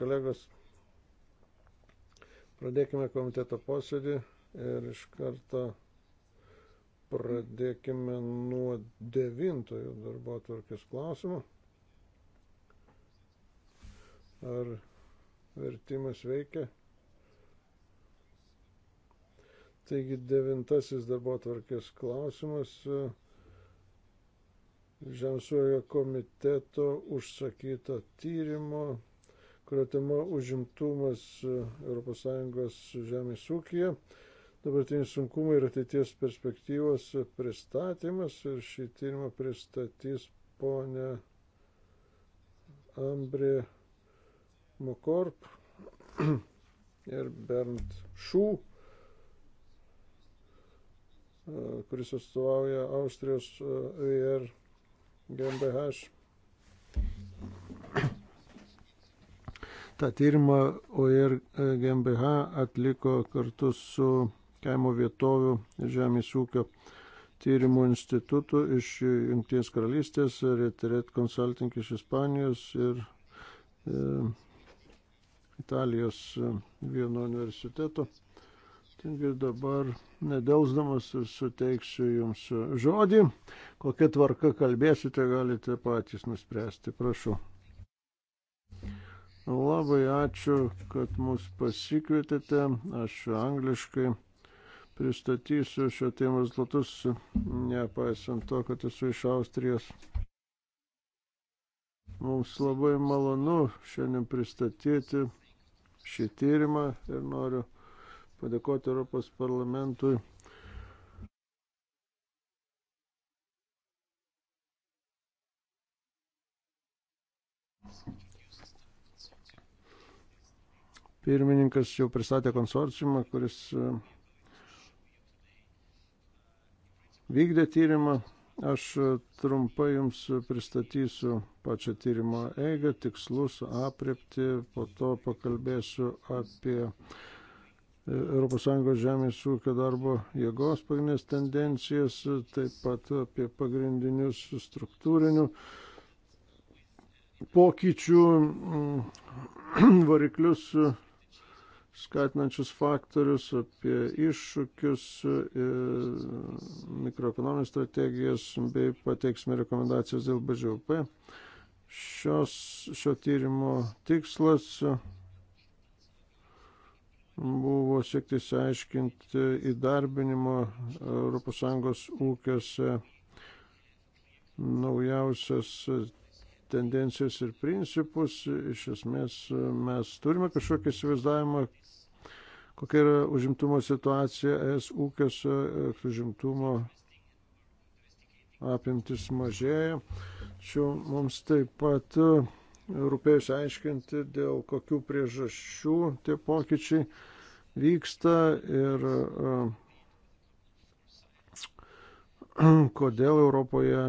kolegos, pradėkime komiteto posėdį ir iš karto pradėkime nuo devintojo darbo atvarkės klausimo. Ar vertimas veikia? Taigi devintasis darbo atvarkės klausimas. Žemsuojo komiteto užsakyto tyrimo kurio tema užimtumas ES žemės ūkija, dabartiniai sunkumai ir ateities perspektyvos pristatymas. Ir šį tyrimą pristatys ponė Ambrė Mokorp ir Bernd Šū e, kuris atstovauja Austrijos VR e, GmbH tą tyrimą OER e, GmbH atliko kartu su kaimo vietovių ir žemės ūkio tyrimų institutų iš Junktinės karalystės, Retret Consulting iš Ispanijos ir e, Italijos e, vieno universiteto. Taigi dabar nedelsdamas suteiksiu Jums žodį. Kokia tvarka kalbėsite, galite patys nuspręsti. Prašau. Labai ačiū, kad mus pasikvietėte. Aš angliškai pristatysiu šio temos latus, nepaisant to, kad esu iš Austrijos. Mums labai malonu šiandien pristatyti šį tyrimą ir noriu padėkoti Europos parlamentui Pirmininkas jau pristatė konsorciumą, kuris e, vykdė tyrimą. Aš e, trumpai jums pristatysiu pačią tyrimo eigą, tikslus, aprepti, po to pakalbėsiu apie ES žemės ūkio darbo jėgos pagrindinės tendencijas, taip pat apie pagrindinius struktūrinių pokyčių mm, variklius skatinančius faktorius, apie iššūkius, e, mikroekonominės strategijas bei pateiksime rekomendacijas dėl BŽUP. Šios, šio tyrimo tikslas buvo siekti įsiaiškinti įdarbinimo ES ūkiuose naujausias tendencijas ir principus. Iš esmės mes turime kažkokį įsivaizdavimą, kokia yra užimtumo situacija es ūkiuose, užimtumo apimtis mažėja. Čia mums taip pat e, rūpėjo išaiškinti, dėl kokių priežasčių tie pokyčiai vyksta ir e, kodėl Europoje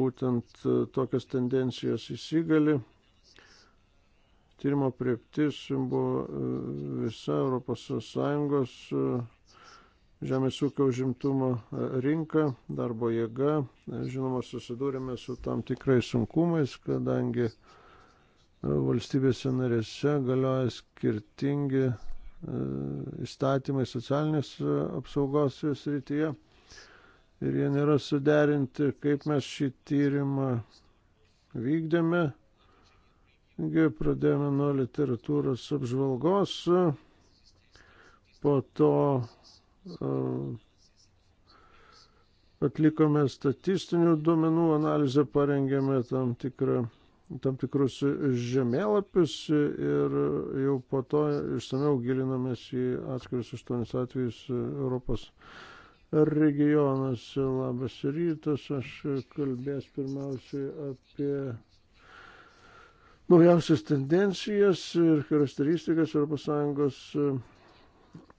būtent e, tokias tendencijas įsigali tyrimo prieptis buvo e, visa ES e, žemės ūkio užimtumo e, rinka, darbo jėga. Žinoma, susidūrėme su tam tikrai sunkumais, kadangi valstybėse narėse galioja skirtingi įstatymai socialinės apsaugos srityje ir jie nėra suderinti, kaip mes šį tyrimą vykdėme. Taigi pradėjome nuo literatūros apžvalgos, po to e, atlikome statistinių duomenų analizę, parengėme tam, tikrą, tam tikrus žemėlapius ir jau po to išsameu gilinomės į atskirius aštuonis atvejus Europos regionuose. Labas rytas, aš kalbės pirmiausiai apie naujausias tendencijas ir charakteristikas ES eh,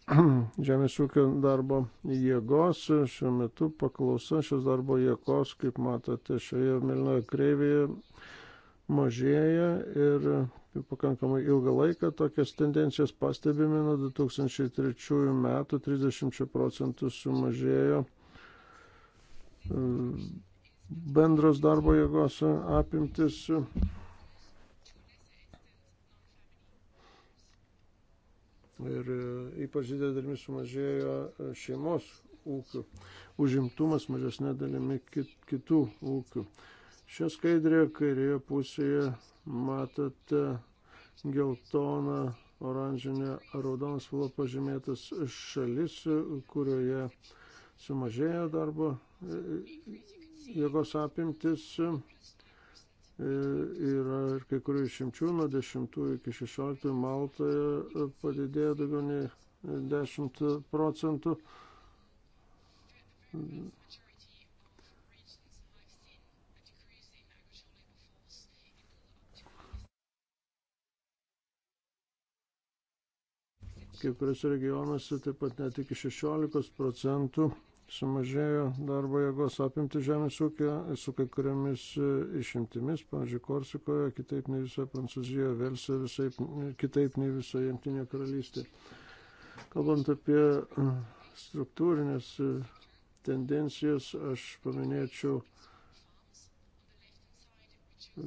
žemės ūkio darbo jėgos. Šiuo metu paklausa šios darbo jėgos, kaip matote, šioje milnoje kreivėje mažėja ir pakankamai ilgą laiką tokias tendencijas pastebime nuo 2003 metų 30 procentų sumažėjo eh, bendros darbo jėgos apimtis ir e, ypač didelė dalimi sumažėjo e, šeimos ūkių, užimtumas mažesnė dalimi kit, kitų ūkių. Šią skaidrę kairėje pusėje matote geltoną, oranžinę ar raudoną spalvą pažymėtas šalis, kurioje sumažėjo darbo e, jėgos apimtis E, yra ir kai kurių išimčių nuo 10 iki 16 Maltoje padidėjo daugiau nei 10 procentų. Kai kuriuose regionuose taip pat net iki 16 procentų sumažėjo darbo jėgos apimti žemės ūkio su kai kuriamis e, išimtimis, pavyzdžiui, Korsikoje, kitaip nei visoje Prancūzijoje, Velsė, visai, kitaip nei visoje Jungtinėje karalystėje. Kalbant apie e, struktūrinės e, tendencijas, aš paminėčiau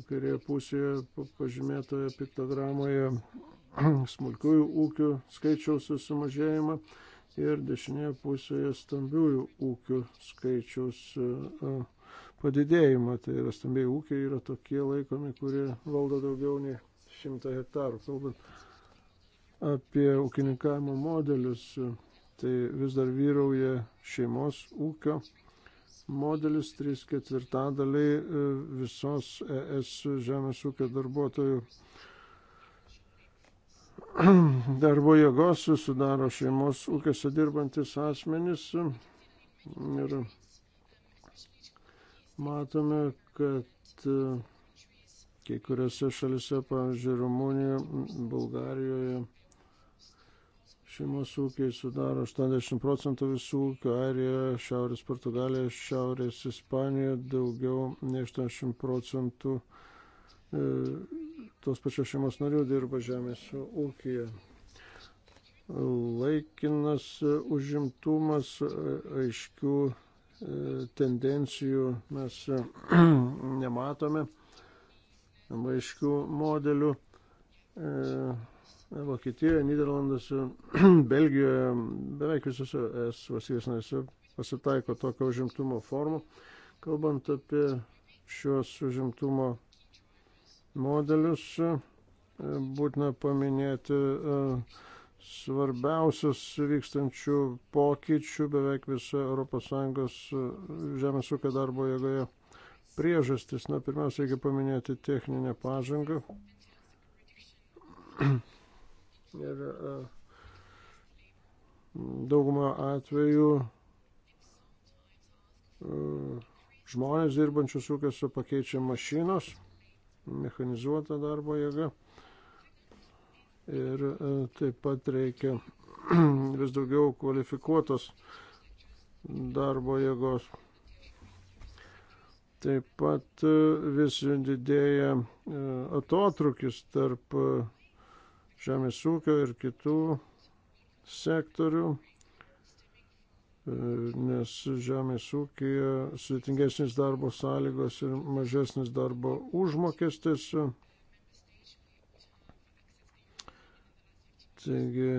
kairėje pusėje pažymėtoje piktogramoje smulkiųjų ūkių skaičiaus sumažėjimą ir dešinėje pusėje stambiųjų ūkių skaičiaus e, e, padidėjimą. Tai yra stambiai ūkiai yra tokie laikomi, kurie valdo daugiau nei 100 hektarų. Kalbant apie ūkininkavimo modelius, tai vis dar vyrauja šeimos ūkio modelis, 3 ketvirtadaliai e, visos ES žemės ūkio darbuotojų darbo jėgos sudaro šeimos ūkiuose dirbantis asmenys. Ir matome, kad kai kuriuose šalise, pavyzdžiui, Rumunijoje, Bulgarijoje, šeimos ūkiai sudaro 80 procentų visų ūkių, Airija, Šiaurės Portugalija, Šiaurės Ispanija daugiau nei 80 procentų e, tos pačios šeimos narių dirba žemės ūkija. Laikinas užimtumas aiškių e, tendencijų mes nematome, aiškių modelių. E, Vokietijoje, Niderlanduose, Belgijoje, beveik visose es valstybės narėse pasitaiko tokio užimtumo formų. Kalbant apie šios užimtumo modelius. E, būtina paminėti e, svarbiausius vykstančių pokyčių beveik viso ES e, žemės ūkio darbo jėgoje priežastis. Na, pirmiausia, reikia paminėti techninę pažangą. Ir daugumą atvejų žmonės dirbančius ūkiuose pakeičia mašinos mechanizuota darbo jėga. Ir e, taip pat reikia vis daugiau kvalifikuotos darbo jėgos. Taip pat e, vis didėja e, atotrukis tarp žemės ūkio ir kitų sektorių E, nes žemės ūkija sudėtingesnis darbo sąlygos ir mažesnis darbo užmokestis. Taigi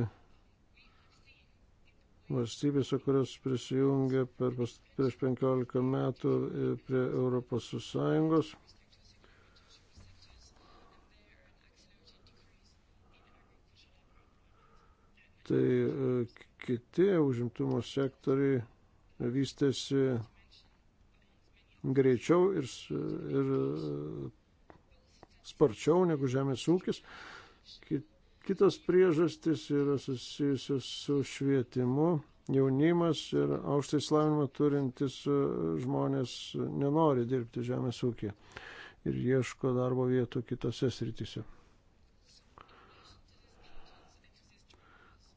valstybėse, kurios prisijungė per, prieš 15 metų e, prie Europos Sąjungos. Tai e, kiti užimtumo sektoriai vystėsi greičiau ir, ir e, sparčiau negu žemės ūkis. Kitas priežastis yra susijusios su švietimu. Jaunimas ir aukštą įslavinimą turintis e, žmonės nenori dirbti žemės ūkį ir ieško darbo vietų kitose srityse.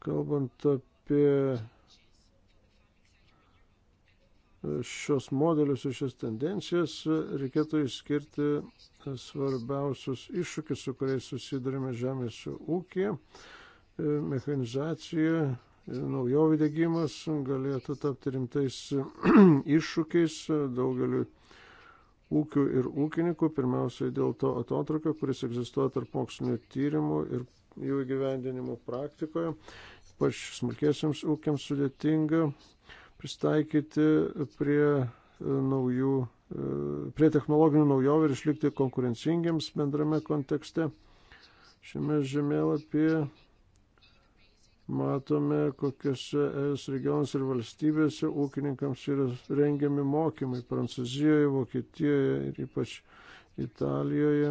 Kalbant apie apie šios modelius ir šias tendencijas, reikėtų išskirti svarbiausius iššūkius, su kuriais susidurime žemės ūkija, mechanizacija, naujovių dėgymas galėtų tapti rimtais iššūkiais daugeliu ūkių ir ūkininkų, pirmiausiai dėl to atotrukio, kuris egzistuoja tarp mokslinio tyrimų ir jų įgyvendinimų praktikoje ypač smulkėsiams ūkiams sudėtinga pristaikyti prie e, naujų, e, prie technologinių naujovių ir išlikti konkurencingiams bendrame kontekste. Šiame žemėlapyje matome, kokiuose es regionus ir valstybėse ūkininkams yra rengiami mokymai Prancūzijoje, Vokietijoje ir ypač Italijoje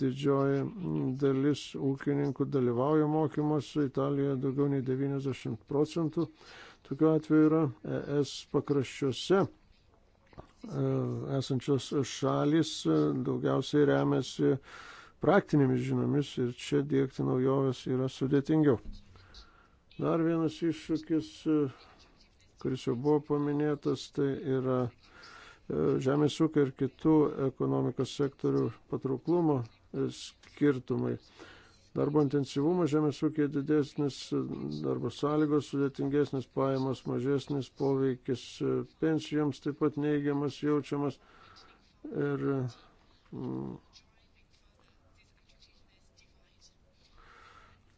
didžioji dalis ūkininkų dalyvauja mokymuose, Italijoje daugiau nei 90 procentų. Tokiu atveju yra ES pakraščiuose e, esančios šalis e, daugiausiai remiasi praktinėmis žiniomis ir čia dėkti naujoves yra sudėtingiau. Dar vienas iššūkis, e, kuris jau buvo paminėtas, tai yra E, žemės ūkio ir kitų ekonomikos sektorių patrauklumo e, skirtumai. Darbo intensyvumas žemės ūkija didesnis, e, darbo sąlygos sudėtingesnis, pajamos mažesnis, poveikis pensijoms taip pat neigiamas, jaučiamas. Ir, mm,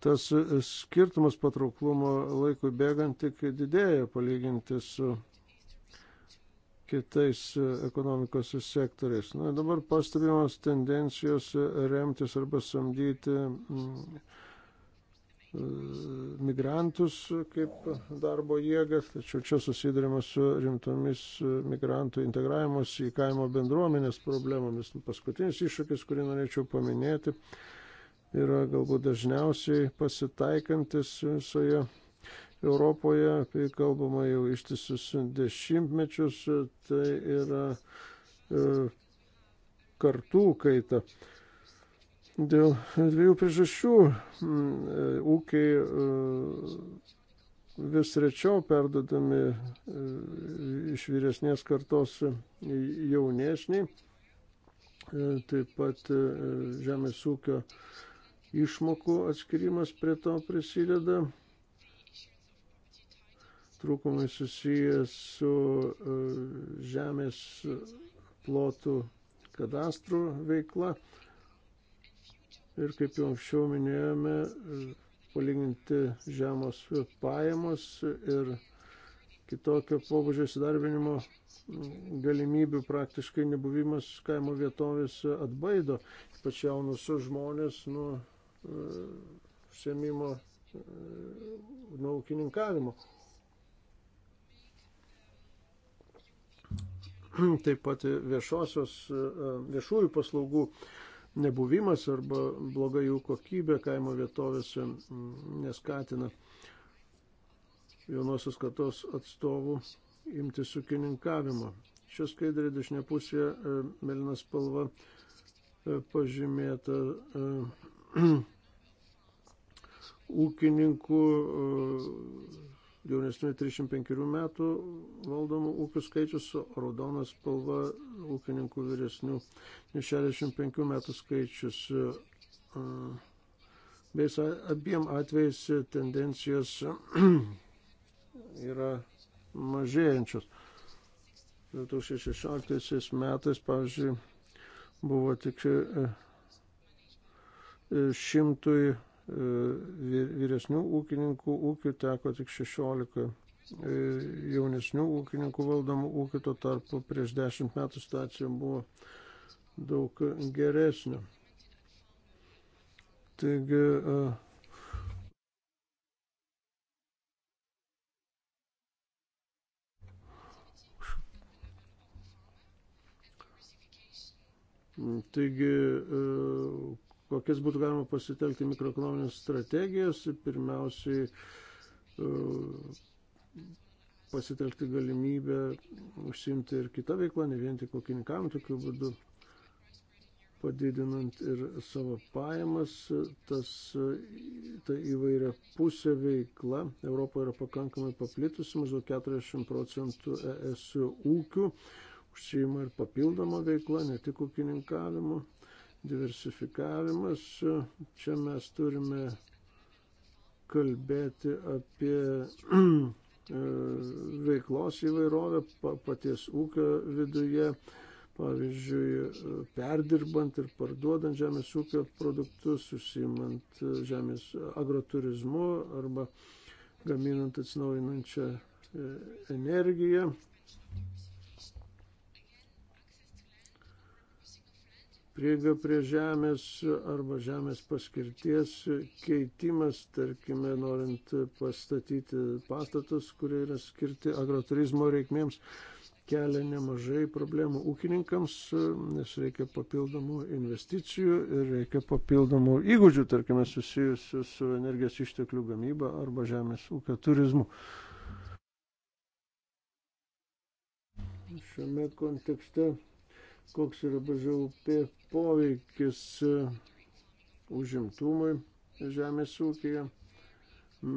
tas skirtumas patrauklumo laikui bėgant tik didėja palyginti su kitais e, ekonomikos sektoriais. Na, dabar pastebimos tendencijos e, remtis arba samdyti e, migrantus kaip darbo jėgas, tačiau čia susidurima su rimtomis migrantų integravimus į kaimo bendruomenės problemomis. Paskutinis iššūkis, kurį norėčiau paminėti, yra galbūt dažniausiai pasitaikantis visoje Europoje, apie kalbama jau ištisus dešimtmečius, tai yra e, kartų kaita. Dėl dviejų priežasčių e, ūkiai e, vis rečiau perdodami iš vyresnės kartos jaunesniai. Taip pat žemės ūkio išmokų atskirimas prie to prisideda trūkumai susijęs su e, žemės plotų kadastrų veikla. Ir kaip jau anksčiau minėjome, e, palyginti žemos pajamos ir kitokio pobūdžio įsidarbinimo galimybių praktiškai nebuvimas kaimo vietovėse atbaido ypač jaunus žmonės nuo e, užsiemimo, nuo ūkininkavimo. taip pat viešosios, e, e, viešųjų paslaugų nebuvimas arba bloga jų kokybė kaimo vietovėse neskatina jaunosios kartos atstovų imti sukininkavimo. Šią skaidrę dešinė pusė e, melinas spalva pažymėta ūkininkų jaunesnių 35 metų valdomų ūkių skaičius, raudonas spalva ūkininkų vyresnių 65 metų skaičius. Beis abiem atvejais tendencijos yra mažėjančios. 2016 metais, pavyzdžiui, buvo tik e, e, šimtui vyresnių ūkininkų ūkių teko tik 16 e, jaunesnių ūkininkų valdomų ūkių, tuo tarpu prieš 10 metų situacija buvo daug geresnė. Taigi, e, Taigi e, kokias būtų galima pasitelkti mikroekonominės strategijas, pirmiausiai e, pasitelkti galimybę užsimti ir kitą veiklą, ne vien tik kokininkam, tokiu būdu padidinant ir savo pajamas, tas, e, ta įvairia pusė veikla Europoje yra pakankamai paplitusi, maždaug 40 procentų ES ūkių užsijima ir papildoma veikla, ne tik ūkininkavimu diversifikavimas. Čia mes turime kalbėti apie veiklos įvairovę paties ūkio viduje, pavyzdžiui, perdirbant ir parduodant žemės ūkio produktus, susimant žemės agroturizmu arba gaminant atsinaujinančią e, energiją. prieiga prie žemės arba žemės paskirties keitimas, tarkime, norint pastatyti pastatus, kurie yra skirti agroturizmo reikmėms, kelia nemažai problemų ūkininkams, nes reikia papildomų investicijų ir reikia papildomų įgūdžių, tarkime, susijusių su energijos išteklių gamyba arba žemės ūkio turizmu. Šiame kontekste koks yra BŽUP poveikis e, užimtumui žemės ūkija.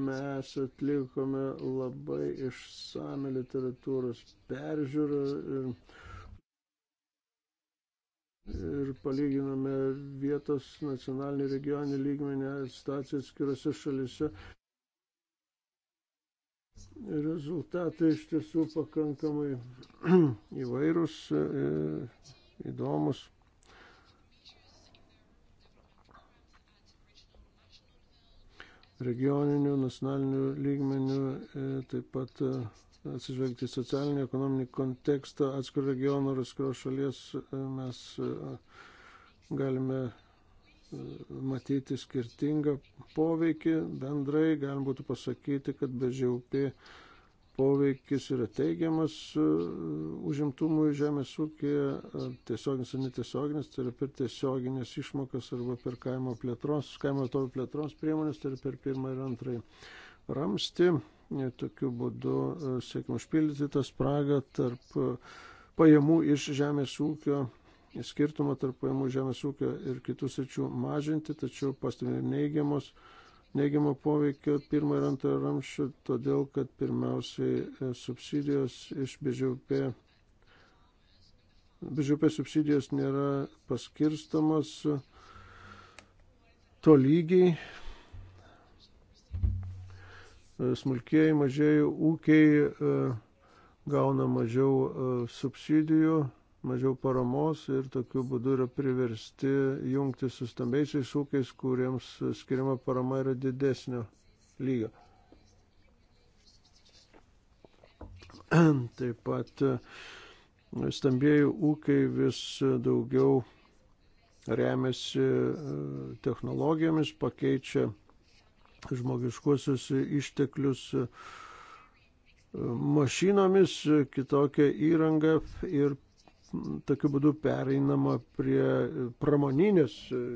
Mes atlikome labai išsame literatūros peržiūrą ir, ir palyginome vietos nacionalinį regioninį lygmenį situaciją skiriuose šalise. Rezultatai iš tiesų pakankamai įvairūs, e, įdomus. regioninių, nacionalinių lygmenių, e, taip pat e, atsižvelgti į socialinį, ekonominį kontekstą atskirų regionų ir atskiros šalies e, mes galime matyti skirtingą poveikį. Bendrai galim būtų pasakyti, kad be žiaupi poveikis yra teigiamas e, užimtumui žemės ūkėje, e, tiesioginis ar netiesioginis, tai yra per tiesioginės išmokas arba per kaimo plėtros, kaimo vietovų plėtros priemonės, tai yra per pirmą ir antrąjį ramsti. E, tokiu būdu siekime užpildyti tą spragą tarp pajamų iš žemės ūkio skirtumą tarp pajamų žemės ūkio ir kitų sričių mažinti, tačiau pastebėjome neigiamos uh, neigiamo poveikio pirmo ir antrojo ramščio, todėl kad pirmiausiai e, subsidijos iš BŽP. BŽP subsidijos nėra paskirstamos tolygiai. E, Smulkėjai, mažėjai ūkiai e, gauna mažiau subsidijų mažiau paramos ir tokiu būdu yra priversti jungti su stambiaisiais ūkiais, kuriems skiriama parama yra didesnio lygio. Taip pat e, stambieji ūkiai vis daugiau remiasi e, technologijomis, pakeičia žmogiškuosius išteklius e, mašinomis, kitokią įrangą ir tokiu būdu pereinama prie pramoninės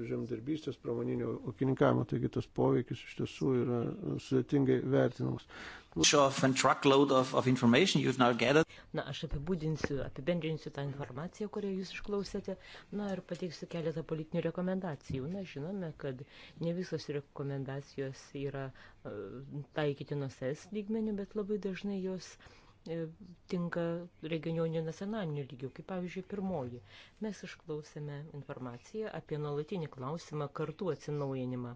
žemdirbystės, pramoninio ūkininkavimo, taigi tas poveikis iš tiesų yra sudėtingai vertinamas. Na, aš apibūdinsiu, apibendrinsiu tą informaciją, kurią jūs išklausėte, na ir pateiksiu keletą politinių rekomendacijų. Na, žinome, kad ne visos rekomendacijos yra e, taikytinos es lygmenių, bet labai dažnai jos uh, E, tinka regioninio nacionalinio lygio, kaip pavyzdžiui pirmoji. Mes išklausėme informaciją apie nuolatinį klausimą kartų atsinaujinimą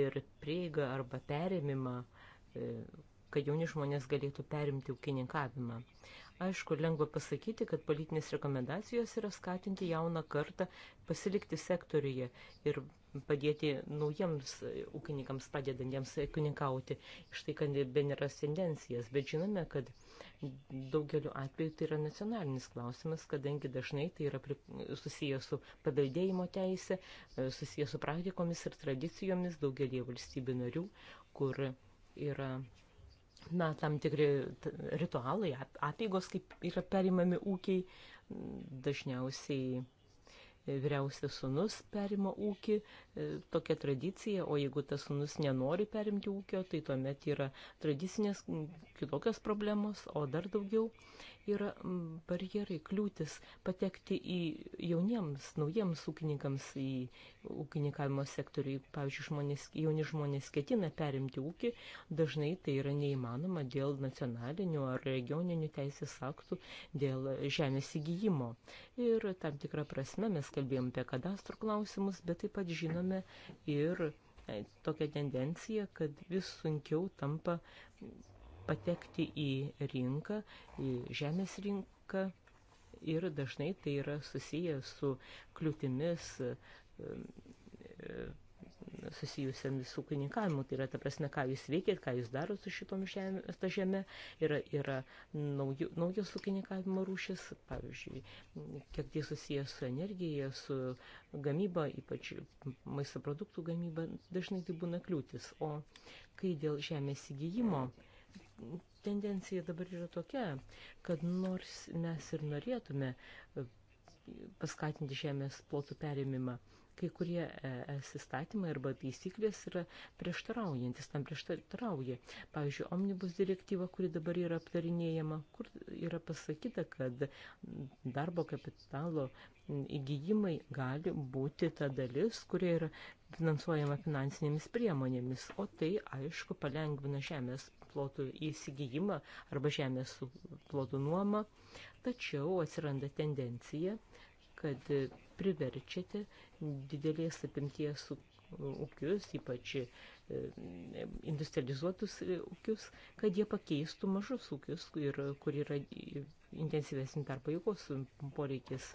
ir prieigą arba perėmimą, e, kad jauni žmonės galėtų perimti ūkininkavimą. Aišku, lengva pasakyti, kad politinės rekomendacijos yra skatinti jauną kartą pasilikti sektoriuje ir padėti naujiems ūkininkams pradedantiems ūkininkauti, ištaikant bendras tendencijas. Bet žinome, kad daugeliu atveju tai yra nacionalinis klausimas, kadangi dažnai tai yra susijęs su paveldėjimo teise, susijęs su praktikomis ir tradicijomis daugelį valstybių narių, kur yra na, tam tikri ritualai, apygos, kaip yra perimami ūkiai, dažniausiai e, vyriausias sunus perima ūkį, e, tokia tradicija, o jeigu tas sunus nenori perimti ūkio, tai tuomet yra tradicinės kitokios problemos, o dar daugiau yra barjerai, kliūtis patekti į jauniems, naujiems ūkininkams į ūkininkavimo sektorių. Pavyzdžiui, žmonės, jauni žmonės ketina perimti ūkį, dažnai tai yra neįmanoma dėl nacionalinių ar regioninių teisės aktų, dėl žemės įgyjimo. Ir tam tikrą prasme mes kalbėjom apie kadastrų klausimus, bet taip pat žinome ir e, tokią tendenciją, kad vis sunkiau tampa patekti į rinką, į žemės rinką ir dažnai tai yra susiję su kliūtimis e, e, susijusiamis su ūkininkavimu. Tai yra, ta prasme, ką jūs veikėt, ką jūs darot su šitom žemė, ta žemė. Yra, yra naujų, naujos ūkininkavimo rūšis, pavyzdžiui, kiek tai susijęs su energija, su gamyba, ypač maisto produktų gamyba, dažnai tai būna kliūtis. O kai dėl žemės įgyjimo, tendencija dabar yra tokia, kad nors mes ir norėtume e, paskatinti žemės plotų perėmimą, kai kurie e, ES įstatymai arba taisyklės yra prieštaraujantis, tam prieštarauja. Pavyzdžiui, omnibus direktyva, kuri dabar yra aptarinėjama, kur yra pasakyta, kad darbo kapitalo įgyjimai gali būti ta dalis, kurie yra finansuojama finansinėmis priemonėmis, o tai, aišku, palengvina žemės plotų įsigijimą arba žemės plotų nuomą, tačiau atsiranda tendencija, kad priverčiate didelės apimties ūkius, ypač e, industrializuotus e, ūkius, kad jie pakeistų mažus ūkius, kur, kur yra intensyvesnis darbo jėgos poreikis.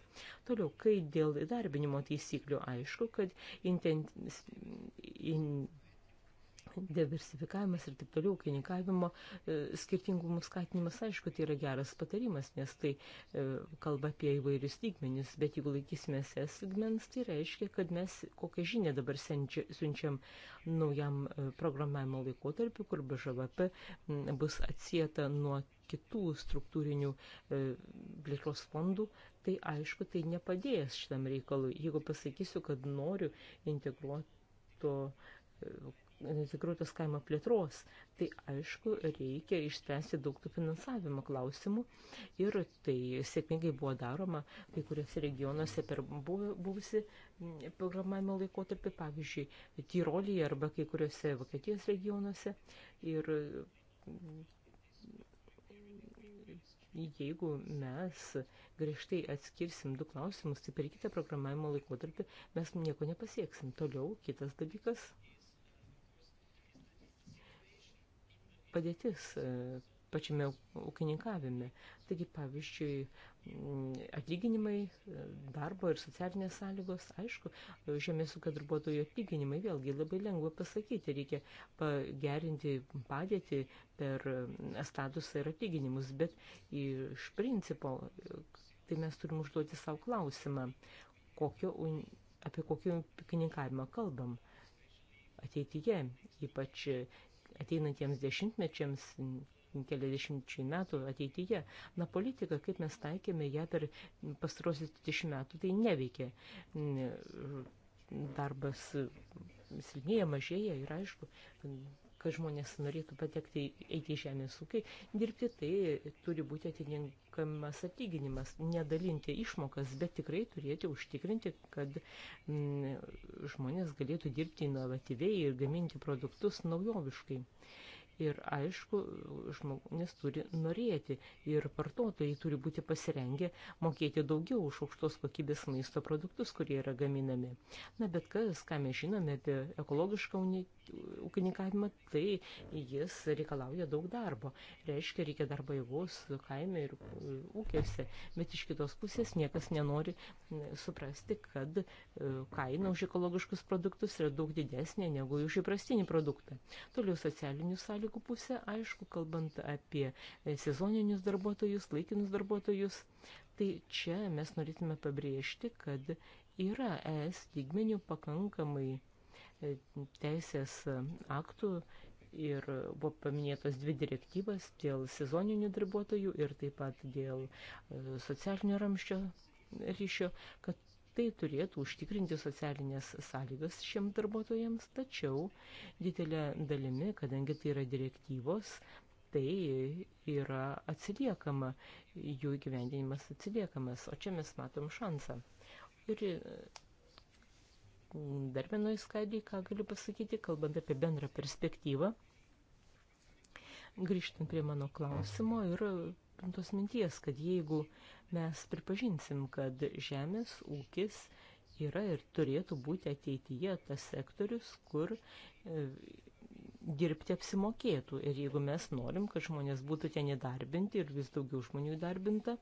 Toliau, kai dėl įdarbinimo taisyklių aišku, kad intens, in, diversifikavimas ir taip toliau, ūkininkavimo e, skirtingumų skatinimas, aišku, tai yra geras patarimas, nes tai e, kalba apie įvairius lygmenis, bet jeigu laikysimės es lygmens, tai reiškia, kad mes kokią žinią dabar siunčiam naujam e, programavimo laikotarpiu, kur BŽVP bus atsieta nuo kitų struktūrinių plėtros fondų, tai aišku, tai nepadės šitam reikalui. Jeigu pasakysiu, kad noriu integruoto integruotos kaimo plėtros, tai aišku, reikia išspręsti daug tų finansavimo klausimų ir tai sėkmingai buvo daroma kai kuriuose regionuose per buvusi programavimo laikotarpį, pavyzdžiui, Tyrolyje arba kai kuriuose Vokietijos regionuose. Ir jeigu mes griežtai atskirsim du klausimus, tai per kitą programavimo laikotarpį mes nieko nepasieksim. Toliau kitas dalykas – padėtis e, pačiame ūkininkavime. Taigi, pavyzdžiui, atlyginimai, e, darbo ir socialinės sąlygos, aišku, žemės ūkio darbuotojų atlyginimai, vėlgi labai lengva pasakyti, reikia pagerinti padėtį per statusą ir atlyginimus, bet iš principo, tai mes turim užduoti savo klausimą, kokio, apie kokį ūkininkavimą kalbam ateityje, ypač ateinantiems dešimtmečiams, keliasdešimčiai metų ateityje. Na, politika, kaip mes taikėme ją per pastarosius 20 metų, tai neveikia. Darbas silpnėja, mažėja ir aišku, kad žmonės norėtų patekti eiti į žemės ūkį, dirbti, tai turi būti atitinkamas atlyginimas, nedalinti išmokas, bet tikrai turėti užtikrinti, kad m, mm, žmonės galėtų dirbti inovatyviai ir gaminti produktus naujoviškai. Ir aišku, žmonės turi norėti ir vartotojai turi būti pasirengę mokėti daugiau už aukštos kokybės maisto produktus, kurie yra gaminami. Na bet kas, ką mes žinome apie ekologišką ūkininkavimą, tai jis reikalauja daug darbo. Reiškia, reikia darbo jėgos kaime ir ūkiuose. Bet iš kitos pusės niekas nenori suprasti, kad e, kaina už ekologiškus produktus yra daug didesnė negu už įprastinį produktą. Toliau socialinių sąlygų pusė, aišku, kalbant apie sezoninius darbuotojus, laikinus darbuotojus. Tai čia mes norėtume pabrėžti, kad yra ES lygmenių pakankamai teisės aktų ir buvo paminėtos dvi direktyvas dėl sezoninių darbuotojų ir taip pat dėl e, socialinio ramščio ryšio, kad tai turėtų užtikrinti socialinės sąlygas šiem darbuotojams, tačiau didelė dalimi, kadangi tai yra direktyvos, tai yra atsiliekama, jų įgyvendinimas atsiliekamas, o čia mes matom šansą. Ir e, dar vienoj skaidrėj, ką galiu pasakyti, kalbant apie bendrą perspektyvą. Grįžtant prie mano klausimo ir tos minties, kad jeigu mes pripažinsim, kad žemės ūkis yra ir turėtų būti ateityje tas sektorius, kur e, dirbti apsimokėtų. Ir jeigu mes norim, kad žmonės būtų ten įdarbinti ir vis daugiau žmonių įdarbinta,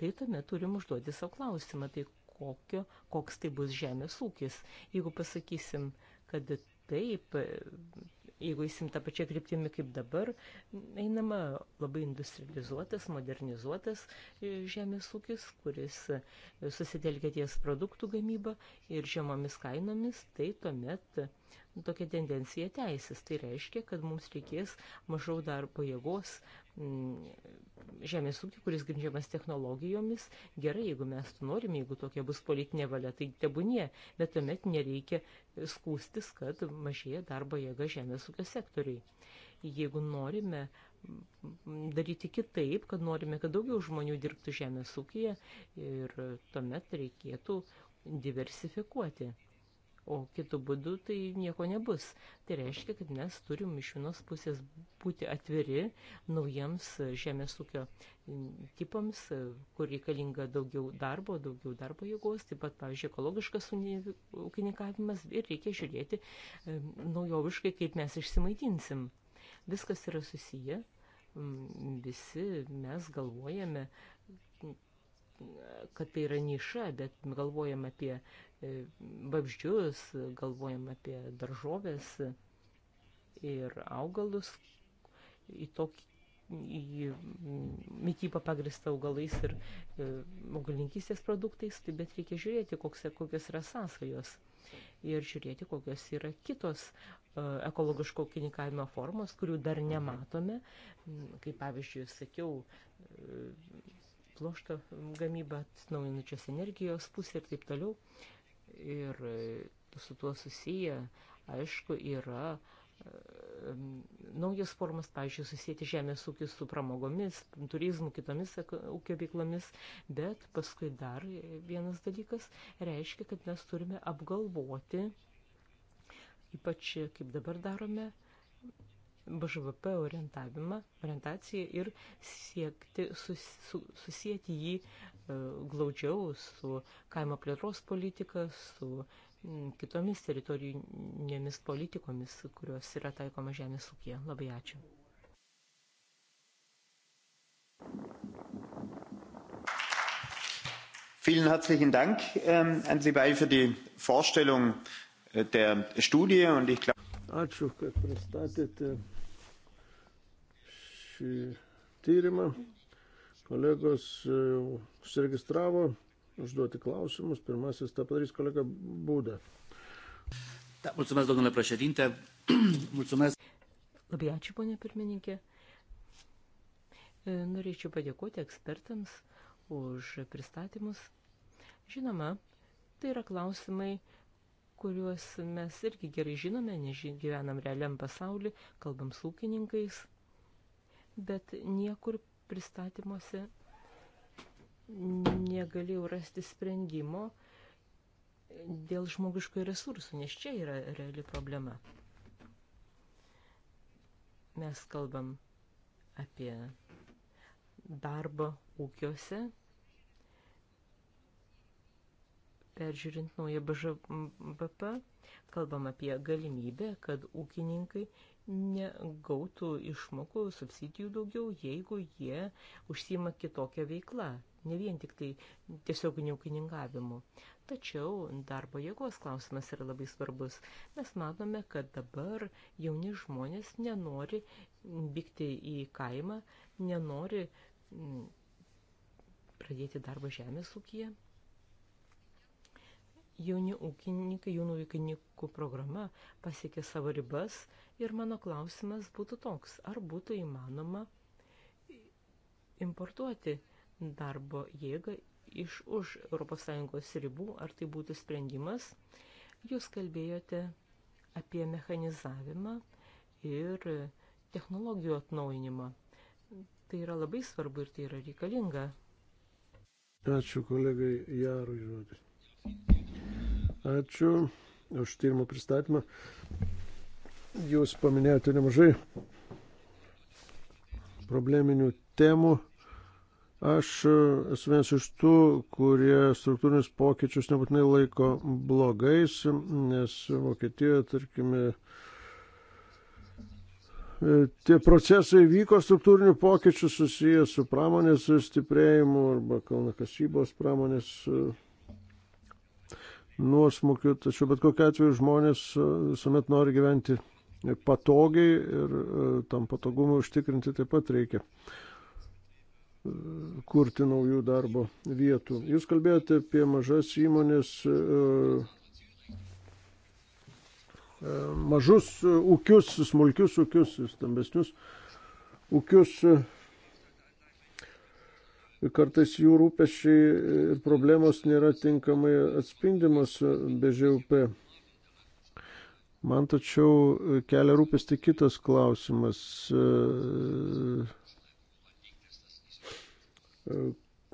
tai tuomet turim užduoti savo klausimą, tai kokio, koks tai bus žemės ūkis. Jeigu pasakysim, kad taip, jeigu įsim tą pačią kryptimį kaip dabar, einama labai industrializuotas, modernizuotas e, žemės ūkis, kuris susitelkia ties produktų gamybą ir žemomis kainomis, tai tuomet nu, tokia tendencija teisės. Tai reiškia, kad mums reikės mažiau darbo jėgos žemės ūkį, kuris grindžiamas technologijomis. Gerai, jeigu mes to norime, jeigu tokia bus politinė valia, tai tebūnie, bet tuomet nereikia skūstis, kad mažėja darbo jėga žemės ūkio sektoriai. Jeigu norime daryti kitaip, kad norime, kad daugiau žmonių dirbtų žemės ūkyje ir tuomet reikėtų diversifikuoti o kitų būdų tai nieko nebus. Tai reiškia, kad mes turim iš vienos pusės būti atviri naujiems e, žemės ūkio tipams, e, kur reikalinga daugiau darbo, daugiau darbo jėgos, taip pat, pavyzdžiui, ekologiškas ūkininkavimas ir reikia žiūrėti e, naujoviškai, kaip mes išsimaitinsim. Viskas yra susiję, visi mes galvojame kad tai yra niša, bet galvojam apie e, vabzdžius, galvojam apie daržovės ir augalus, į tokį į mytybą pagristą augalais ir e, augalininkystės produktais, tai bet reikia žiūrėti, koks, kokios yra sąsajos ir žiūrėti, kokios yra kitos e, ekologiško ūkininkavimo formos, kurių dar nematome. Kaip pavyzdžiui, sakiau, pluošto gamybą, atsinaujinančios energijos pusė ir taip toliau. Ir e, su tuo susiję, aišku, yra e, naujos formas, pavyzdžiui, susijęti žemės ūkį su pramogomis, turizmu, kitomis ūkio veiklomis, bet paskui dar vienas dalykas reiškia, kad mes turime apgalvoti, ypač kaip dabar darome, BŽVP orientavimą, orientaciją ir siekti, sus, su, susijęti jį e, glaudžiau su kaimo plėtros politika, su m, kitomis teritorinėmis politikomis, kurios yra taikoma žemės ūkija. Labai ačiū. Vielen herzlichen Dank ähm, an Sie beide für die Vorstellung äh, der Studie und ich glaube Ačiū, kad pristatėte šį tyrimą. Kolegos jau e, užsiregistravo užduoti klausimus. Pirmasis tą padarys kolega Būda. Da, mulțumesc, domnule președinte. mulțumesc. Labai ačiū, ponė pirmininkė. E, norėčiau padėkoti ekspertams už pristatymus. Žinoma, tai yra klausimai, kuriuos mes irgi gerai žinome, nes gyvenam realiam pasauliu, kalbam su ūkininkais, bet niekur pristatymuose negalėjau rasti sprendimo dėl žmogiškų resursų, nes čia yra reali problema. Mes kalbam apie darbą ūkiuose, peržiūrint naują BŽBP, kalbam apie galimybę, kad ūkininkai negautų išmokų, subsidijų daugiau, jeigu jie užsima kitokią veiklą, ne vien tik tai tiesioginių ūkininkavimu. Tačiau darbo jėgos klausimas yra labai svarbus. Mes matome, kad dabar jauni žmonės nenori vykti į kaimą, nenori pradėti darbą žemės ūkiją jauni ūkininkai, jaunų ūkininkų programa pasiekė savo ribas ir mano klausimas būtų toks, ar būtų įmanoma importuoti darbo jėgą iš už ES ribų, ar tai būtų sprendimas. Jūs kalbėjote apie mechanizavimą ir technologijų atnaujinimą. Tai yra labai svarbu ir tai yra reikalinga. Ačiū kolegai Jarui žodis. Ačiū už tyrimo pristatymą. Jūs paminėjote nemažai probleminių temų. Aš esu vienas iš tų, kurie struktūrinius pokyčius nebūtinai laiko blogais, nes Vokietijoje, tarkime, tie procesai vyko struktūrinių pokyčių susijęs su pramonės stiprėjimu arba kalnakasybos pramonės stiprėjimu nuosmukių, tačiau bet kokiu atveju žmonės e, visuomet nori gyventi patogiai ir e, tam patogumui užtikrinti taip pat reikia e, kurti naujų darbo vietų. Jūs kalbėjote apie mažas įmonės, mažus ūkius, smulkius ūkius, stambesnius ūkius kartais jų rūpešiai ir problemos nėra tinkamai atspindimos BŽUP. Man tačiau kelia rūpesti kitas klausimas,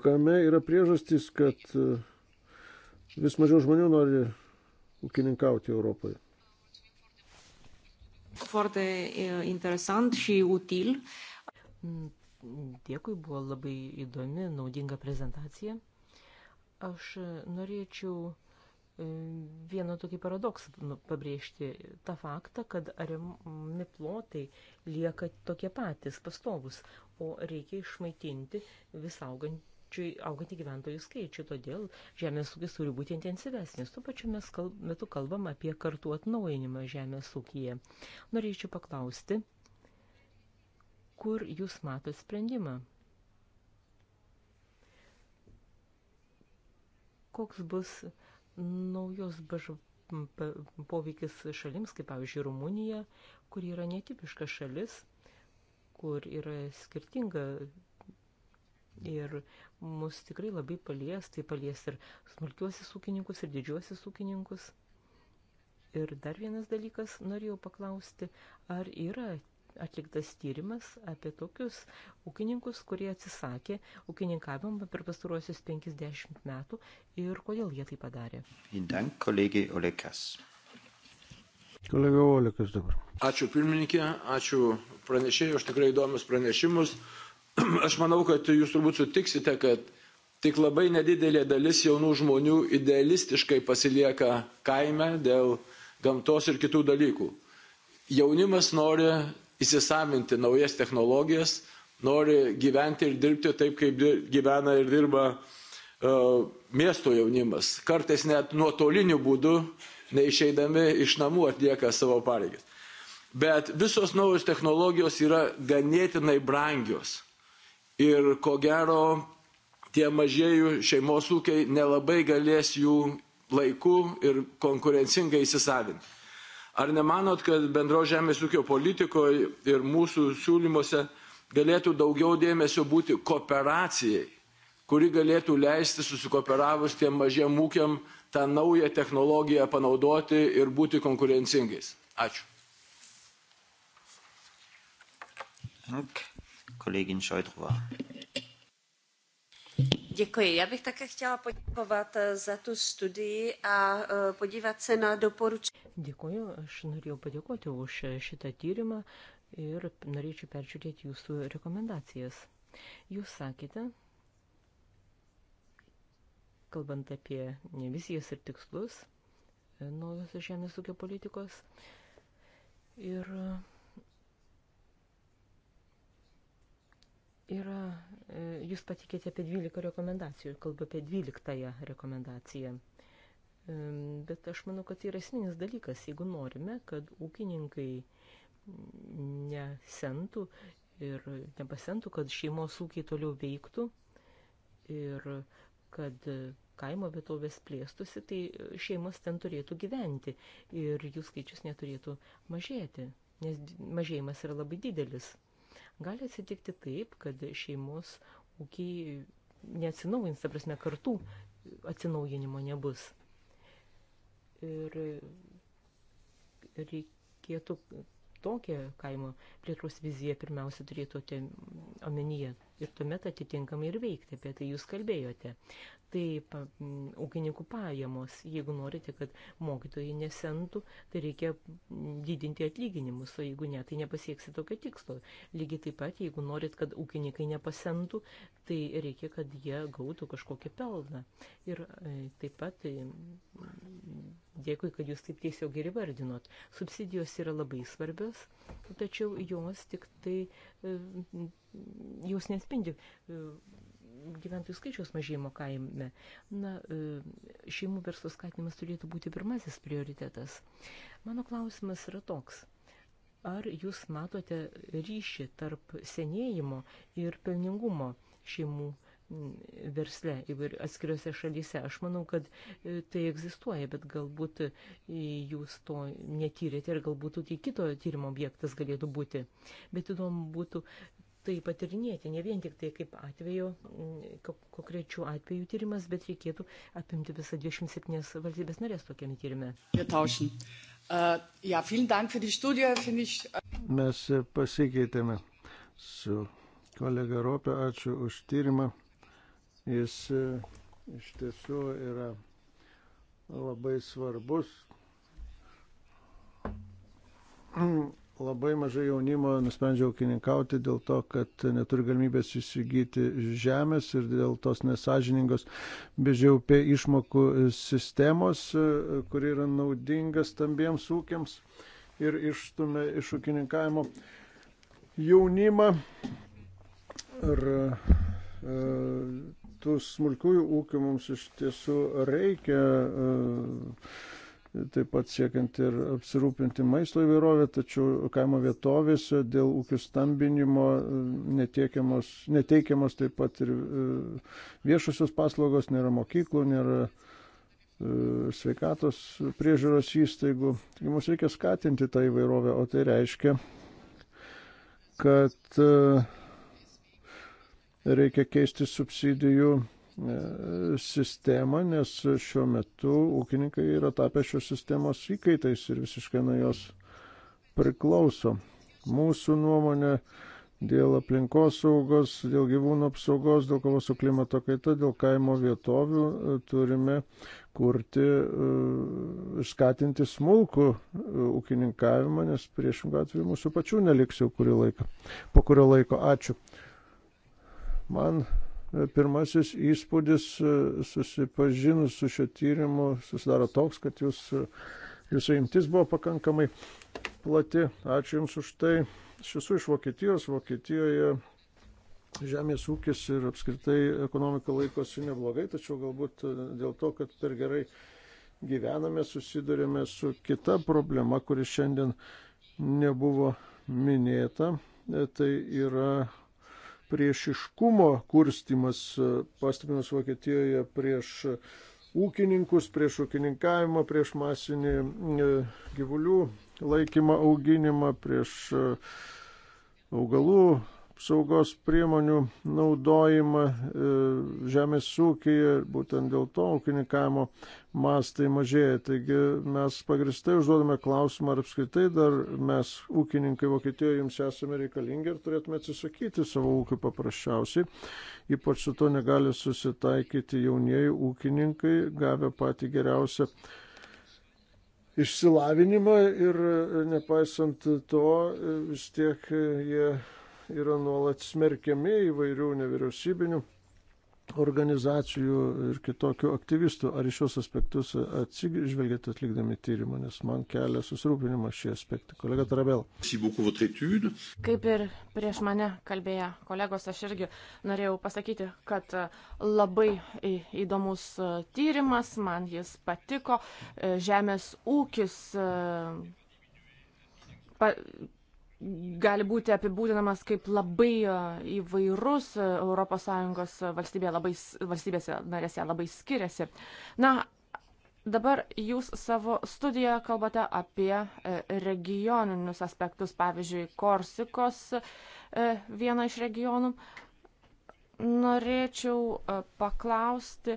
kame yra priežastys, kad vis mažiau žmonių nori ūkininkauti Europoje. Foarte e, interesant și util. Mm, Dėkui, buvo labai įdomi, naudinga prezentacija. Aš norėčiau e, vieną tokį paradoksą nu, pabrėžti tą faktą, kad arimi plotai lieka tokie patys, pastovus, o reikia išmaitinti vis augantį gyventojų skaičių, todėl žemės ūkis turi būti intensyvesnis. Tuo pačiu mes kalb, metu kalbam apie kartų atnaujinimą žemės ūkyje. Norėčiau paklausti, kur jūs matot sprendimą. Koks bus naujos bažv poveikis šalims, kaip pavyzdžiui Rumunija, kur yra netipiška šalis, kur yra skirtinga ir mus tikrai labai palies, tai palies ir smulkiuosius ūkininkus, ir didžiuosius ūkininkus. Ir dar vienas dalykas, norėjau paklausti, ar yra atliktas tyrimas apie tokius ūkininkus, kurie atsisakė ūkininkavimą per pastaruosius 50 metų ir kodėl jie tai padarė. Dank, kolegė Olekas. Kolega Olekas dabar. Ačiū pirmininkė, ačiū pranešėjai už tikrai įdomius pranešimus. Aš manau, kad jūs turbūt sutiksite, kad tik labai nedidelė dalis jaunų žmonių idealistiškai pasilieka kaime dėl gamtos ir kitų dalykų. Jaunimas nori įsisavinti naujas technologijas, nori gyventi ir dirbti taip, kaip gyvena ir dirba uh, miesto jaunimas. Kartais net nuotoliniu būdu, neišeidami iš namų, atlieka savo pareigas. Bet visos naujos technologijos yra ganėtinai brangios. Ir ko gero, tie mažieji šeimos ūkiai nelabai galės jų laiku ir konkurencingai įsisavinti. Ar nemanot, kad bendro žemės ūkio politikoje ir mūsų siūlymuose galėtų daugiau dėmesio būti kooperacijai, kuri galėtų leisti susikoperavus tiem mažiem ūkiam tą naują technologiją panaudoti ir būti konkurencingais? Ačiū. Kolegin Šojdrova. Děkuji. Já bych také chtěla poděkovat eh, za tu studii a eh, podívat se na doporučení. Dėkuoju, aš norėjau padėkoti už šitą tyrimą ir norėčiau peržiūrėti jūsų rekomendacijas. Jūs sakėte, kalbant apie vizijas ir tikslus e, naujos žemės ūkio politikos, ir yra, e, jūs patikėte apie 12 rekomendacijų, kalbu apie 12 rekomendaciją. Bet aš manau, kad tai yra esminis dalykas, jeigu norime, kad ūkininkai nesentų ir nepasentų, kad šeimos ūkiai toliau veiktų ir kad kaimo vietovės plėstusi, tai šeimos ten turėtų gyventi ir jų skaičius neturėtų mažėti, nes mažėjimas yra labai didelis. Gali atsitikti taip, kad šeimos ūkiai neatsinaujins, ta prasme, kartų atsinaujinimo nebus ir reikėtų tokią kaimo plėtros viziją pirmiausia turėtų omenyje ir tuomet atitinkamai ir veikti, apie tai jūs kalbėjote. Taip, ūkininkų pajamos. Jeigu norite, kad mokytojai nesentų, tai reikia didinti atlyginimus, o jeigu ne, tai nepasieksi tokio tikslo. Lygiai taip pat, jeigu norit, kad ūkininkai nepasentų, tai reikia, kad jie gautų kažkokį pelną. Ir e, taip pat, e, dėkui, kad jūs taip tiesiog ir įvardinot, subsidijos yra labai svarbios, tačiau jos tik tai, e, jos nespindi gyventojų skaičiaus mažėjimo kaime. Na, e, šeimų verslo skatinimas turėtų būti pirmasis prioritetas. Mano klausimas yra toks. Ar jūs matote ryšį tarp senėjimo ir pelningumo šeimų mm, versle atskiriuose šalyse. Aš manau, kad e, tai egzistuoja, bet galbūt e, jūs to netyrėte ir galbūt tai kito tyrimo objektas galėtų būti. Bet įdomu būtų tai patirinėti, ne vien tik tai kaip atveju, konkrečių atvejų tyrimas, bet reikėtų apimti visą 27 valstybės narės tokiam tyrimė. Äh, äh, Mes pasikeitėme su kolega Ropė, ačiū už tyrimą. Jis e, iš tiesų yra labai svarbus. Labai mažai jaunimo nusprendžia ūkininkauti dėl to, kad neturi galimybės įsigyti žemės ir dėl tos nesažiningos bežiaupė išmokų sistemos, kuri yra naudinga stambiems ūkiams ir išstumia iš ūkininkavimo jaunimą. Ir e, tų smulkiųjų ūkių mums iš tiesų reikia. E, taip pat siekiant ir apsirūpinti maisto įvairovę, tačiau kaimo vietovėse dėl ūkių stambinimo e, neteikiamos taip pat ir e, viešosios paslaugos, nėra mokyklų, nėra e, sveikatos priežiūros įstaigų. Taigi mums reikia skatinti tą įvairovę, o tai reiškia, kad reikia keisti subsidijų E, sistemą, nes šiuo metu ūkininkai yra tapę šios sistemos įkaitais ir visiškai nuo jos priklauso. Mūsų nuomonė dėl aplinkos saugos, dėl gyvūnų apsaugos, dėl kovos su klimato kaita, dėl kaimo vietovių e, turime kurti, e, skatinti smulkų ūkininkavimą, nes priešingų atveju mūsų pačių neliks jau kurį laiką. Po kurio laiko ačiū. Man pirmasis įspūdis e, susipažinus su šio tyrimu susidaro toks, kad jūs, e, jūsų imtis buvo pakankamai plati. Ačiū Jums už tai. Aš esu iš Vokietijos. Vokietijoje žemės ūkis ir apskritai ekonomika laikosi neblogai, tačiau galbūt e, dėl to, kad per gerai gyvename, susidurėme su kita problema, kuri šiandien nebuvo minėta. Tai yra priešiškumo kurstimas e, pastebimas Vokietijoje prieš ūkininkus, prieš ūkininkavimą, prieš masinį e, gyvulių laikymą, auginimą, prieš e, augalų apsaugos priemonių naudojimą e, žemės ūkyje, būtent dėl to ūkininkavimo mastai mažėja. Taigi mes pagristai užduodame klausimą, ar apskritai dar mes, ūkininkai Vokietijoje, jums esame reikalingi ir turėtume atsisakyti savo ūkių paprasčiausiai. Ypač su to negali susitaikyti jaunieji ūkininkai, gavę patį geriausią išsilavinimą ir nepaisant to vis tiek jie yra nuolat smerkiami įvairių nevyriausybinių organizacijų ir kitokių aktyvistų. Ar iš šios aspektus atsižvelgėte atlikdami tyrimą, nes man kelia susirūpinimą šie aspektai. Kolega Tarabel. Kaip ir prieš mane kalbėję kolegos, aš irgi norėjau pasakyti, kad labai įdomus tyrimas, man jis patiko. Žemės ūkis. E, pa, gali būti apibūdinamas kaip labai e, įvairus ES valstybė labai, valstybėse narėse labai skiriasi. Na, dabar jūs savo studijoje kalbate apie e, regioninius aspektus, pavyzdžiui, Korsikos e, vieną iš regionų. Norėčiau paklausti,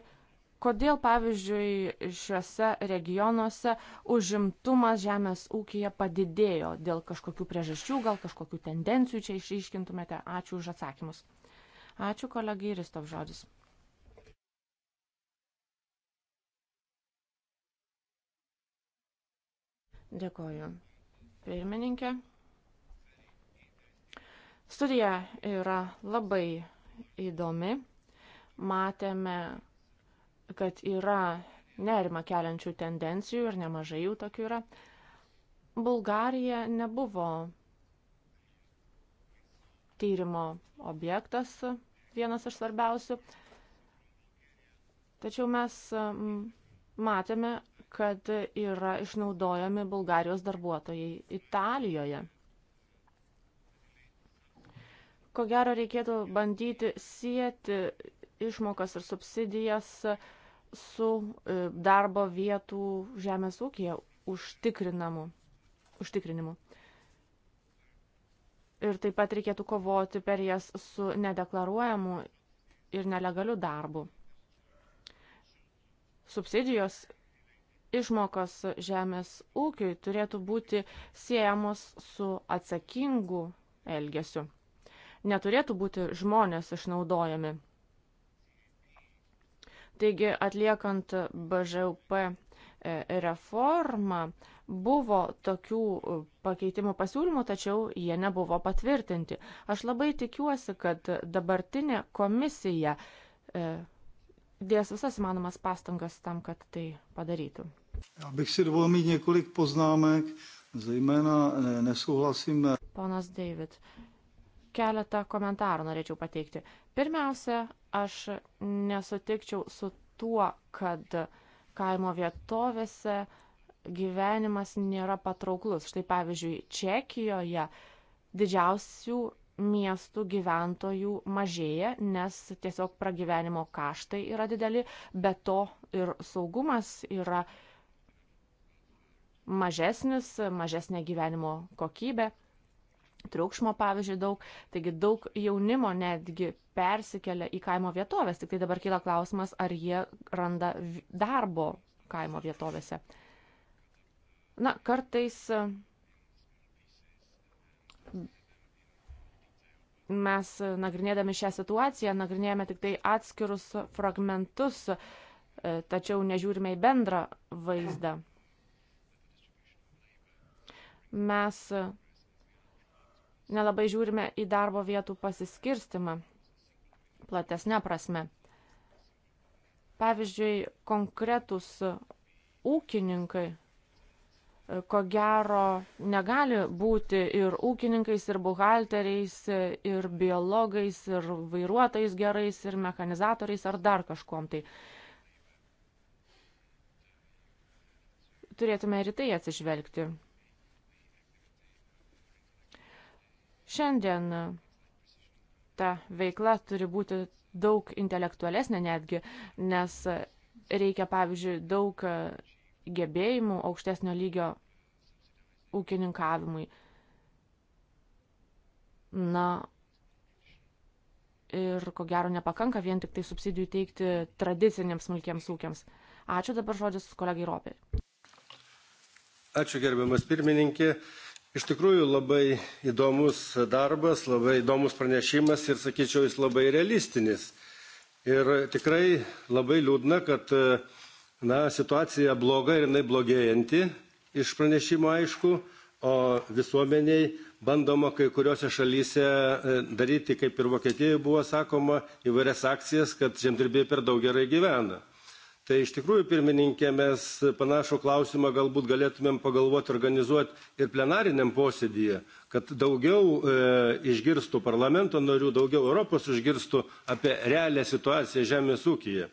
Kodėl, pavyzdžiui, šiuose regionuose užimtumas žemės ūkija padidėjo? Dėl kažkokių priežasčių, gal kažkokių tendencijų čia išryškintumėte? Ačiū už atsakymus. Ačiū kolegai Ristov žodis. Dėkoju. Pirmininkė. Studija yra labai įdomi. Matėme, kad yra nerima keliančių tendencijų ir nemažai jų tokių yra. Bulgarija nebuvo tyrimo objektas vienas iš svarbiausių, tačiau mes matėme, kad yra išnaudojami Bulgarijos darbuotojai Italijoje. Ko gero reikėtų bandyti sieti išmokas ir subsidijas uh, su e, darbo vietų žemės ūkija užtikrinimu. Ir taip pat reikėtų kovoti per jas su nedeklaruojamu ir nelegaliu darbu. Subsidijos išmokos žemės ūkiui turėtų būti siejamos su atsakingu elgesiu. Neturėtų būti žmonės išnaudojami Taigi atliekant BŽUP e, reformą buvo tokių e, pakeitimų pasiūlymų, tačiau jie nebuvo patvirtinti. Aš labai tikiuosi, kad dabartinė komisija e, dės visas įmanomas pastangas tam, kad tai padarytų. Já bych si dovolil mít několik poznámek, zejména nesouhlasím. Ponas David, keletą komentarų norėčiau pateikti. Pirmiausia, aš nesutikčiau su tuo, kad kaimo vietovėse gyvenimas nėra patrauklus. Štai pavyzdžiui, Čekijoje didžiausių miestų gyventojų mažėja, nes tiesiog pragyvenimo kaštai yra dideli, bet to ir saugumas yra mažesnis, mažesnė gyvenimo kokybė triukšmo, pavyzdžiui, daug. Taigi daug jaunimo netgi persikelia į kaimo vietovės. Tik tai dabar kyla klausimas, ar jie randa darbo kaimo vietovėse. Na, kartais mes nagrinėdami šią situaciją nagrinėjame tik tai atskirus fragmentus, tačiau nežiūrime į bendrą vaizdą. Mes nelabai žiūrime į darbo vietų pasiskirstimą platesnė prasme. Pavyzdžiui, konkretus ūkininkai, ko gero, negali būti ir ūkininkais, ir buhalteriais, ir biologais, ir vairuotojais gerais, ir mechanizatoriais, ar dar kažkom tai. Turėtume ir tai atsižvelgti. Šiandien ta veikla turi būti daug intelektualesnė netgi, nes reikia, pavyzdžiui, daug gebėjimų aukštesnio lygio ūkininkavimui. Na, ir ko gero nepakanka vien tik tai subsidijų teikti tradiciniams smulkiems ūkiams. Ačiū dabar žodis kolegai Ropiai. Ačiū gerbiamas pirmininkė. Iš tikrųjų labai įdomus darbas, labai įdomus pranešimas ir, sakyčiau, jis labai realistinis. Ir tikrai labai liūdna, kad na, situacija bloga ir jinai blogėjanti, iš pranešimo aišku, o visuomeniai bandoma kai kuriuose šalyse e, daryti, kaip ir Vokietijoje buvo sakoma, įvairias akcijas, kad žemdirbėjai per daug gerai gyvena. Tai iš tikrųjų, pirmininkė, mes panašų klausimą galbūt galėtumėm pagalvoti organizuoti ir plenariniam posėdėje, kad daugiau e, išgirstų parlamento narių, daugiau Europos išgirstų apie realią situaciją žemės ūkyje.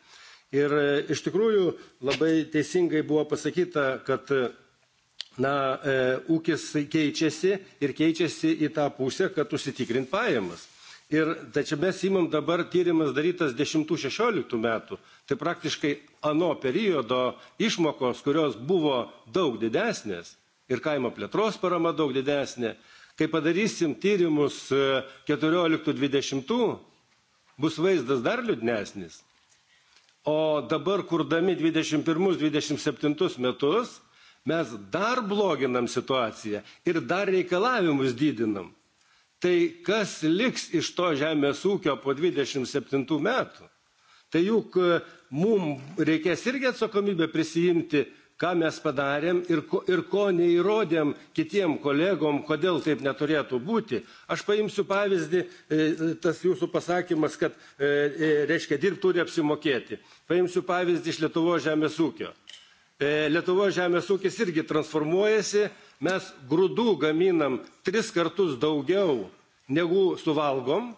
Ir e, iš tikrųjų labai teisingai buvo pasakyta, kad na, e, ūkis keičiasi ir keičiasi į tą pusę, kad užsitikrint pajamas. Ir tačiau mes įmam dabar tyrimas darytas 10-16 metų, tai praktiškai ano periodo išmokos, kurios buvo daug didesnės ir kaimo plėtros parama daug didesnė, kai padarysim tyrimus 14-20, e, bus vaizdas dar liūdnesnis. O dabar, kurdami 21-27 metus, mes dar bloginam situaciją ir dar reikalavimus didinam tai kas liks iš to žemės ūkio po 27 metų? Tai juk e, mums reikės irgi atsakomybę prisijimti, ką mes padarėm ir ko, ir ko neįrodėm kitiem kolegom, kodėl taip neturėtų būti. Aš paimsiu pavyzdį, e, tas jūsų pasakymas, kad, e, reiškia, dirbti turi apsimokėti. Paimsiu pavyzdį iš Lietuvo žemės ūkio. Lietuvo žemės ūkis irgi transformuojasi, Mes grūdų gaminam tris kartus daugiau negu suvalgom,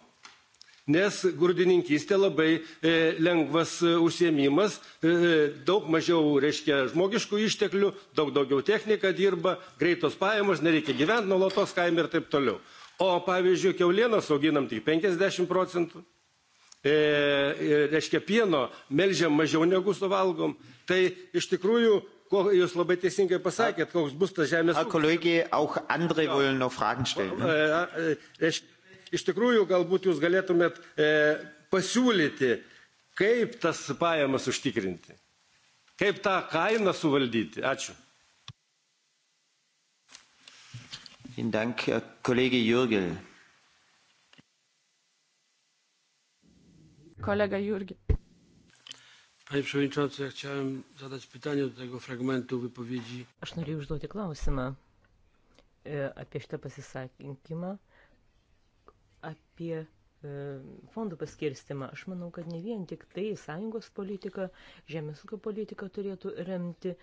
nes grūdininkystė labai e, lengvas e, užsiemimas, e, e, daug mažiau reiškia žmogiškų išteklių, daug daugiau technika dirba, greitos pajamos, nereikia gyventi nuolatos kaime ir taip toliau. O pavyzdžiui, keulienos auginam tik 50 procentų, e, e, reiškia pieno melžiam mažiau negu suvalgom. Tai iš tikrųjų Jūs labai teisingai pasakėt, koks bus tas žemės ūkis. Kolegė, auch andere wollen noch Fragen stellen. E, e, iš tikrųjų, galbūt jūs galėtumėt e, pasiūlyti, kaip tas pajamas užtikrinti, kaip tą kainą suvaldyti. Ačiū. Vielen Dank, Kollege Jürgel. Kollege Jürgel. Panie Przewodniczący, ja chciałem zadać pytanie do tego fragmentu wypowiedzi. Aš norėjau užduoti klausimą e, apie šitą pasisakymą, apie e, fondų paskirstimą. Aš manau, kad ne vien tik tai sąjungos politika, žemės ūkio politika turėtų remti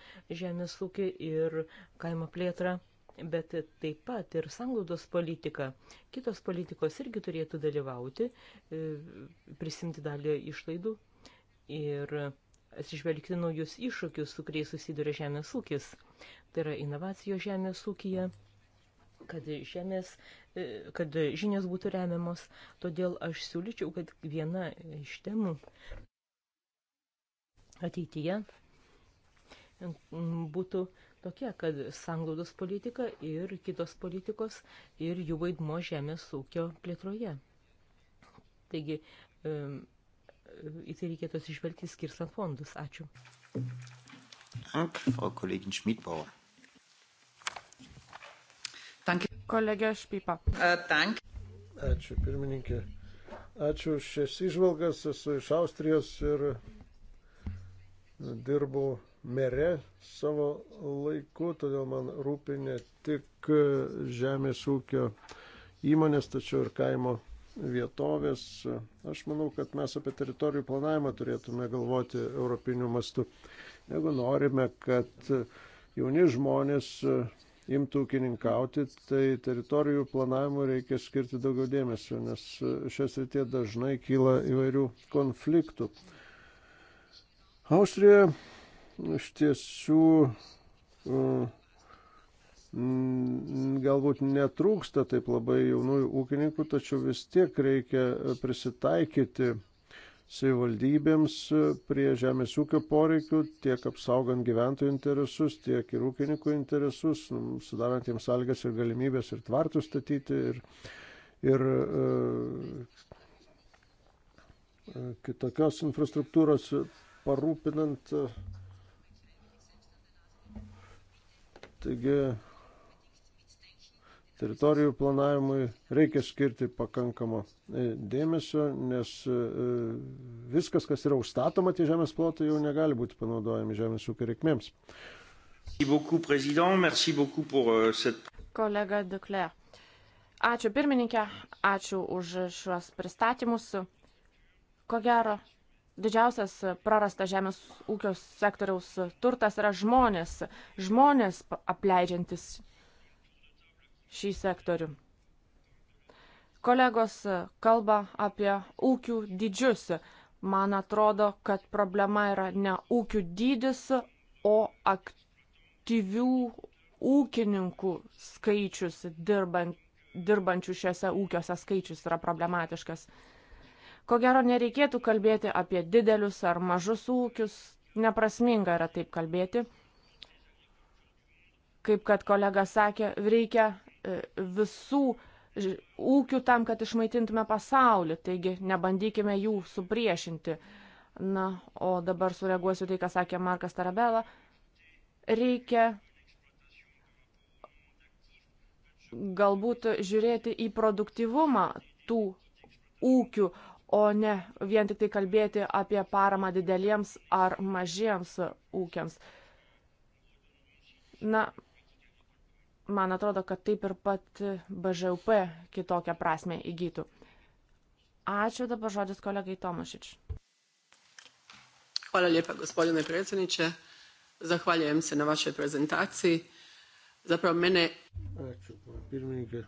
žemės ūkį ir kaimo plėtrą, bet taip pat ir sąnglaudos politika. Kitos politikos irgi turėtų dalyvauti, e, prisimti dalį išlaidų ir atsižvelgti naujus iššūkius, su kuriais susiduria žemės ūkis. Tai yra inovacijos žemės ūkija, kad, žemės, e, kad žinios būtų remiamos. Todėl aš siūlyčiau, kad viena iš temų ateityje būtų tokia, kad sanglaudos politika ir kitos politikos ir jų vaidmo žemės ūkio plėtroje. Taigi, į tai reikėtų atsižvelgti skirstant fondus. Ačiū. Dank, Frau Kollegin Schmidbauer. Danke. Kolegė Špipa. Uh, dank. Ačiū, pirmininkė. Ačiū už šias išvalgas. Esu iš Austrijos ir dirbau mere savo laiku, todėl man rūpi ne tik žemės ūkio įmonės, tačiau ir kaimo vietovės. Aš manau, kad mes apie teritorijų planavimą turėtume galvoti europiniu mastu. Jeigu norime, kad jauni žmonės imtų ūkininkauti, tai teritorijų planavimui reikia skirti daugiau dėmesio, nes šias rytie dažnai kyla įvairių konfliktų. Austrija iš tiesų uh, galbūt netrūksta taip labai jaunųjų ūkininkų, tačiau vis tiek reikia e, prisitaikyti savivaldybėms e, prie žemės ūkio poreikių, tiek apsaugant gyventojų interesus, tiek ir ūkininkų interesus, nu, sudarant jiems sąlygas ir galimybės ir tvartų statyti ir, ir e, e kitokios infrastruktūros parūpinant. Taigi teritorijų planavimui reikia skirti pakankamo e, dėmesio, nes e, e, viskas, kas yra užstatoma tie žemės plotai, jau negali būti panaudojami žemės ūkio reikmėms. Euh, Kolega Dukle. Ačiū pirmininkė, ačiū už šiuos pristatymus. Ko gero, didžiausias prarastas žemės ūkio sektoriaus turtas yra žmonės. Žmonės apleidžiantis šį sektorių. Kolegos kalba apie ūkių dydžius. Man atrodo, kad problema yra ne ūkių dydis, o aktyvių ūkininkų skaičius dirbant, dirbančių šiuose ūkiuose skaičius yra problematiškas. Ko gero nereikėtų kalbėti apie didelius ar mažus ūkius, neprasminga yra taip kalbėti. Kaip kad kolega sakė, reikia E, visų ūkių tam, kad išmaitintume pasaulį, taigi nebandykime jų supriešinti. Na, o dabar sureaguosiu tai, ką sakė Markas Tarabela. Reikia galbūt žiūrėti į produktivumą tų ūkių, o ne vien tik tai kalbėti apie paramą dideliems ar mažiems ūkiams. Na, man atrodo, kad taip ir pat BŽUP kitokią prasme įgytų. Ačiū dabar žodis kolegai Tomašič. Hvala lijepa gospodine predsjedniče. Zahvaljujem se na vašoj prezentaciji. Zapravo mene... Ačiū, pirmininkė.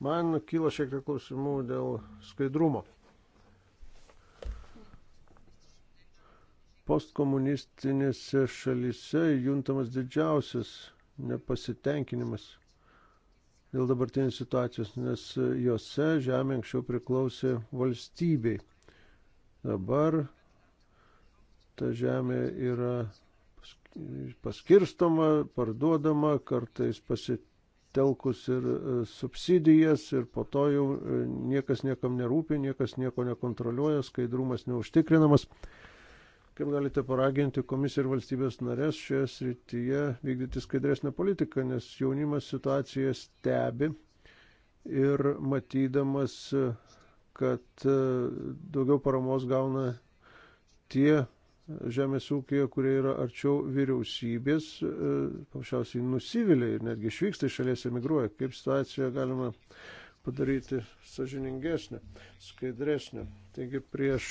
Man kyla šiek tiek klausimų dėl skaidrumo. postkomunistinėse šalyse juntamas didžiausias nepasitenkinimas dėl dabartinės situacijos, nes jose žemė anksčiau priklausė valstybei. Dabar ta žemė yra paskirstoma, parduodama, kartais pasitelkus ir e, subsidijas ir po to jau e, niekas niekam nerūpi, niekas nieko nekontroliuoja, skaidrumas neužtikrinamas. Kaip galite paraginti komisiją ir valstybės narės šioje srityje vykdyti skaidresnę politiką, nes jaunimas situaciją stebi ir matydamas, kad e, daugiau paramos gauna tie žemės ūkija, kurie yra arčiau vyriausybės, e, paprasčiausiai nusivilia ir netgi išvyksta iš šalies emigruoja. Kaip situaciją galima padaryti sažiningesnė, skaidresnė. Taigi prieš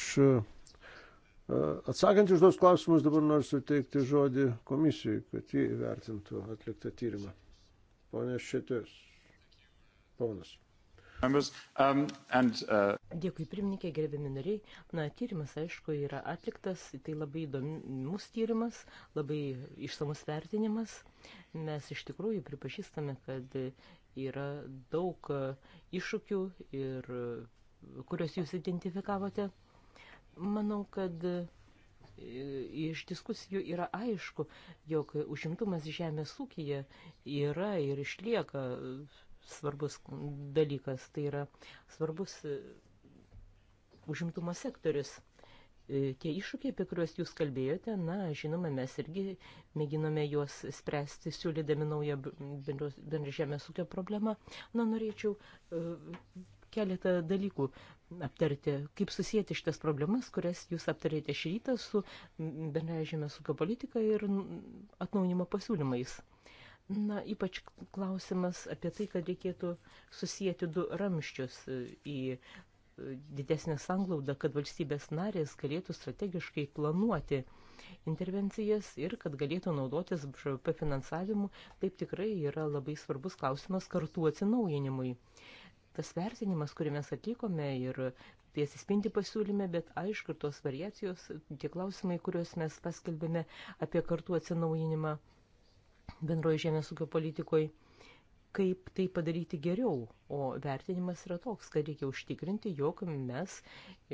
E, atsakant iš tos klausimus, dabar noriu suteikti žodį komisijai, kad jį įvertintų atliktą tyrimą. Pone Šitės. Ponas. Um, uh, Dėkui, pirmininkė, gerbiami nariai. Na, tyrimas, aišku, yra atliktas, tai labai įdomus tyrimas, labai išsamus vertinimas. Mes iš tikrųjų pripažįstame, kad yra daug iššūkių ir kuriuos jūs identifikavote. Manau, kad e, iš diskusijų yra aišku, jog užimtumas žemės ūkija yra ir išlieka svarbus dalykas, tai yra svarbus e, užimtumo sektorius. E, tie iššūkiai, apie kuriuos jūs kalbėjote, na, žinoma, mes irgi mėginome juos spręsti, siūlydami naują bendrą žemės ūkio problemą. Na, norėčiau keletą dalykų aptarti, kaip susijęti šitas problemas, kurias jūs aptarėte šį rytą su bendraja žemės ūkio politika ir atnaujimo pasiūlymais. Na, ypač klausimas apie tai, kad reikėtų susijęti du ramščius į didesnę sanglaudą, kad valstybės narės galėtų strategiškai planuoti intervencijas ir kad galėtų naudotis BŽP finansavimu, taip tikrai yra labai svarbus klausimas kartų atsinaujinimui tas vertinimas, kurį mes atlikome ir tai atsispindi pasiūlyme, bet aišku, ir tos variacijos, tie klausimai, kuriuos mes paskelbėme apie kartų atsinaujinimą bendroji žemės ūkio politikoje kaip tai padaryti geriau. O vertinimas yra toks, kad reikia užtikrinti, jog mes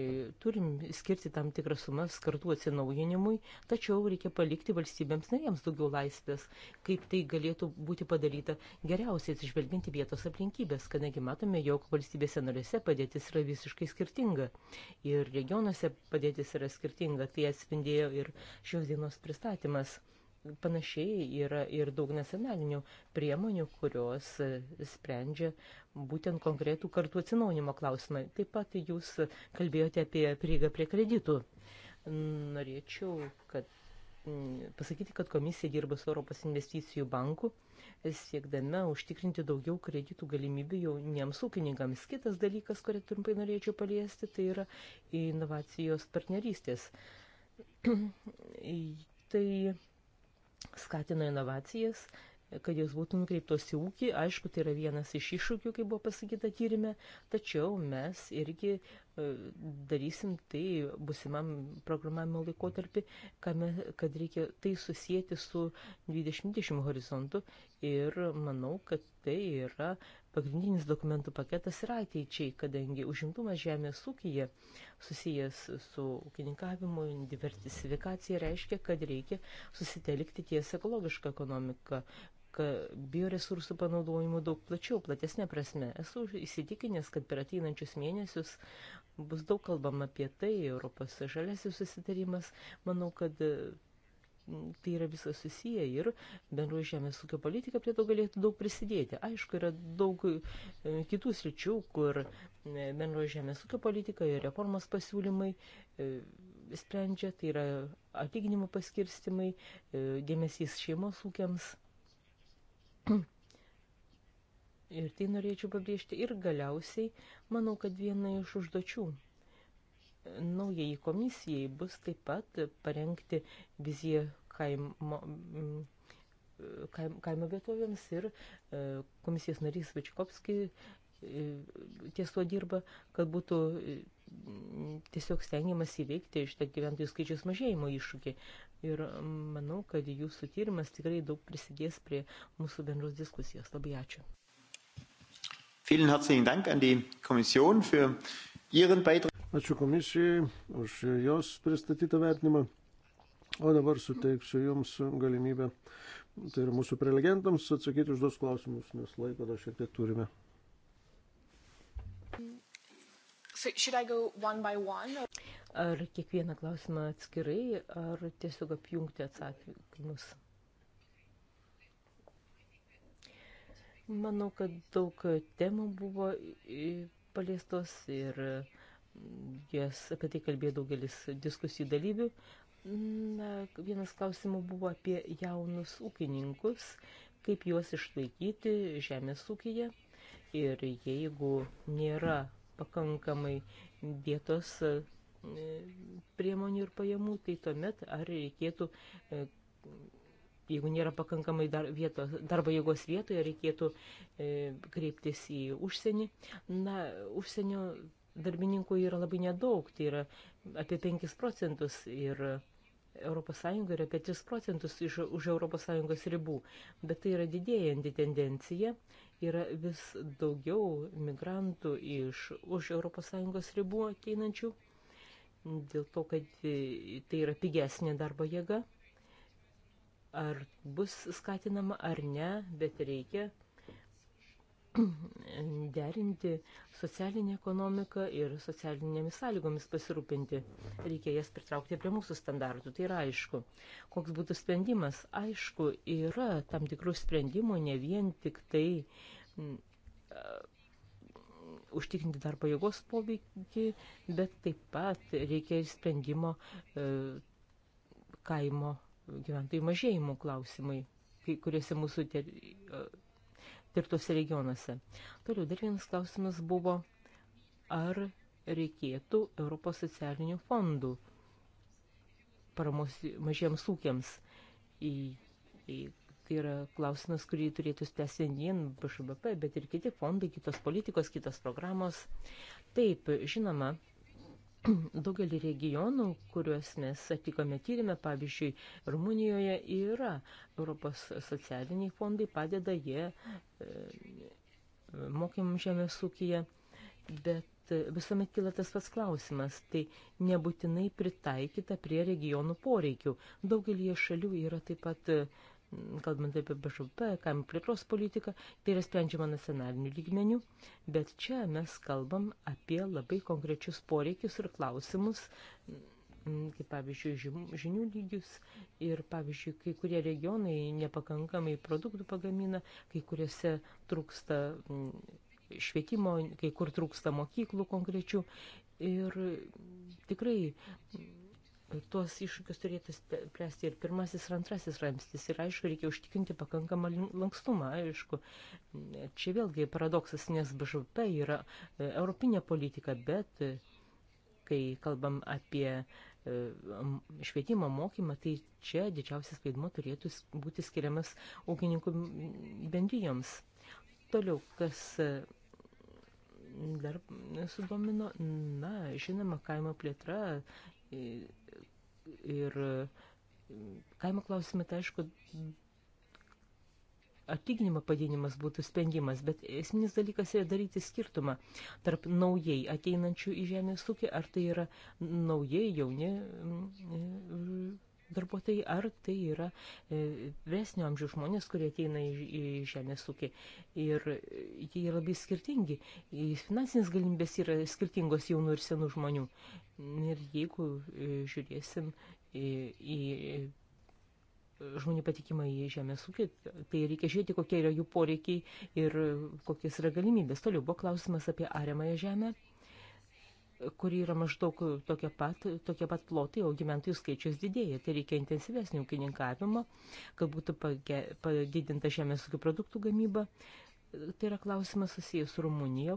e, turim skirti tam tikras sumas kartu atsinaujinimui, tačiau reikia palikti valstybėms narėms daugiau laisvės, kaip tai galėtų būti padaryta geriausiai atsižvelginti vietos aplinkybės, kadangi matome, jog valstybėse narėse padėtis yra visiškai skirtinga ir regionuose padėtis yra skirtinga, tai atspindėjo ir šios dienos pristatymas panašiai yra ir daug nacionalinių priemonių, kurios e, sprendžia būtent konkretų kartų atsinaujinimo klausimą. Taip pat jūs kalbėjote apie prieigą prie kreditų. Norėčiau, kad pasakyti, kad komisija dirba su Europos investicijų banku, siekdame užtikrinti daugiau kreditų galimybių jauniems ūkininkams. Kitas dalykas, kurį trumpai norėčiau paliesti, tai yra inovacijos partnerystės. tai skatina inovacijas, kad jos būtų nukreiptos į ūkį. Aišku, tai yra vienas iš iššūkių, kaip buvo pasakyta tyrime, tačiau mes irgi e, darysim tai busimam programavimo laikotarpį, kad reikia tai susijęti su 2020 horizontu ir manau, kad tai yra pagrindinis dokumentų paketas yra ateičiai, kadangi užimtumas žemės ūkyje susijęs su ūkininkavimu, diversifikacija reiškia, kad reikia susitelkti ties ekologišką ekonomiką, bioresursų panaudojimu daug plačiau, platesnė prasme. Esu įsitikinęs, kad per ateinančius mėnesius bus daug kalbama apie tai, Europos žalėsis susitarimas. Manau, kad tai yra viskas susiję ir bendro žemės ūkio politika prie to galėtų daug prisidėti. Aišku, yra daug e, kitų sričių, kur e, bendro žemės ūkio politika ir reformos pasiūlymai e, sprendžia, tai yra atlyginimų paskirstimai, dėmesys šeimos ūkiams. Ir tai norėčiau pabrėžti. Ir galiausiai, manau, kad viena iš užduočių naujai komisijai bus taip pat parengti viziją kaimo, mm, kaimo, kaimo vietovėms ir e, komisijos narys Vačkovskis e, ties tuo dirba, kad būtų e, tiesiog stengiamas įveikti šitą gyventojų skaičiaus mažėjimo iššūkį. Ir manau, kad jūsų tyrimas tikrai daug prisidės prie mūsų bendros diskusijos. Labai ačiū. Vielen herzlichen Dank an die Kommission für Ihren Beitrag. Ačiū komisijai už jos pristatytą vertinimą. O dabar suteiksiu Jums galimybę, tai yra mūsų prelegentams, atsakyti už dos klausimus, nes laiko dar šiek tiek turime. So one one, or... Ar kiekvieną klausimą atskirai, ar tiesiog apjungti atsakymus? Manau, kad daug temų buvo paliestos ir uh, jas apie tai kalbėjo daugelis diskusijų dalyvių. Na, vienas klausimų buvo apie jaunus ūkininkus, kaip juos išlaikyti žemės ūkyje ir jeigu nėra pakankamai vietos e, priemonių ir pajamų, tai tuomet ar reikėtų, e, jeigu nėra pakankamai dar vietos, darbo jėgos vietoje, reikėtų e, kreiptis į užsienį. Na, užsienio darbininkų yra labai nedaug, tai yra apie 5 procentus ir ES yra apie 3 procentus iš, už ES ribų, bet tai yra didėjanti tendencija, yra vis daugiau migrantų iš už ES ribų ateinančių, dėl to, kad tai yra pigesnė darbo jėga. Ar bus skatinama ar ne, bet reikia derinti socialinę ekonomiką ir socialinėmis sąlygomis pasirūpinti. Reikia jas pritraukti prie mūsų standartų, tai yra aišku. Koks būtų sprendimas? Aišku, yra tam tikrų sprendimų, ne vien tik tai užtikrinti darbo jėgos poveikį, bet taip pat reikia ir sprendimo e, kaimo gyventojų mažėjimo klausimai, kai kuriuose mūsų ter, e, ir tuose regionuose. Toliau dar vienas klausimas buvo, ar reikėtų Europos socialinių fondų paramos mažiems ūkiams. Į, į, tai yra klausimas, kurį turėtų spręsti ne vien BŠBP, bet ir kiti fondai, kitos politikos, kitos programos. Taip, žinoma, Daugelį regionų, kuriuos mes atikome tyrimę, pavyzdžiui, Rumunijoje yra Europos socialiniai fondai, padeda jie e, mokymam žemės ūkyje, bet visuomet kyla tas pats klausimas, tai nebūtinai pritaikyta prie regionų poreikių. Daugelį šalių yra taip pat kalbant apie BŽP, kaimo plėtros politiką, tai yra sprendžiama nacionaliniu lygmeniu, bet čia mes kalbam apie labai konkrečius poreikius ir klausimus, kaip pavyzdžiui žinių lygius ir pavyzdžiui kai kurie regionai nepakankamai produktų pagamina, kai kuriuose trūksta švietimo, kai kur trūksta mokyklų konkrečių ir tikrai tuos iššūkius turėtų spręsti ir pirmasis, ir antrasis ramstis. Ir aišku, reikia užtikrinti pakankamą lankstumą. Aišku, čia vėlgi paradoksas, nes BŽP yra e, europinė politika, bet e, kai kalbam apie e, švietimo mokymą, tai čia didžiausias vaidmo turėtų būti skiriamas ūkininkų bendrijoms. Toliau, kas dar sudomino, na, žinoma, kaimo plėtra ir kaimo klausimai, tai aišku, atlyginimo padidinimas būtų sprendimas, bet esminis dalykas yra daryti skirtumą tarp naujai ateinančių į žemės ūkį, ar tai yra naujai jauni darbuotojai, ar tai yra e, vyresnio amžiaus žmonės, kurie ateina į, į žemės ūkį. Ir jie yra labai skirtingi. E, finansinės galimybės yra skirtingos jaunų ir senų žmonių. Ir jeigu e, žiūrėsim į, į žmonių patikimą į žemės ūkį, tai reikia žiūrėti, kokie yra jų poreikiai ir kokias yra galimybės. Toliau buvo klausimas apie ariamąją žemę kuri yra maždaug tokia pat, tokie pat plotai, o gyventojų skaičius didėja. Tai reikia intensyvesnio ūkininkavimo, kad būtų padidinta žemės ūkio produktų gamyba. Tai yra klausimas susijęs su Rumunija.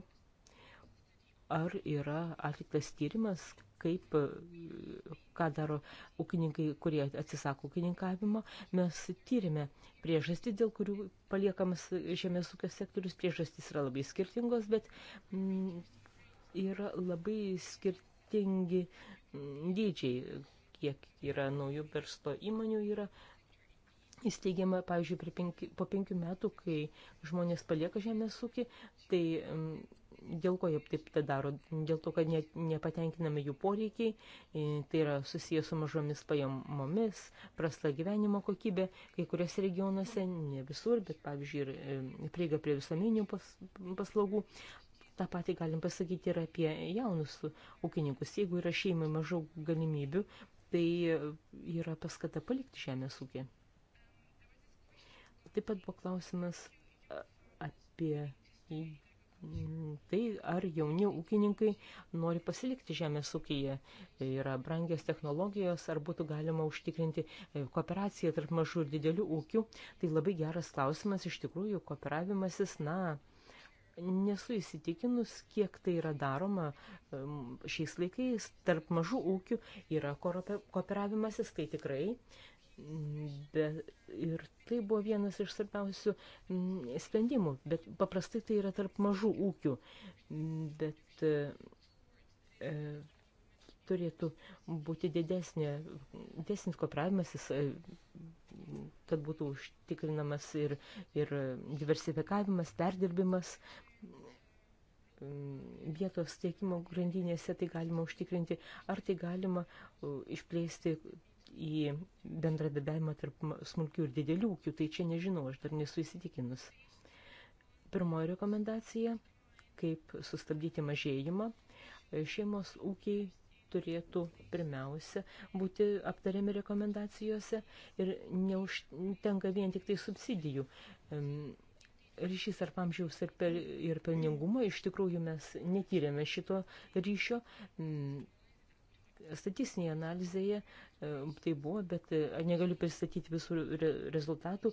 Ar yra atliktas tyrimas, kaip, ką daro ūkininkai, kurie atsisako ūkininkavimo. Mes tyrime priežastį, dėl kurių paliekamas žemės ūkio sektorius. Priežastys yra labai skirtingos, bet mm, yra labai skirtingi dydžiai, kiek yra naujų verslo įmonių yra įsteigiama, pavyzdžiui, penki, po penkių metų, kai žmonės palieka žemės ūkį, tai mm, dėl ko jie taip tai daro? Dėl to, kad ne, nepatenkinami jų poreikiai, tai yra susijęs su mažomis pajamomis, prasta gyvenimo kokybė, kai kuriuose regionuose, ne visur, bet pavyzdžiui, ir e, prieiga prie visuomeninių pas, paslaugų. Ta pati galim pasakyti ir apie jaunus ūkininkus. Jeigu yra šeimai mažau galimybių, tai yra paskata palikti žemės ūkį. Taip pat buvo klausimas apie tai, ar jauni ūkininkai nori pasilikti žemės ūkyje. Yra brangios technologijos, ar būtų galima užtikrinti e, kooperaciją tarp mažų ir didelių ūkių. Tai labai geras klausimas, iš tikrųjų, kooperavimasis, na, Nesu įsitikinus, kiek tai yra daroma šiais laikais. Tarp mažų ūkių yra kooperavimasis, tai tikrai. Bet ir tai buvo vienas iš svarbiausių sprendimų, bet paprastai tai yra tarp mažų ūkių. Bet e, e turėtų būti didesnė, didesnis kooperavimasis, e, kad būtų užtikrinamas ir, ir diversifikavimas, perdirbimas, Mm, vietos tiekimo grandinėse tai galima užtikrinti, ar tai galima išplėsti į bendradarbiavimą tarp smulkių ir didelių ūkių, tai čia nežinau, aš dar nesu įsitikinus. Pirmoji rekomendacija - kaip sustabdyti mažėjimą. Šeimos ūkiai turėtų pirmiausia būti aptariami rekomendacijose ir neužtenka vien tik tai subsidijų. Um, ryšys tarp amžiaus ir, per, ir pelningumo, iš tikrųjų mes netyrėme šito ryšio. Mm, statistinėje analizėje e, tai buvo, bet e, negaliu pristatyti visų re, rezultatų.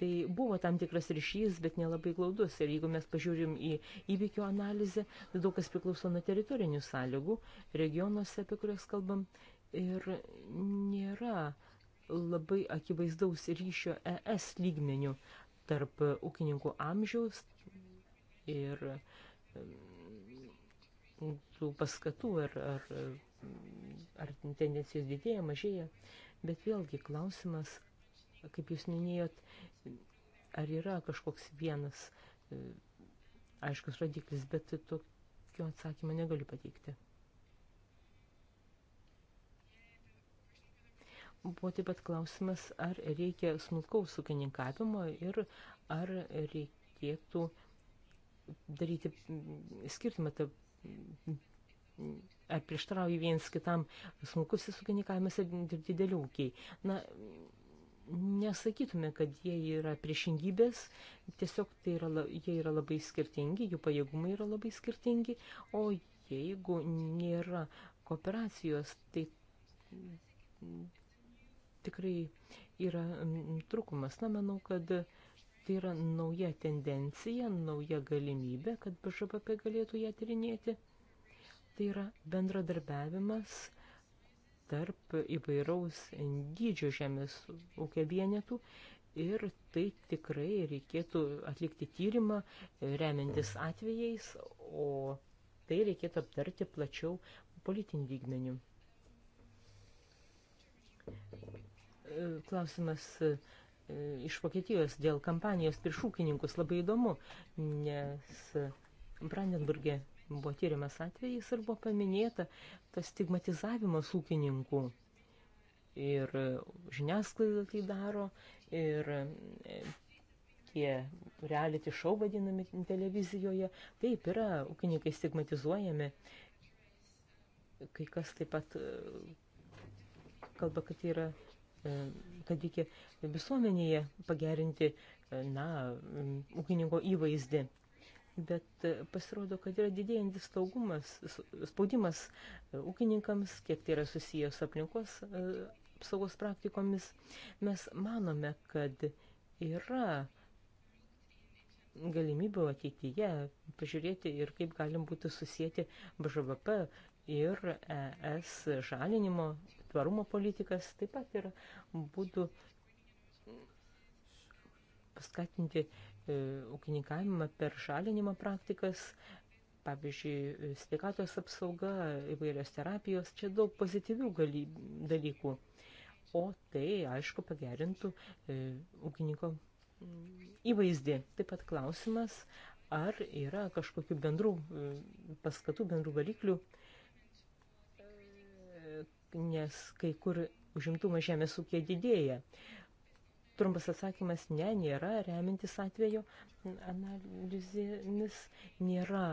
Tai buvo tam tikras ryšys, bet nelabai glaudus. Ir jeigu mes pažiūrim į įvykių analizę, tai daug kas priklauso nuo teritorinių sąlygų regionuose, apie kurias kalbam. Ir nėra labai akivaizdaus ryšio ES lygmenių tarp ūkininkų amžiaus ir um, tų paskatų ar, ar, ar tendencijos didėja, mažėja. Bet vėlgi klausimas, kaip jūs minėjot, ar yra kažkoks vienas uh, aiškus rodiklis, bet tokio atsakymo negaliu pateikti. Buvo taip pat klausimas, ar reikia smulkaus ūkininkavimo ir ar reikėtų daryti skirtumą tarp ar prieštarauja viens kitam smulkusis ūkininkavimas ir dideli ūkiai. Na, nesakytume, kad jie yra priešingybės, tiesiog tai yra, jie yra labai skirtingi, jų pajėgumai yra labai skirtingi, o jeigu nėra kooperacijos, tai tikrai yra trūkumas. Na, manau, kad tai yra nauja tendencija, nauja galimybė, kad BŽPP galėtų ją tyrinėti. Tai yra bendradarbiavimas tarp įvairaus dydžio žemės ūkio vienetų ir tai tikrai reikėtų atlikti tyrimą e, remiantis atvejais, o tai reikėtų aptarti plačiau politinį lygmenį. klausimas e, e, iš Vokietijos dėl kampanijos prieš ūkininkus labai įdomu, nes Brandenburgė buvo tyriamas atvejis ir buvo paminėta tas stigmatizavimas ūkininkų. Ir žiniasklaida tai daro, ir e, tie reality show vadinami televizijoje, taip yra, ūkininkai stigmatizuojami. Kai kas taip pat kalba, kad yra E, kad reikia visuomenėje pagerinti, e, na, ūkininko įvaizdį. Bet e, pasirodo, kad yra didėjantis saugumas, spaudimas ūkininkams, kiek tai yra susijęs su aplinkos apsaugos praktikomis. Mes manome, kad yra galimybių ateityje pažiūrėti ir kaip galim būtų susijęti BŽVP ir ES žalinimo tvarumo politikas taip pat yra būdų paskatinti e, ūkininkavimą per šalinimą praktikas, pavyzdžiui, e, sveikatos apsauga, įvairios terapijos, čia daug pozityvių gali, dalykų. O tai, aišku, pagerintų e, ūkininko mm, įvaizdį. Taip pat klausimas, ar yra kažkokių bendrų e, paskatų, bendrų valiklių e, nes kai kur užimtumas žemės ūkė didėja. Trumpas atsakymas - ne, nėra, remintis atveju analizėmis nėra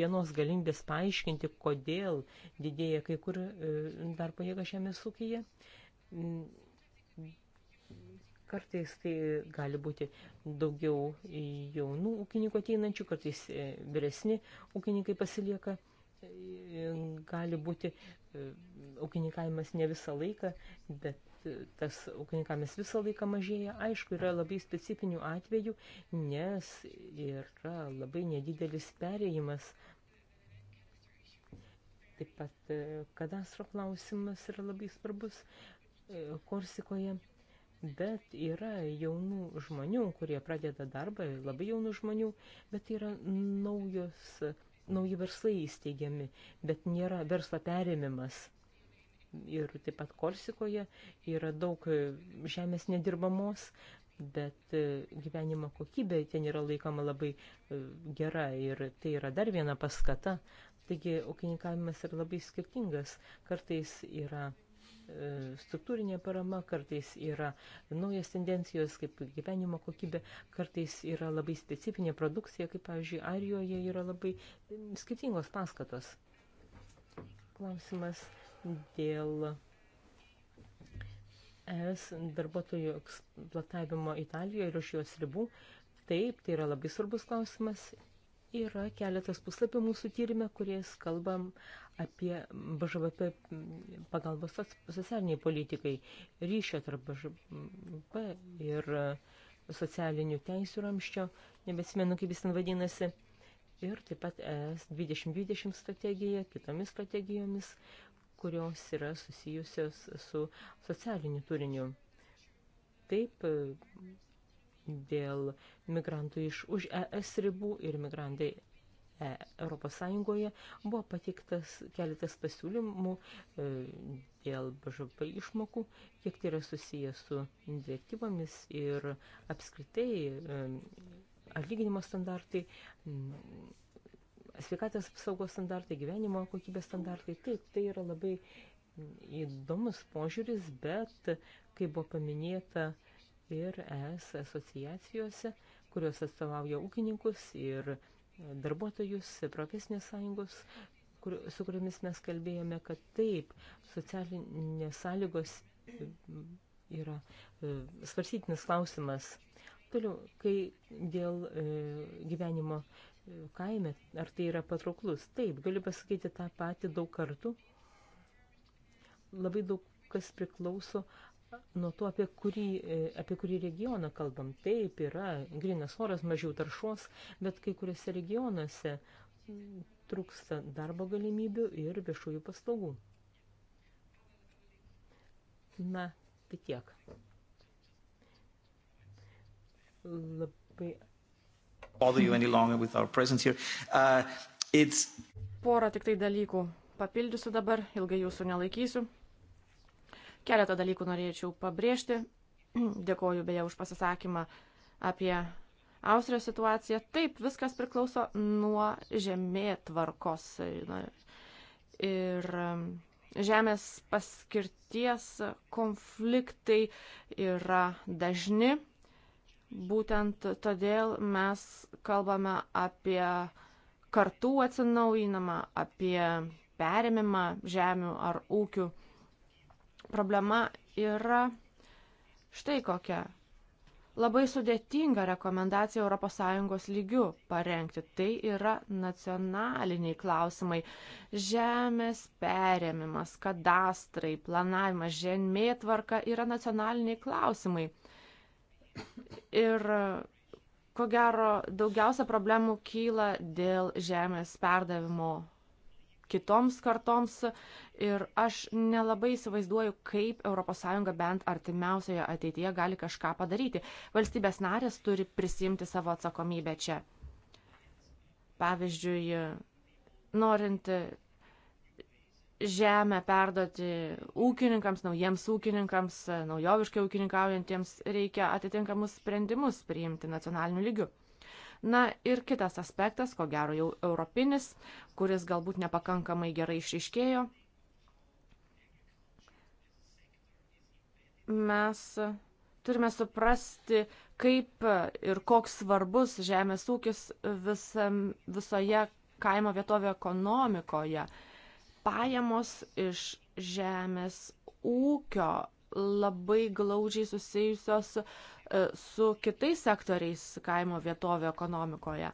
vienos galimybės paaiškinti, kodėl didėja kai kur e, darbo jėga žemės ūkyje. Kartais tai gali būti daugiau jaunų ūkininkų ateinančių, kartais e, vyresni ūkininkai pasilieka tai e, gali būti e, ūkininkavimas ne visą laiką, bet e, tas ūkininkavimas visą laiką mažėja. Aišku, yra labai specifinių atvejų, nes yra labai nedidelis perėjimas. Taip pat kadastro klausimas yra labai svarbus Korsikoje. Bet yra jaunų žmonių, kurie pradeda darbą, labai jaunų žmonių, bet yra naujos uh, nauji verslai įsteigiami, bet nėra verslo perėmimas. Ir taip pat Korsikoje yra daug e, žemės nedirbamos, bet e, gyvenimo kokybė ten yra laikoma labai e, gera ir tai yra dar viena paskata. Taigi, ūkininkavimas yra labai skirtingas. Kartais yra E, struktūrinė parama, kartais yra naujas tendencijos kaip gyvenimo kokybė, kartais yra labai specifinė produkcija, kaip, pavyzdžiui, Arijoje yra labai skirtingos paskatos. Klausimas dėl ES darbuotojų eksploatavimo Italijoje ir už jos ribų. Taip, tai yra labai svarbus klausimas. Yra keletas puslapių mūsų tyrimė, kuriais kalbam apie BŽVP pagalbos socialiniai politikai, ryšio tarp BŽVP ir socialinių teisų ramščio, nebesimenu, kaip jis ten vadinasi, ir taip pat ES 2020 strategija, kitomis strategijomis, kurios yra susijusios su socialiniu turiniu. Taip, dėl migrantų iš už ES ribų ir migrantai ES buvo patiktas keletas pasiūlymų e, dėl BŽP išmokų, kiek tai yra susijęs su direktyvomis ir apskritai e, atlyginimo standartai mm, sveikatos apsaugos standartai, gyvenimo kokybės standartai. Taip, tai yra labai įdomus požiūris, bet, kaip buvo paminėta ir ES asociacijose, kurios atstovauja ūkininkus ir darbuotojus, profesinės sąjungos, kur, su kuriomis mes kalbėjome, kad taip, socialinės sąlygos e, yra e, svarsytinis klausimas. Toliau, kai dėl e, gyvenimo kaime, ar tai yra patrauklus? Taip, galiu pasakyti tą patį daug kartų. Labai daug kas priklauso nuo to, apie kurį, e, apie kurį regioną kalbam. Taip, yra grinas oras, mažiau taršos, bet kai kuriuose regionuose trūksta darbo galimybių ir viešųjų paslaugų. Na, tai tiek. Labai. Bother you any longer with our presence here. Uh, it's... Porą tik tai dalykų papildysiu dabar, ilgai jūsų nelaikysiu. Keletą dalykų norėčiau pabrėžti. Dėkoju beje už pasisakymą apie Austrijos situaciją. Taip, viskas priklauso nuo žemėtvarkos ir um, žemės paskirties konfliktai yra dažni. Būtent todėl mes kalbame apie kartų atsinaujinimą, apie perėmimą žemių ar ūkių problema yra štai kokia. Labai sudėtinga rekomendacija ES lygių parengti. Tai yra nacionaliniai klausimai. Žemės perėmimas, kadastrai, planavimas, žemėtvarka yra nacionaliniai klausimai. Ir ko gero daugiausia problemų kyla dėl žemės perdavimo kitoms kartoms. Ir aš nelabai įsivaizduoju, kaip ES bent artimiausioje ateityje gali kažką padaryti. Valstybės narės turi prisimti savo atsakomybę čia. Pavyzdžiui, norint žemę perduoti ūkininkams, naujiems ūkininkams, naujoviškai ūkininkaujantiems, reikia atitinkamus sprendimus priimti nacionaliniu lygiu. Na ir kitas aspektas, ko gero jau europinis, kuris galbūt nepakankamai gerai išriškėjo. Mes turime suprasti, kaip ir koks svarbus žemės ūkis visam, visoje kaimo vietovio ekonomikoje. Pajamos iš žemės ūkio labai glaudžiai susijusios E, su kitais sektoriais kaimo vietovių ekonomikoje.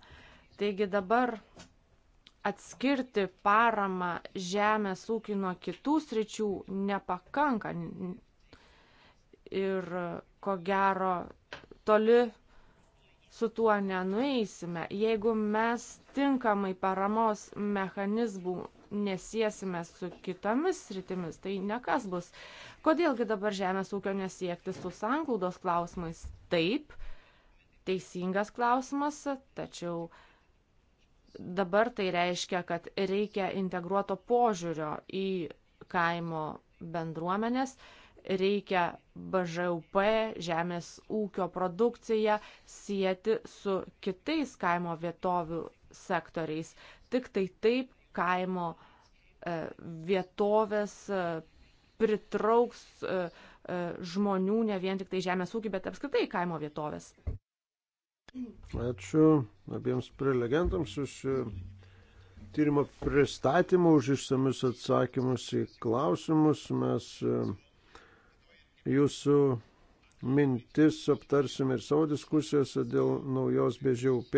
Taigi dabar atskirti paramą žemės ūkį nuo kitų sričių nepakanka. Ir ko gero toli su tuo nenueisime. Jeigu mes tinkamai paramos mechanizmų nesiesime su kitomis sritimis, tai nekas bus. Kodėlgi dabar žemės ūkio nesiekti su sanglaudos klausimais? Taip, teisingas klausimas, tačiau dabar tai reiškia, kad reikia integruoto požiūrio į kaimo bendruomenės, reikia BŽUP, žemės ūkio produkciją, sieti su kitais kaimo vietovių sektoriais. Tik tai taip kaimo e, vietovės e, pritrauks e, žmonių ne vien tik tai žemės ūkį, bet apskritai kaimo vietovės. Ačiū abiems prelegentams už tyrimo pristatymą, už išsamius atsakymus į klausimus. Mes jūsų mintis aptarsime ir savo diskusijose dėl naujos BŽUP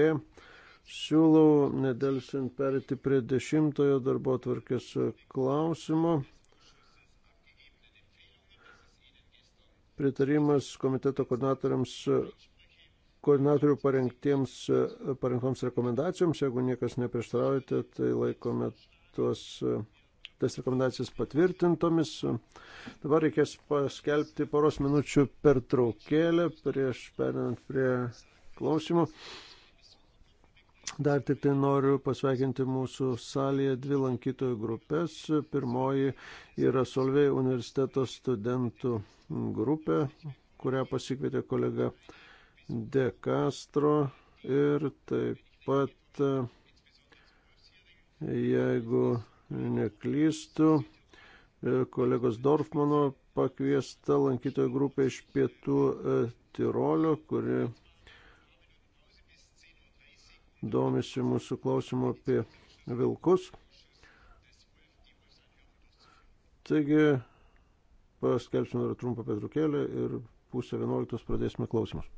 Siūlau nedelsint perėti prie dešimtojo darbo tvarkės klausimo. Pritarimas komiteto koordinatoriams koordinatorių parengtoms rekomendacijoms, jeigu niekas neprieštaraujate, tai laikome tuos, tas rekomendacijas patvirtintomis. Dabar reikės paskelbti poros minučių pertraukėlę prieš perinant prie klausimų. Dar tik tai noriu pasveikinti mūsų salėje dvi lankytojų grupės. Pirmoji yra Solvėjų universiteto studentų grupė, kurią pasikvietė kolega De Castro ir taip pat, jeigu neklystu, kolegos Dorfmano pakviesta lankytojų grupė iš pietų e, Tirolio, kuri domisi mūsų klausimu apie vilkus. Taigi paskelbsime dar trumpą petrukėlę ir pusę vienuoliktos pradėsime klausimus.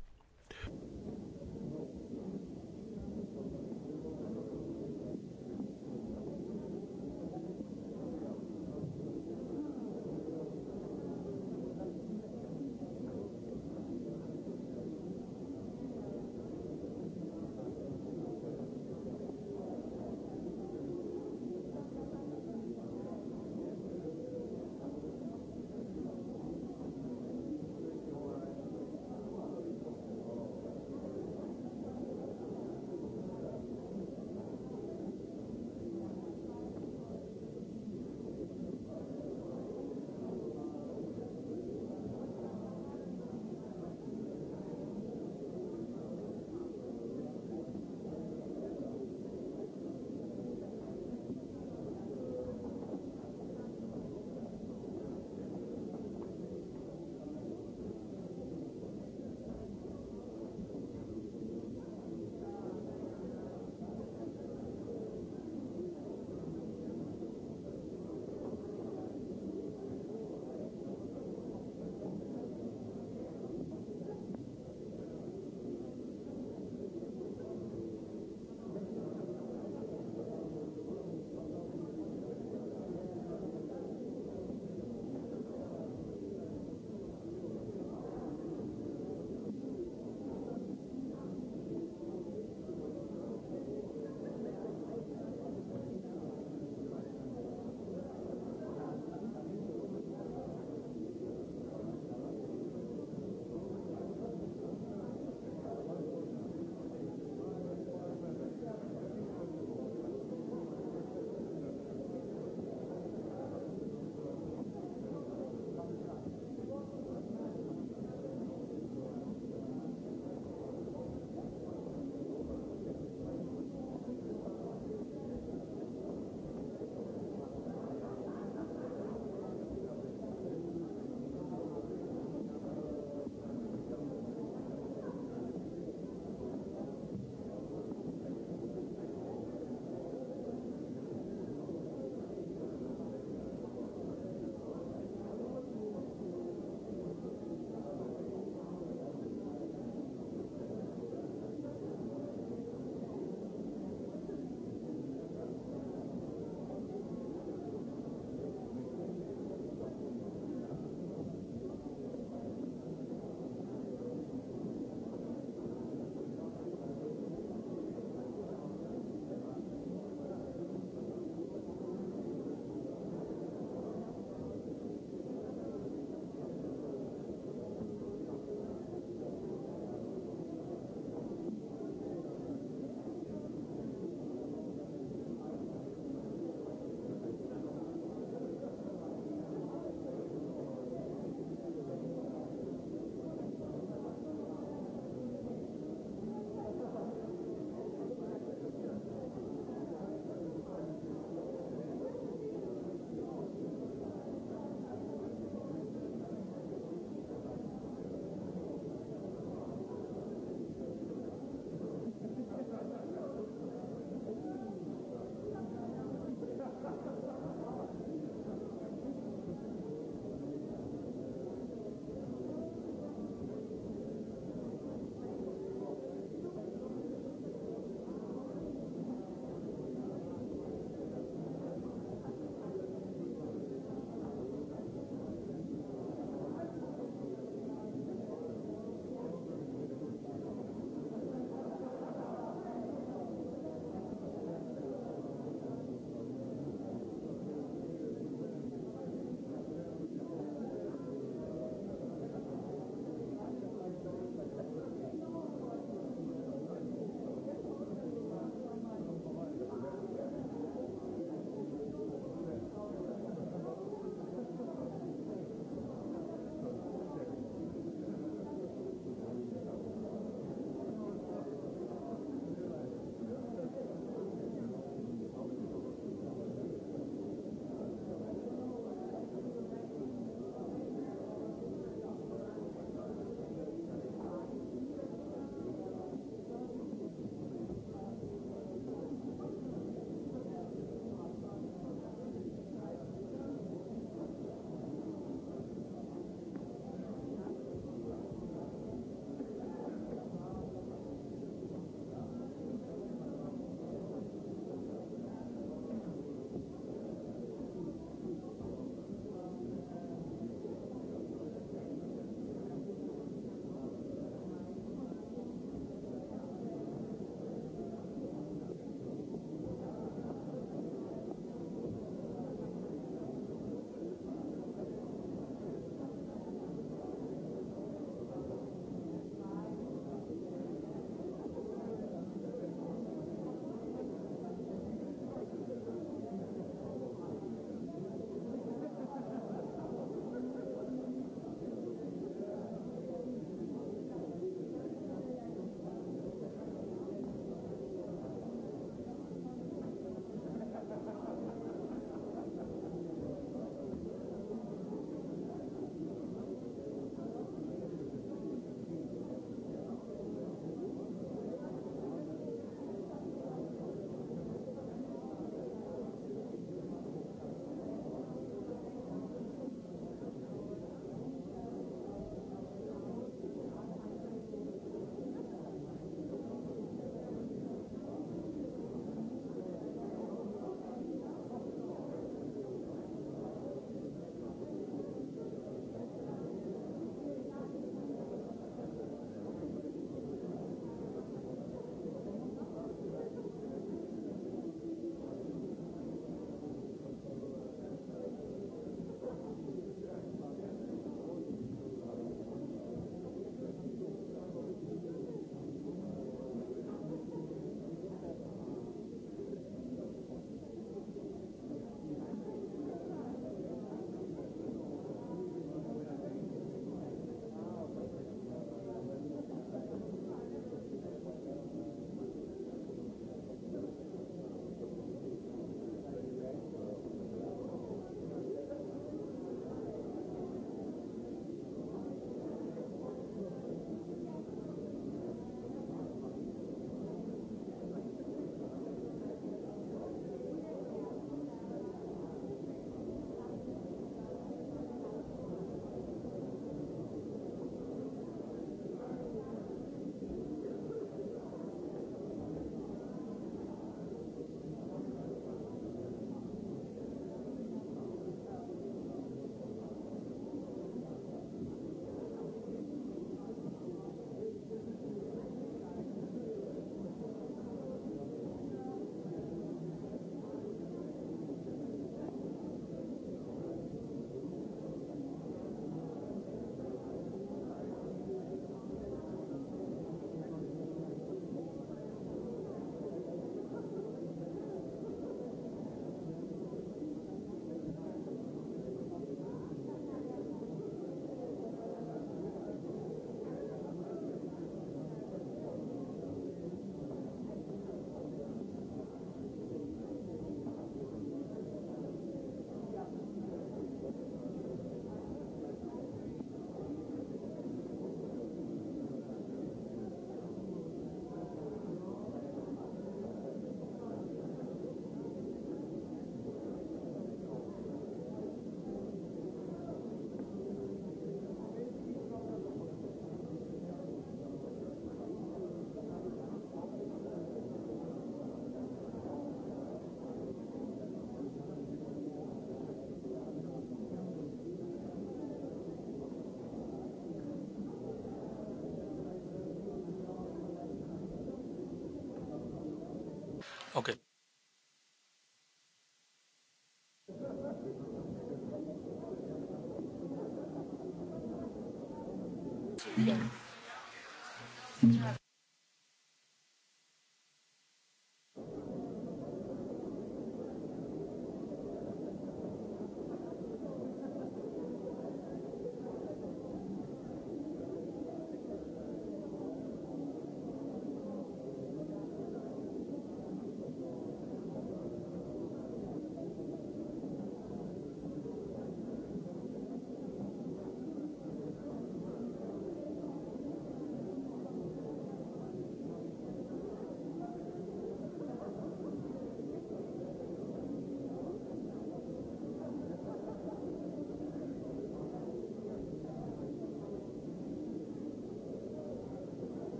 Yeah.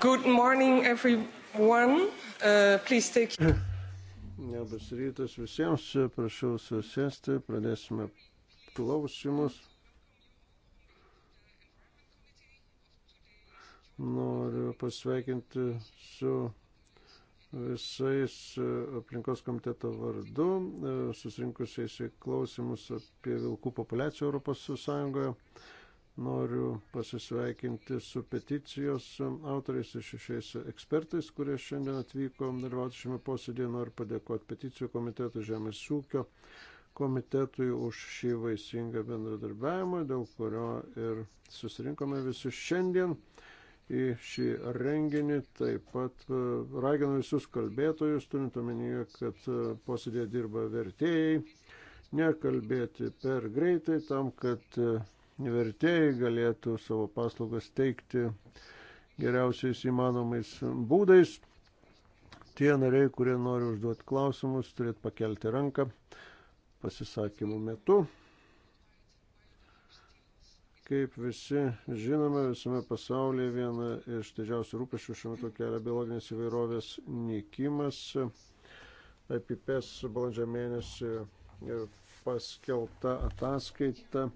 Good morning, everyone. Uh, please take. Labas rytas visiems, prašau susėsti, pradėsime klausimus. Noriu pasveikinti su visais aplinkos komiteto vardu, e, susirinkusiais į klausimus apie vilkų populiaciją Europos Sąjungoje. Noriu pasisveikinti su peticijos autoriais ir šešiais ekspertais, kurie šiandien atvyko dalyvauti šiame posėdėje. Noriu padėkoti peticijų komitetui Žemės ūkio komitetui už šį vaisingą bendradarbiavimą, dėl kurio ir susirinkome visus šiandien į šį renginį. Taip pat e, raginu visus kalbėtojus, turint omenyje, kad e, posėdėje dirba vertėjai, nekalbėti per greitai tam, kad e, vertėjai galėtų savo paslaugas teikti geriausiais įmanomais būdais. Tie nariai, kurie nori užduoti klausimus, turėtų pakelti ranką pasisakymų metu. Kaip visi žinome, visame pasaulyje viena iš didžiausių rūpešių šiuo metu kelia biologinės įvairovės nykimas. IPPS balandžio mėnesį paskelbta ataskaita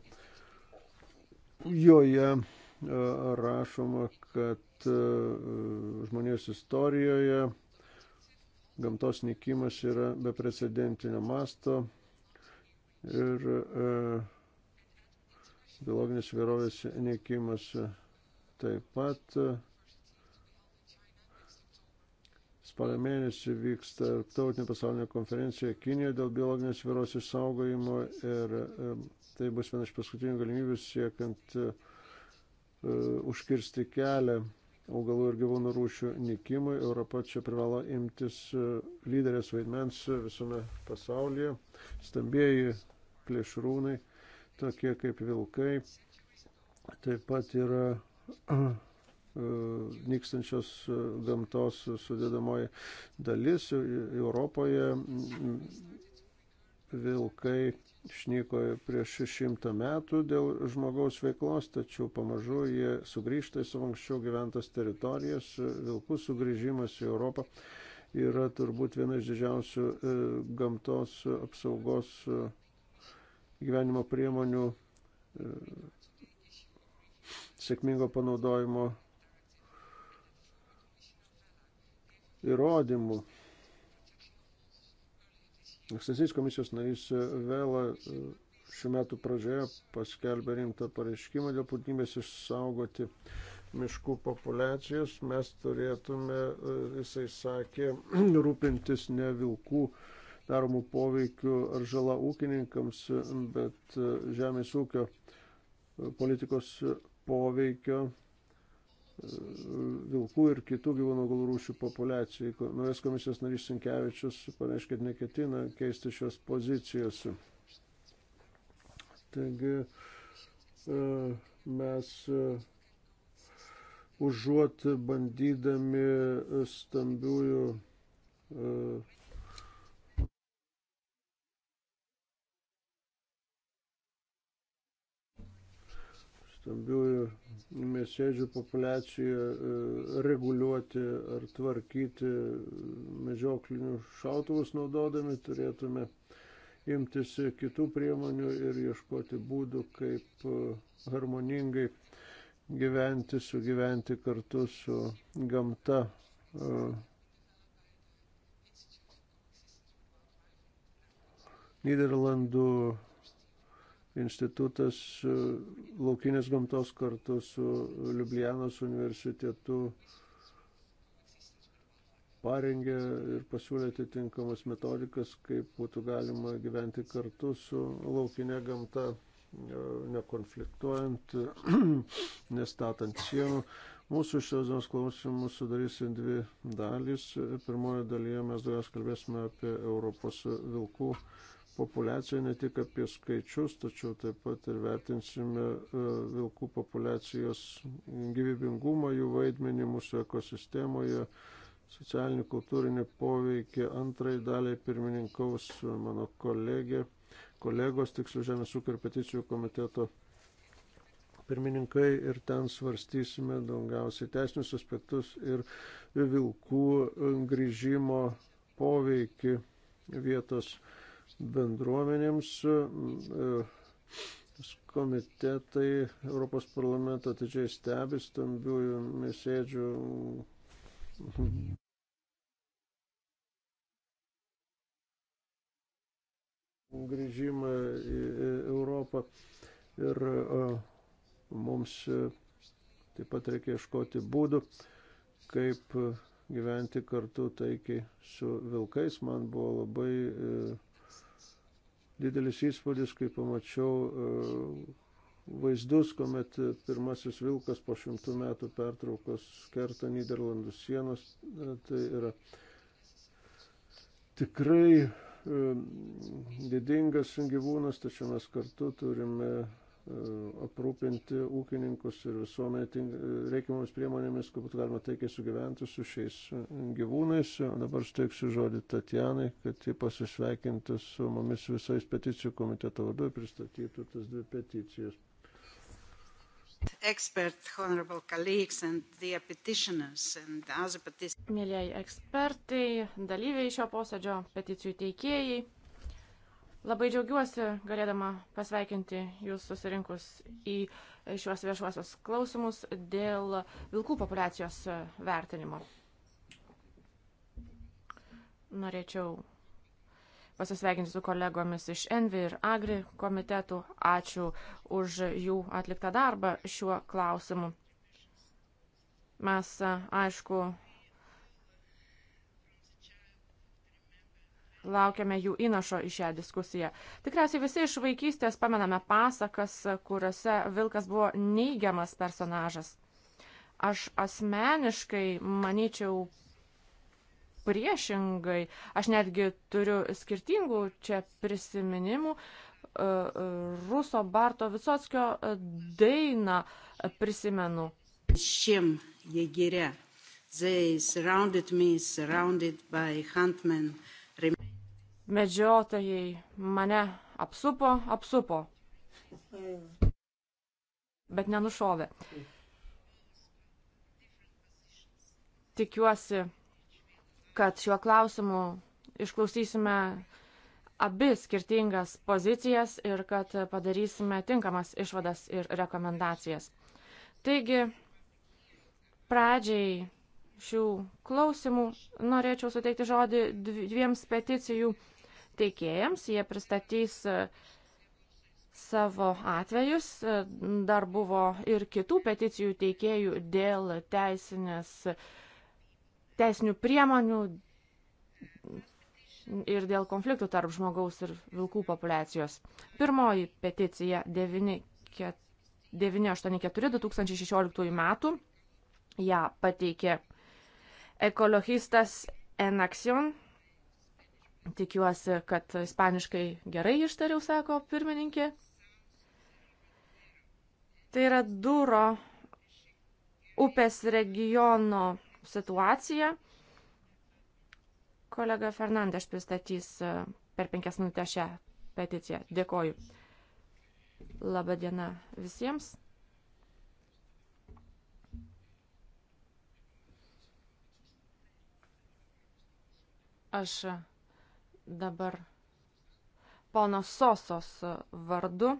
Joje e, rašoma, kad e, žmonijos istorijoje gamtos nikimas yra beprecedentinio masto ir e, biologinės vyrovės nikimas taip pat. Spalio mėnesį vyksta tarptautinė pasaulinė konferencija Kinijoje dėl biologinės vyros išsaugojimo ir Tai bus viena iš paskutinių galimybių siekiant uh, e, e, užkirsti kelią augalų ir gyvūnų rūšių nikimui. Europa čia privalo imtis e, lyderės vaidmens visame pasaulyje. Stambieji plėšrūnai, tokie kaip vilkai, taip pat yra uh, nykstančios gamtos sudėdamoji dalis. Europoje vilkai išnyko prieš 600 metų dėl žmogaus veiklos, tačiau pamažu jie sugrįžta į savo anksčiau gyventas teritorijas. Vilkų sugrįžimas į Europą yra turbūt viena iš didžiausių e, gamtos apsaugos e, gyvenimo priemonių e, sėkmingo panaudojimo įrodymų. Ankstesnis komisijos narys e, Vela e, šių metų pradžioje paskelbė rimtą pareiškimą dėl būtinybės išsaugoti miškų populiacijos. Mes turėtume, e, jisai sakė, rūpintis ne vilkų daromų poveikių ar žala ūkininkams, bet žemės ūkio politikos poveikio vilkų ir kitų gyvūnų augalų rūšių populiacijai. Naujas komisijos narys Sinkevičius pareiškia, kad neketina keisti šios pozicijos. Taigi e, mes e, užuot bandydami e, stambiųjų stambiųjų mėsėdžių populiaciją e, reguliuoti ar tvarkyti medžioklinių šautuvus naudodami, turėtume imtis kitų priemonių ir ieškoti būdų, kaip e, harmoningai gyventi, sugyventi kartu su gamta. E. Niderlandų institutas e, laukinės gamtos kartu su Ljubljanos universitetu parengė ir pasiūlė atitinkamas metodikas, kaip būtų galima gyventi kartu su laukinė gamta, e, nekonfliktuojant, nestatant sienų. Mūsų šios dienos klausimus sudarysim dvi dalys. Pirmojo dalyje mes daugiausiai kalbėsime apie Europos vilkų populiaciją, ne tik apie skaičius, tačiau taip pat ir vertinsime e, vilkų populiacijos gyvybingumą, jų vaidmenį mūsų ekosistemoje, socialinį, kultūrinį poveikį. Antrai daliai pirmininkaus mano kolegė, kolegos, tiksliau Žemės ūkio ir peticijų komiteto pirmininkai ir ten svarstysime daugiausiai teisinius aspektus ir vilkų grįžimo poveikį vietos bendruomenėms. E, komitetai Europos parlamento atidžiai stebi stambiųjų misėdžių grįžimą į Europą ir mums taip pat reikia ieškoti būdų, kaip gyventi kartu taikiai su vilkais. Man buvo labai e, didelis įspūdis, kai pamačiau e, vaizdus, kuomet pirmasis vilkas po šimtų metų pertraukos kerta Niderlandų sienos. E, tai yra tikrai e, didingas gyvūnas, tačiau mes kartu turime E, aprūpinti ūkininkus ir visuomenę e, reikiamomis priemonėmis, kad būtų galima taikiai sugyventi su šiais gyvūnais. Dabar steiksiu žodį Tatjanai, kad ji pasisveikintų su mumis visais peticijų komiteto vadu ir pristatytų tas dvi peticijas. Expert, honorable colleagues and the petitioners and other petitioners. Mėlyjei ekspertai, dalyviai šio posėdžio, peticijų teikėjai. Labai džiaugiuosi galėdama pasveikinti jūs susirinkus į šiuos viešuosios klausimus dėl vilkų populacijos vertinimo. Norėčiau pasisveikinti su kolegomis iš Envi ir Agri komitetų. Ačiū už jų atliktą darbą šiuo klausimu. Mes, aišku, Laukiame jų įnašo į šią diskusiją. Tikriausiai visi iš vaikystės pamename pasakas, kuriuose vilkas buvo neigiamas personažas. Aš asmeniškai manyčiau priešingai, aš netgi turiu skirtingų čia prisiminimų. E, e, Ruso Barto Visotskio e, dainą prisimenu. Šim jie gyrė. They surrounded me, surrounded by huntmen medžiotojai mane apsupo, apsupo, bet nenušovė. Tikiuosi, kad šiuo klausimu išklausysime abi skirtingas pozicijas ir kad padarysime tinkamas išvadas ir rekomendacijas. Taigi, pradžiai šių klausimų norėčiau suteikti žodį dviems peticijų teikėjams. Jie pristatys e, savo atvejus. E, dar buvo ir kitų peticijų teikėjų dėl teisinės, teisinių priemonių ir dėl konfliktų tarp žmogaus ir vilkų populiacijos. Pirmoji peticija 984-2016 metų ją pateikė ekologistas Enaction Tikiuosi, kad ispaniškai gerai ištariau, sako pirmininkė. Tai yra Duro upės regiono situacija. Kolega Fernandes pristatys e, per penkias minutės šią peticiją. Dėkoju. Labadiena visiems. Aš dabar ponos Sosos vardu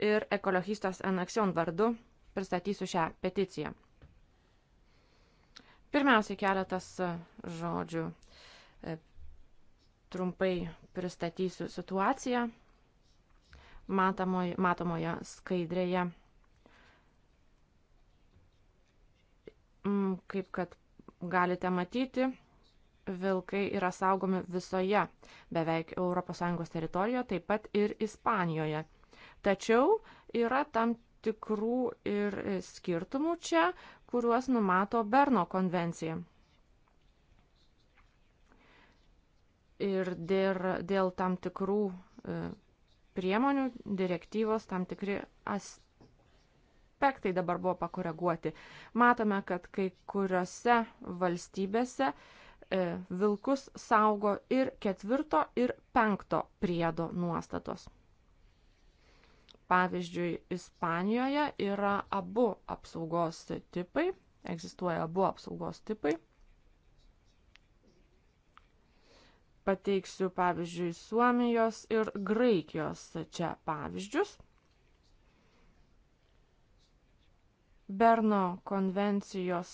ir ekologistas Anaksion vardu pristatysiu šią peticiją. Pirmiausiai keletas žodžių. E, trumpai pristatysiu situaciją matomoj, matomoje skaidrėje. Mm, kaip kad galite matyti, vilkai yra saugomi visoje beveik ES teritorijoje, taip pat ir Ispanijoje. Tačiau yra tam tikrų ir skirtumų čia, kuriuos numato Berno konvencija. Ir dėl, dėl tam tikrų e, priemonių direktyvos tam tikri aspektai dabar buvo pakoreguoti. Matome, kad kai kuriuose valstybėse uh, E, vilkus saugo ir ketvirto ir penkto priedo nuostatos. Pavyzdžiui, Ispanijoje yra abu apsaugos tipai, egzistuoja abu apsaugos tipai. Pateiksiu pavyzdžiui Suomijos ir Graikijos čia pavyzdžius. Berno konvencijos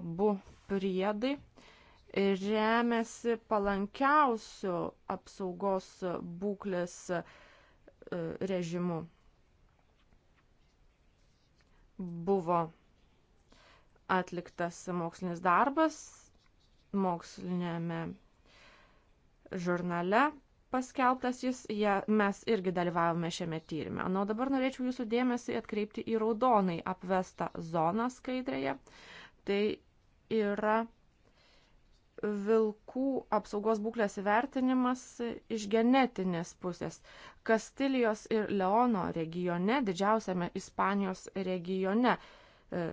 abu priedai remiasi palankiausių apsaugos būklės e, režimu. Buvo atliktas mokslinis darbas mokslinėme žurnale paskelbtas jis, ja, mes irgi dalyvavome šiame tyrimė. Na, o dabar norėčiau jūsų dėmesį atkreipti į raudonai apvestą zoną skaidrėje. Tai yra vilkų apsaugos būklės įvertinimas iš genetinės pusės. Kastilijos ir Leono regione, didžiausiame Ispanijos regione, e,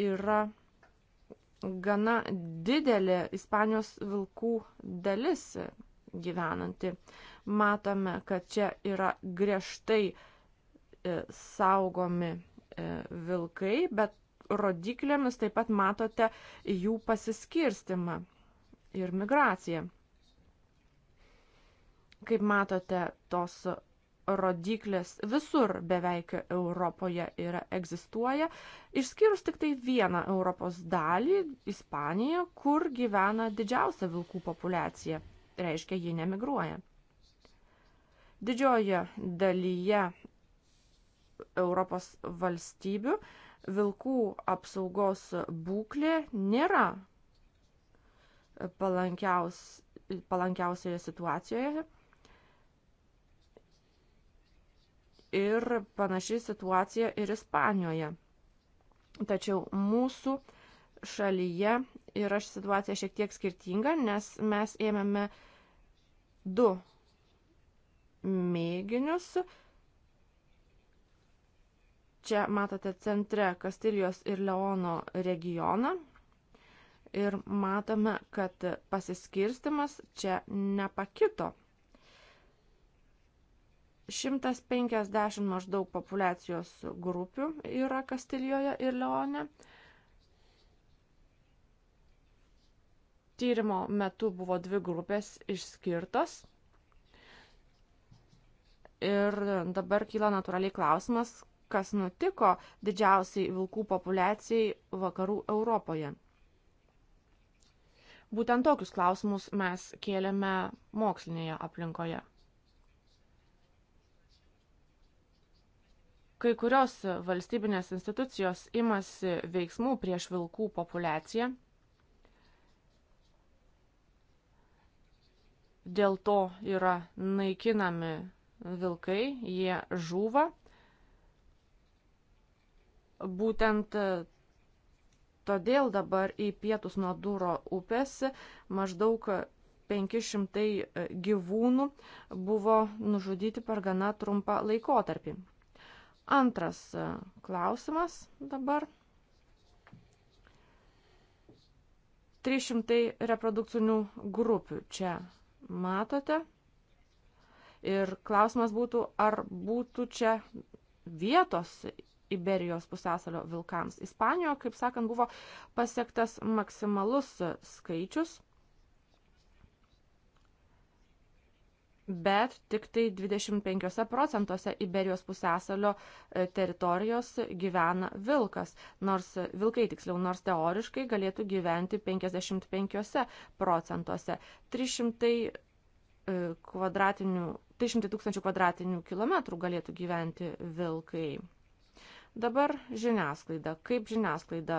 yra gana didelė Ispanijos vilkų dalis gyvenanti. Matome, kad čia yra griežtai e, saugomi e, vilkai, bet rodiklėmis taip pat matote jų pasiskirstimą ir migraciją. Kaip matote, tos rodiklės visur beveik Europoje yra egzistuoja, išskyrus tik tai vieną Europos dalį - Ispaniją, kur gyvena didžiausia vilkų populiacija, reiškia, ji nemigruoja. Didžioje dalyje Europos valstybių vilkų apsaugos būklė nėra palankiaus, palankiausioje situacijoje. Ir panaši situacija ir Ispanijoje. Tačiau mūsų šalyje yra situacija šiek tiek skirtinga, nes mes ėmėme du mėginius, Čia matote centre Kastilijos ir Leono regioną. Ir matome, kad pasiskirstimas čia nepakito. 150 maždaug populiacijos grupių yra Kastilijoje ir Leone. Tyrimo metu buvo dvi grupės išskirtos. Ir dabar kyla natūraliai klausimas, kas nutiko didžiausiai vilkų populiacijai vakarų Europoje. Būtent tokius klausimus mes kėlėme mokslinėje aplinkoje. Kai kurios valstybinės institucijos imasi veiksmų prieš vilkų populiaciją. Dėl to yra naikinami vilkai, jie žūva Būtent e, todėl dabar į pietus nuo Dūro upės maždaug 500 e, gyvūnų buvo nužudyti per gana trumpą laikotarpį. Antras e, klausimas dabar. 300 reprodukcinių grupių čia matote. Ir klausimas būtų, ar būtų čia vietos Iberijos pusėsalio vilkams. Ispanijoje, kaip sakant, buvo pasiektas maksimalus skaičius, bet tik tai 25 procentuose Iberijos pusėsalio e, teritorijos gyvena vilkas, nors e, vilkai tiksliau, nors teoriškai galėtų gyventi 55 procentuose. 300 e, kvadratinių, 300 tūkstančių kvadratinių kilometrų galėtų gyventi vilkai. Dabar žiniasklaida. Kaip žiniasklaida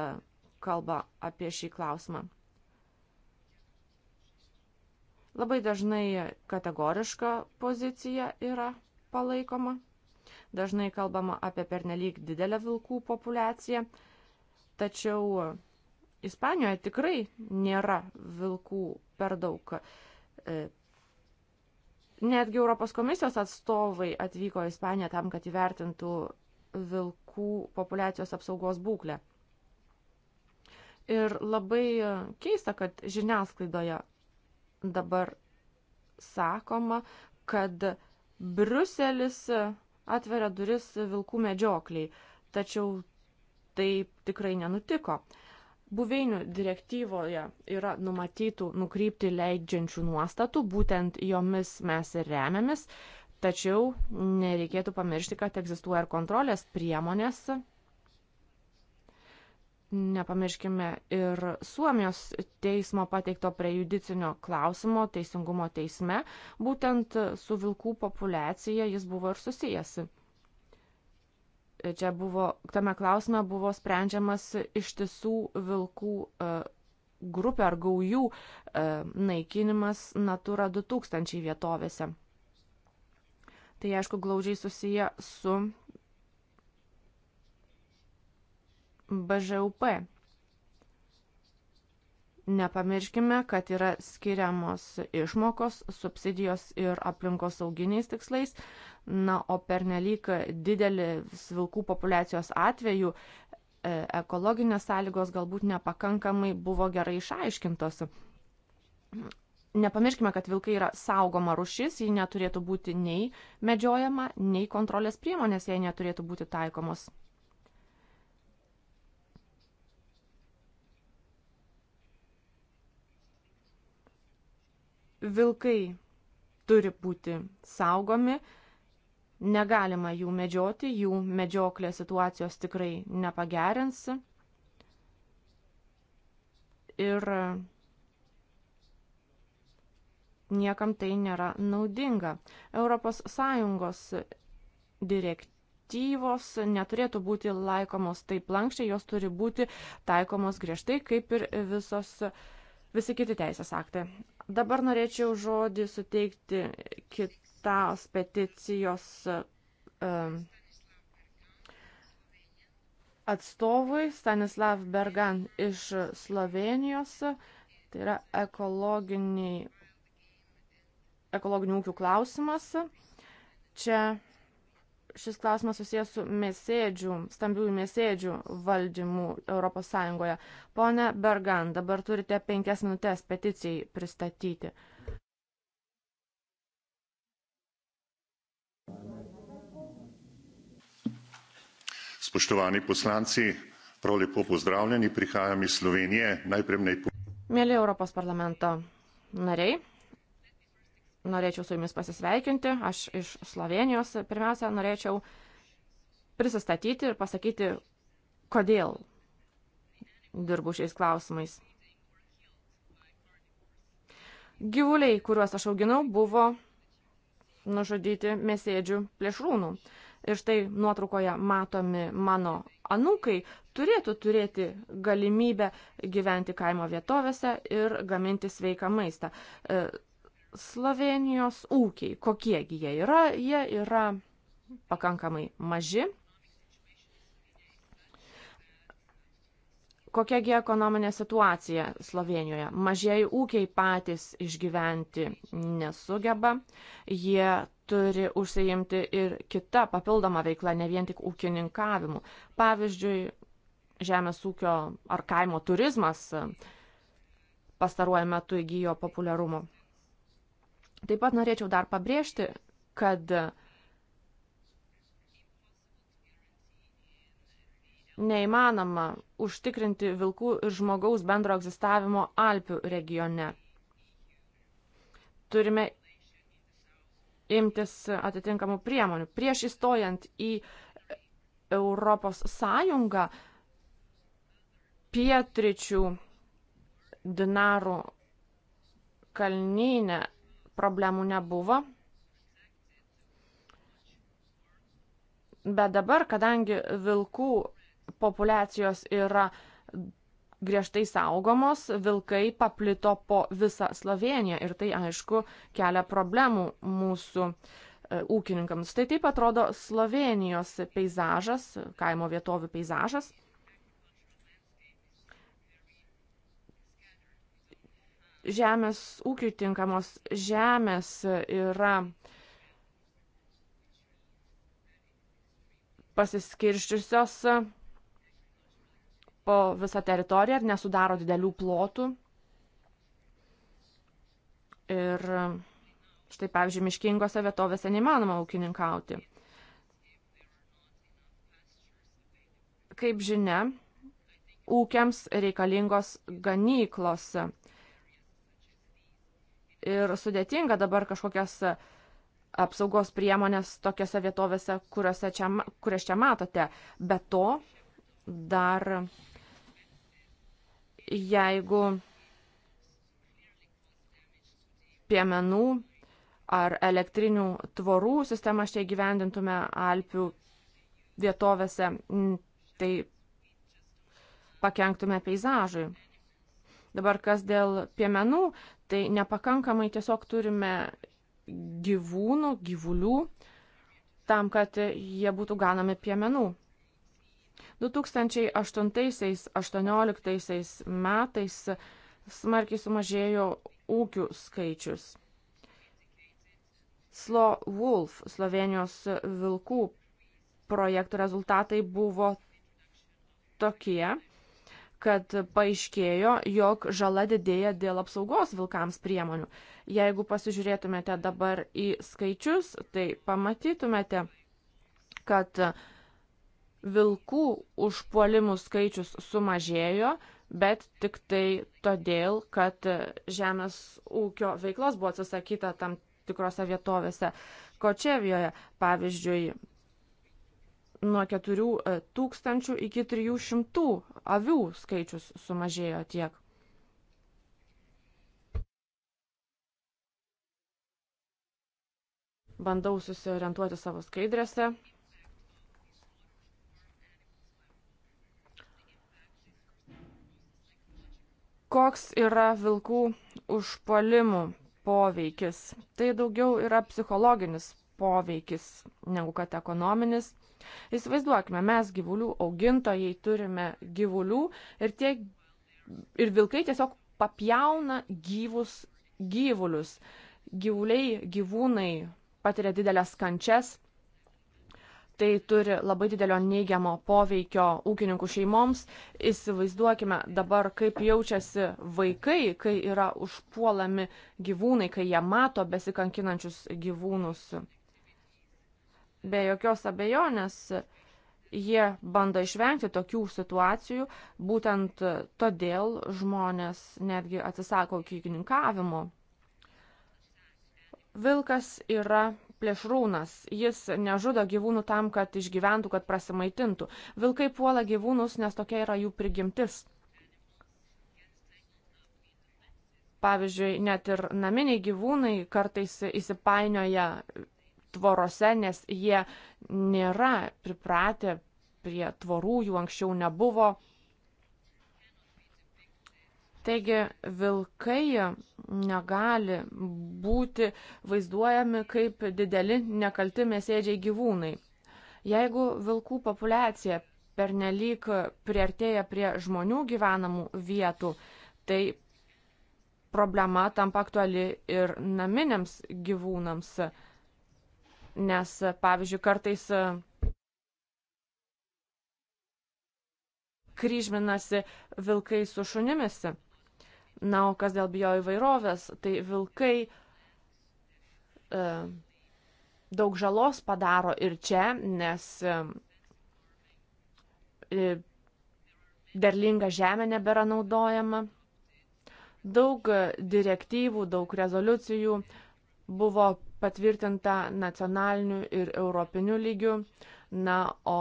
kalba apie šį klausimą? Labai dažnai kategoriška pozicija yra palaikoma. Dažnai kalbama apie pernelyg didelę vilkų populiaciją. Tačiau Ispanijoje tikrai nėra vilkų per daug. E, netgi Europos komisijos atstovai atvyko į Ispaniją tam, kad įvertintų vilkų vilkų populacijos apsaugos būklę. Ir labai keista, kad žiniasklaidoje dabar sakoma, kad Bruselis atveria duris vilkų medžiokliai, tačiau taip tikrai nenutiko. Buveinių direktyvoje yra numatytų nukrypti leidžiančių nuostatų, būtent jomis mes ir remiamės, Tačiau nereikėtų pamiršti, kad egzistuoja ir kontrolės priemonės. Nepamirškime ir Suomijos teismo pateikto prejudicinio klausimo teisingumo teisme. Būtent su vilkų populiacija jis buvo ir susijęs. Čia buvo, tame klausime buvo sprendžiamas ištisų vilkų e, grupė ar gaujų e, naikinimas Natura 2000 vietovėse. Tai aišku, glaudžiai susiję su BŽUP. Nepamirškime, kad yra skiriamos išmokos, subsidijos ir aplinkos sauginiais tikslais. Na, o pernelyk didelis vilkų populacijos atveju e, ekologinės sąlygos galbūt nepakankamai buvo gerai išaiškintos. Nepamirškime, kad vilkai yra saugoma rušis, ji neturėtų būti nei medžiojama, nei kontrolės priemonės jai neturėtų būti taikomos. Vilkai turi būti saugomi, negalima jų medžioti, jų medžioklė situacijos tikrai nepagerins. Ir Niekam tai nėra naudinga. ES direktyvos neturėtų būti laikomos taip lankščiai, jos turi būti taikomos griežtai, kaip ir visos, visi kiti teisės aktai. Dabar norėčiau žodį suteikti kitos peticijos. Um, atstovui Stanislav Bergan iš Slovenijos, tai yra ekologiniai ekologinių ūkių klausimas. Čia šis klausimas susijęs su mėsėdžių, stambiųjų mėsėdžių valdymu ES. Pone Bergan, dabar turite penkias minutės peticijai pristatyti. Spoštovani poslanci, prav lepo pozdravljeni, prihajam iz Slovenije. Najprej naj. Mėly Europos parlamento nariai, norėčiau su jumis pasisveikinti. Aš iš Slovenijos pirmiausia norėčiau prisistatyti ir pasakyti, kodėl dirbu šiais klausimais. Gyvuliai, kuriuos aš auginau, buvo nužudyti mesėdžių plėšrūnų. Ir štai nuotraukoje matomi mano anūkai turėtų turėti galimybę gyventi kaimo vietovėse ir gaminti sveiką maistą. E, Slovenijos ūkiai, kokiegi jie yra, jie yra pakankamai maži. Kokiagi ekonominė situacija Slovenijoje? Mažieji ūkiai patys išgyventi nesugeba, jie turi užsiimti ir kita papildoma veikla, ne vien tik ūkininkavimu. Pavyzdžiui, žemės ūkio ar kaimo turizmas pastaruoju metu įgyjo populiarumo. Taip pat norėčiau dar pabrėžti, kad neįmanoma užtikrinti vilkų ir žmogaus bendro egzistavimo Alpių regione. Turime imtis atitinkamų priemonių. Prieš įstojant į Europos Sąjungą, pietričių Dinarų kalnyne problemų nebuvo. Bet dabar, kadangi vilkų populiacijos yra griežtai saugomos, vilkai paplito po visą Sloveniją ir tai aišku kelia problemų mūsų e, ūkininkams. Tai taip atrodo Slovenijos peizažas, kaimo vietovių peizažas. žemės ūkiui tinkamos žemės yra pasiskirščiusios po visą teritoriją ir nesudaro didelių plotų. Ir štai, pavyzdžiui, miškingose vietovėse neįmanoma ūkininkauti. Kaip žinia, ūkiams reikalingos ganyklos ir sudėtinga dabar kažkokias e, apsaugos priemonės tokiose vietovėse, čia, kurias čia matote. Be to, dar jeigu piemenų ar elektrinių tvorų sistemą čia įgyvendintume Alpių vietovėse, tai pakenktume peizažui. Dabar kas dėl piemenų, tai nepakankamai tiesiog turime gyvūnų, gyvulių, tam, kad jie būtų ganami piemenų. 2008-2018 metais smarkiai sumažėjo ūkių skaičius. Slo Wolf, Slovenijos vilkų projektų rezultatai buvo tokie, kad paaiškėjo, jog žala didėja dėl apsaugos vilkams priemonių. Jeigu pasižiūrėtumėte dabar į skaičius, tai pamatytumėte, kad vilkų užpuolimų skaičius sumažėjo, bet tik tai todėl, kad žemės ūkio veiklos buvo atsisakyta tam tikrose vietovėse. Kočevijoje, pavyzdžiui, nuo 4 e, tūkstančių iki 300 avių skaičius sumažėjo tiek. Bandau susiorientuoti savo skaidrėse. Koks yra vilkų užpolimų poveikis? Tai daugiau yra psichologinis poveikis negu kad ekonominis Įsivaizduokime, mes gyvulių augintojai turime gyvulių ir, tie, ir vilkai tiesiog papjauna gyvus gyvulius. Gyvuliai, gyvūnai patiria didelės kančias. Tai turi labai didelio neigiamo poveikio ūkininkų šeimoms. Įsivaizduokime dabar, kaip jaučiasi vaikai, kai yra užpuolami gyvūnai, kai jie mato besikankinančius gyvūnus be jokios abejonės jie bando išvengti tokių situacijų, būtent todėl žmonės netgi atsisako ūkininkavimo. Vilkas yra plėšrūnas, jis nežudo gyvūnų tam, kad išgyventų, kad prasimaitintų. Vilkai puola gyvūnus, nes tokia yra jų prigimtis. Pavyzdžiui, net ir naminiai gyvūnai kartais įsipainioja tvorose, nes jie nėra pripratę prie tvorų, jų anksčiau nebuvo. Taigi vilkai negali būti vaizduojami kaip dideli nekalti mesėdžiai gyvūnai. Jeigu vilkų populiacija pernelyg priartėja prie žmonių gyvenamų vietų, tai problema tampa aktuali ir naminiams gyvūnams nes, pavyzdžiui, kartais e, kryžminasi vilkai su šunimis. Na, o kas dėl bijo įvairovės, tai vilkai e, daug žalos padaro ir čia, nes e, e derlinga žemė nebėra naudojama. Daug e, direktyvų, daug rezoliucijų buvo patvirtinta nacionaliniu ir europiniu lygiu. Na, o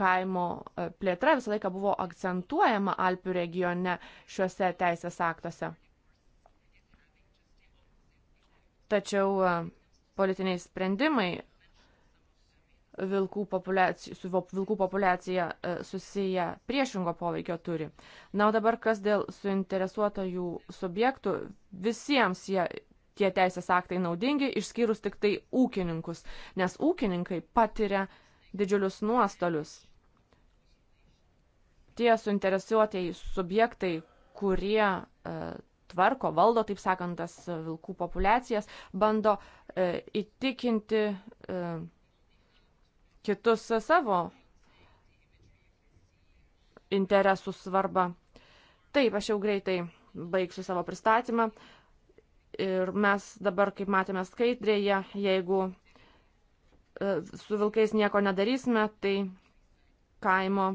kaimo e, plėtra visą laiką buvo akcentuojama Alpių regione šiuose teisės aktuose. Tačiau e, politiniai sprendimai vilkų su vilkų populiacija e, susiję priešingo poveikio turi. Na, o dabar kas dėl suinteresuotojų subjektų, visiems jie tie teisės aktai naudingi, išskyrus tik tai ūkininkus, nes ūkininkai patiria didžiulius nuostolius. Tie suinteresuotieji subjektai, kurie e, tvarko, valdo, taip sakant, tas vilkų populiacijas, bando e, įtikinti e, kitus savo interesų svarbą. Taip, aš jau greitai baigsiu savo pristatymą. E, Ir mes dabar, kaip matėme skaidrėje, jeigu e, su vilkais nieko nedarysime, tai kaimo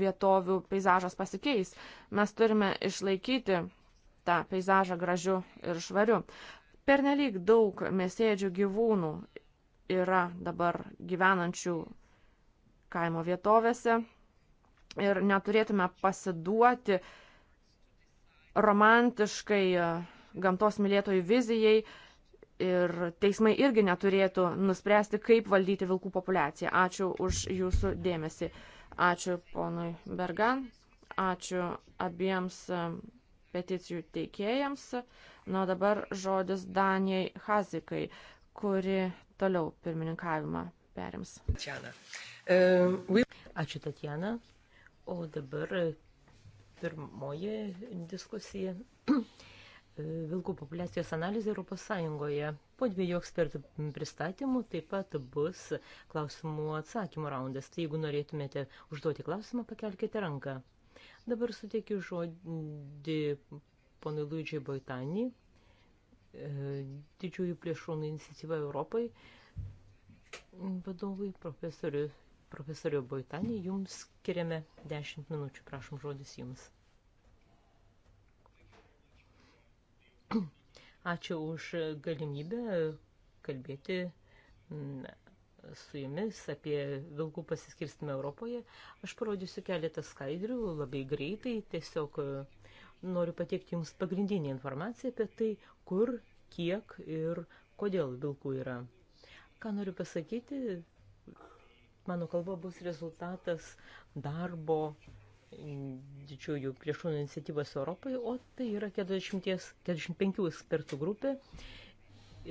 vietovių peizažas pasikeis. Mes turime išlaikyti tą peizažą gražiu ir švariu. Pernelyg daug mėsėdžių gyvūnų yra dabar gyvenančių kaimo vietovėse ir neturėtume pasiduoti romantiškai e, gamtos mylėtojų vizijai ir teismai irgi neturėtų nuspręsti, kaip valdyti vilkų populiaciją. Ačiū už jūsų dėmesį. Ačiū ponui Bergan, ačiū abiems e, peticijų teikėjams. Na, dabar žodis Danijai Hazikai, kuri toliau pirmininkavimą perims. E, ačiū, Tatjana. O dabar pirmoji diskusija vilkų populiacijos analizė Europos Sąjungoje. Po dviejų ekspertų pristatymų taip pat bus klausimų atsakymų raundas. Tai jeigu norėtumėte užduoti klausimą, pakelkite ranką. Dabar suteikiu žodį ponui Luidžiai Boitani, e, didžiųjų plėšrūnų iniciatyva Europai, vadovui profesoriui. Profesoriu Boitani, jums skiriame 10 minučių, prašom žodis jums. Ačiū už galimybę kalbėti mm, su jumis apie vilkų pasiskirstimą Europoje. Aš parodysiu keletą skaidrių labai greitai, tiesiog e, noriu pateikti jums pagrindinį informaciją apie tai, kur, kiek ir kodėl vilkų yra. Ką noriu pasakyti, mano kalba bus rezultatas darbo didžiųjų plėšrūnų iniciatyvas Europoje, o tai yra 40, 45 ekspertų grupė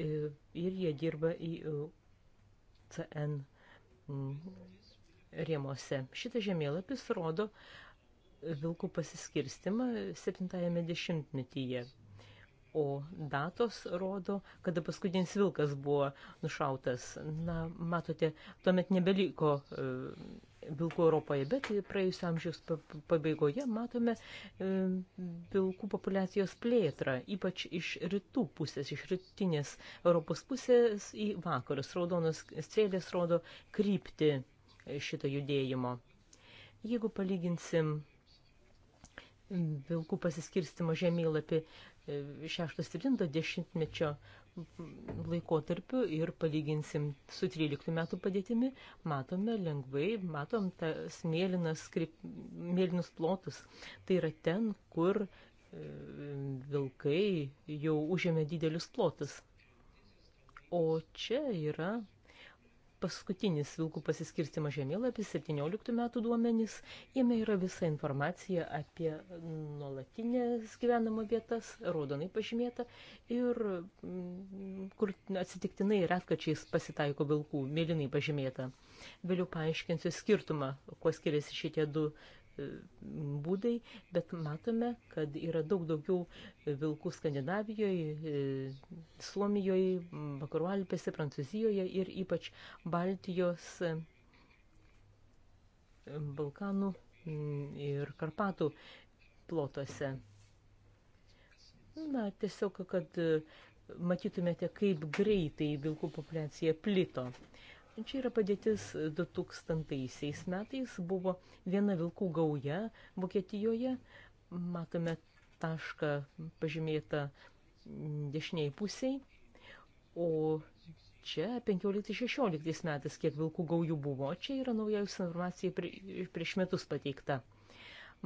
e, ir jie dirba į e, CN mm, rėmose. Šitas žemėlapis rodo vilkų pasiskirstimą 70-ame dešimtmetyje. O datos rodo, kada paskutinis vilkas buvo nušautas. Na, matote, tuomet nebeliko e, vilkų Europoje, bet praėjusio amžiaus pabaigoje matome e, vilkų populiacijos plėtrą, ypač iš rytų pusės, iš rytinės Europos pusės į vakarus. Raudonos strėlės rodo krypti šito judėjimo. Jeigu palyginsim vilkų pasiskirstimo žemėlapį 6-7 e, dešimtmečio laikotarpiu ir palyginsim su 13 metų padėtimi, matome lengvai, matom tas mėlynas, skrip, mėlynus plotus. Tai yra ten, kur e, vilkai jau užėmė didelius plotus. O čia yra paskutinis vilkų pasiskirstimo žemėlapis, 17 metų duomenys, jame yra visa informacija apie nuolatinės gyvenamo vietas, raudonai pažymėta ir mm, kur atsitiktinai retkačiais pasitaiko vilkų, mėlynai pažymėta. Vėliau paaiškinsiu skirtumą, kuo skiriasi šitie du E, būdai, bet matome, kad yra daug daugiau vilkų Skandinavijoje, e, Suomijoje, Vakarų Alpėse, Prancūzijoje ir ypač Baltijos, e, Balkanų mm, ir Karpatų plotuose. Na, tiesiog, kad matytumėte, kaip greitai vilkų populiacija plito. Čia yra padėtis 2000 metais, buvo viena vilkų gauja Vokietijoje, matome tašką pažymėtą dešiniai pusiai, o čia 15-16 metais, kiek vilkų gaujų buvo, čia yra naujausia informacija prie, prieš metus pateikta.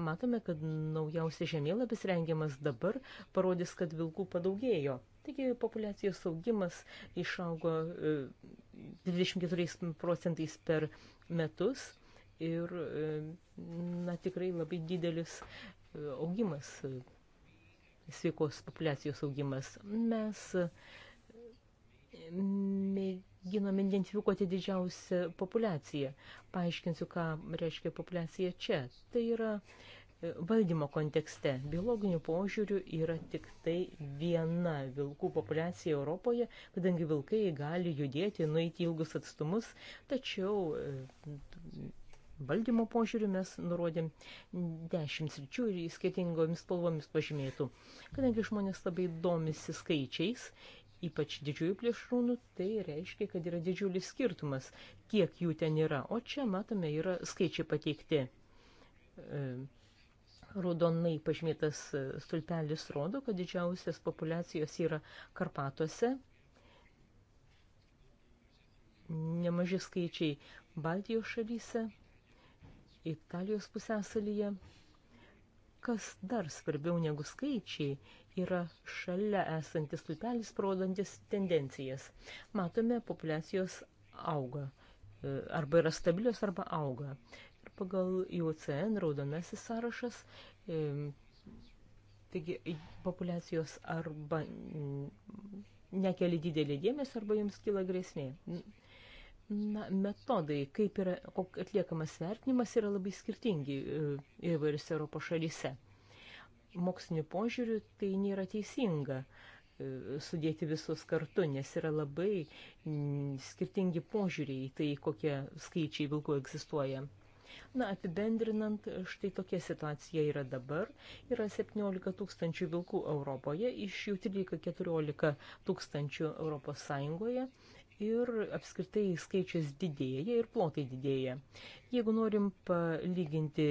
Matome, kad naujausias žemėlapis rengiamas dabar parodys, kad vilkų padaugėjo. Taigi populiacijos augimas išaugo 24 e, procentais per metus ir e, na, tikrai labai didelis e, augimas, sveikos populiacijos augimas. Mes mėginome identifikuoti didžiausią populiaciją. Paaiškinsiu, ką reiškia populiacija čia. Tai yra uh, valdymo kontekste. Biologinių požiūrių yra tik tai viena vilkų populiacija Europoje, kadangi vilkai gali judėti, nueiti ilgus atstumus, tačiau e, valdymo požiūriu mes nurodėm dešimt sričių ir skirtingomis spalvomis pažymėtų. Kadangi žmonės labai domisi skaičiais, ypač didžiųjų plėšrūnų, tai reiškia, kad yra didžiulis skirtumas, kiek jų ten yra. O čia, matome, yra skaičiai pateikti. E, Raudonai pažymėtas e, stulpelis rodo, kad didžiausias populiacijos yra Karpatuose. Nemaži skaičiai Baltijos šalyse, Italijos pusėsalyje. Kas dar svarbiau negu skaičiai yra šalia esantis stulpelis, rodantis tendencijas. Matome, populiacijos auga. E, arba yra stabilios, arba auga pagal IUCN raudonasis sąrašas. Taigi populiacijos arba mm, nekeli didelį dėmesį arba jums kyla grėsmė. Na, metodai, kaip yra atliekamas vertinimas, yra labai skirtingi e, įvairiose Europos šalyse. Moksliniu požiūriu tai nėra teisinga e, sudėti visus kartu, nes yra labai skirtingi požiūriai į tai, kokie skaičiai vilkų egzistuoja. Na, apibendrinant, štai tokia situacija yra dabar. Yra 17 tūkstančių vilkų Europoje, iš jų 13-14 tūkstančių Europos Sąjungoje ir apskritai skaičius didėja ir plotai didėja. Jeigu norim palyginti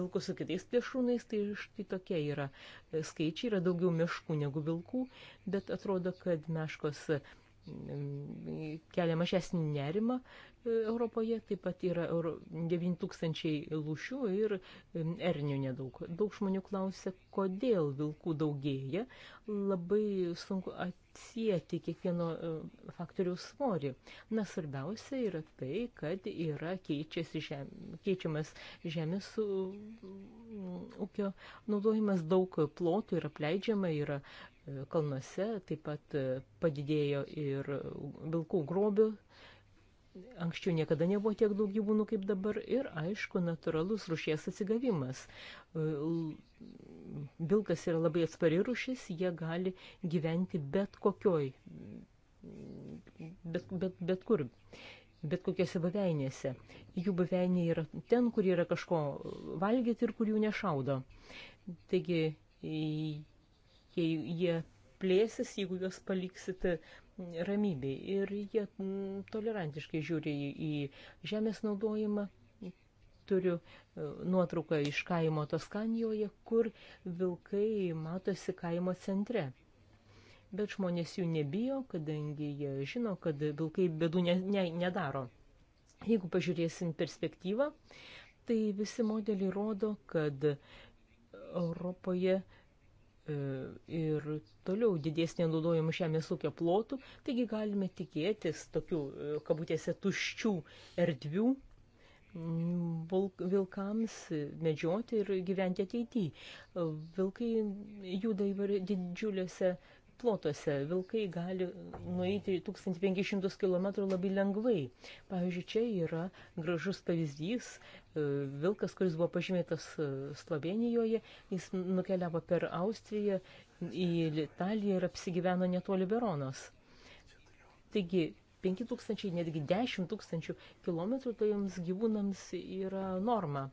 vilkus su kitais plėšrūnais, tai štai tokie yra skaičiai, yra daugiau meškų negu vilkų, bet atrodo, kad meškos kelia mažesnį nerimą e, Europoje, taip pat yra 9000 lūšių ir e, ernių nedaug. Daug žmonių klausia, kodėl vilkų daugėja, labai sunku atsijėti kiekvieno e, faktoriaus svorį. Na, svarbiausia yra tai, kad yra žem, keičiamas žemės ūkio naudojimas, daug plotų yra pleidžiama, yra kalnuose, taip pat e, padidėjo ir vilkų grobių. Anksčiau niekada nebuvo tiek daug gyvūnų kaip dabar ir, aišku, natūralus rušies atsigavimas. E, vilkas yra labai atspari rušis, jie gali gyventi bet kokioj, bet, bet, bet kur bet kokiose buveinėse. Jų buveinė yra ten, kur yra kažko valgyti ir kur jų nešaudo. Taigi jei jie plėsis, jeigu juos paliksit ramybėj. Ir jie mm, tolerantiškai žiūri į žemės naudojimą. Turiu e, nuotrauką iš kaimo Toskanijoje, kur vilkai matosi kaimo centre. Bet žmonės jų nebijo, kadangi jie žino, kad vilkai bedų ne, ne, nedaro. Jeigu pažiūrėsim perspektyvą, tai visi modeliai rodo, kad Europoje uh, E, ir toliau didės nenaudojamų žemės ūkio plotų, taigi galime tikėtis tokių, e, kabutėse, tuščių erdvių mm, vilkams medžioti ir gyventi ateityje. Vilkai juda įvairi didžiuliuose plotuose. Vilkai gali nueiti 1500 km labai lengvai. Pavyzdžiui, čia yra gražus pavyzdys. E, vilkas, kuris buvo pažymėtas e, Slovenijoje, jis nukeliavo per Austriją į Italiją ir apsigyveno netoli Veronos. Taigi, 5 tūkstančiai, netgi 10 tūkstančių kilometrų tojams tai gyvūnams yra norma.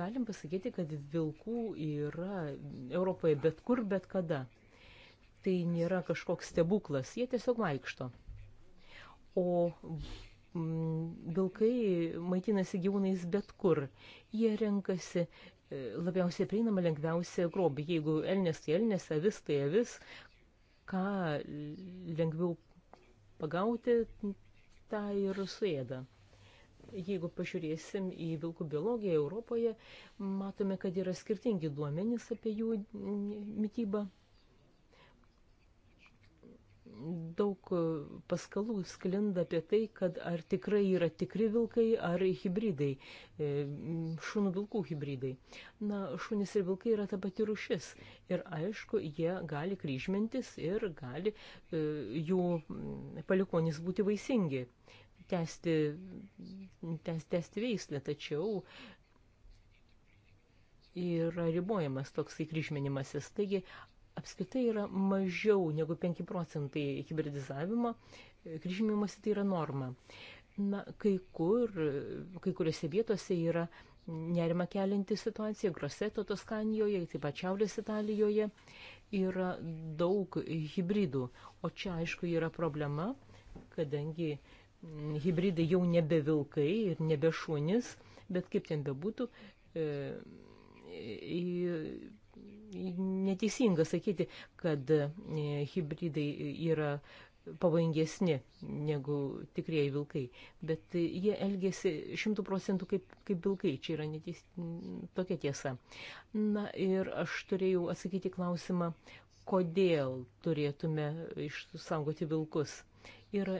Galim pasakyti, kad vilkų yra Europoje bet kur, bet kada tai nėra kažkoks stebuklas, jie tiesiog vaikšto. O mm, vilkai maitinasi gyvūnais bet kur. Jie renkasi e, labiausiai prieinamą, lengviausią grobį. Jeigu elnės tai elnės, avis tai avis, ką lengviau pagauti, tą ir suėda. Jeigu pažiūrėsim į vilkų biologiją Europoje, matome, kad yra skirtingi duomenys apie jų mytybą daug e, paskalų sklinda apie tai, kad ar tikrai yra tikri vilkai ar hybridai, e, šunų vilkų hybridai. Na, šunys ir vilkai yra ta pati rušis ir aišku, jie gali kryžmintis ir gali e, jų palikonis būti vaisingi, tęsti, tęsti, tęsti veislę, tačiau yra ribojamas toksai kryžminimasis. Taigi apskritai yra mažiau negu 5 procentai hibridizavimo, kryžimimas tai yra norma. Na, kai kur, kai kuriuose vietose yra nerima kelinti situacija, Groseto Toskanijoje, taip pat Šiaurės Italijoje yra daug hybridų, o čia aišku yra problema, kadangi hybridai jau nebe vilkai ir nebe šunys, bet kaip ten bebūtų, e, e, neteisinga sakyti, kad e, hybridai yra pavojingesni negu tikrieji vilkai, bet jie elgėsi šimtų procentų kaip, kaip vilkai, čia yra neteis, tokia tiesa. Na ir aš turėjau atsakyti klausimą, kodėl turėtume išsaugoti vilkus. Yra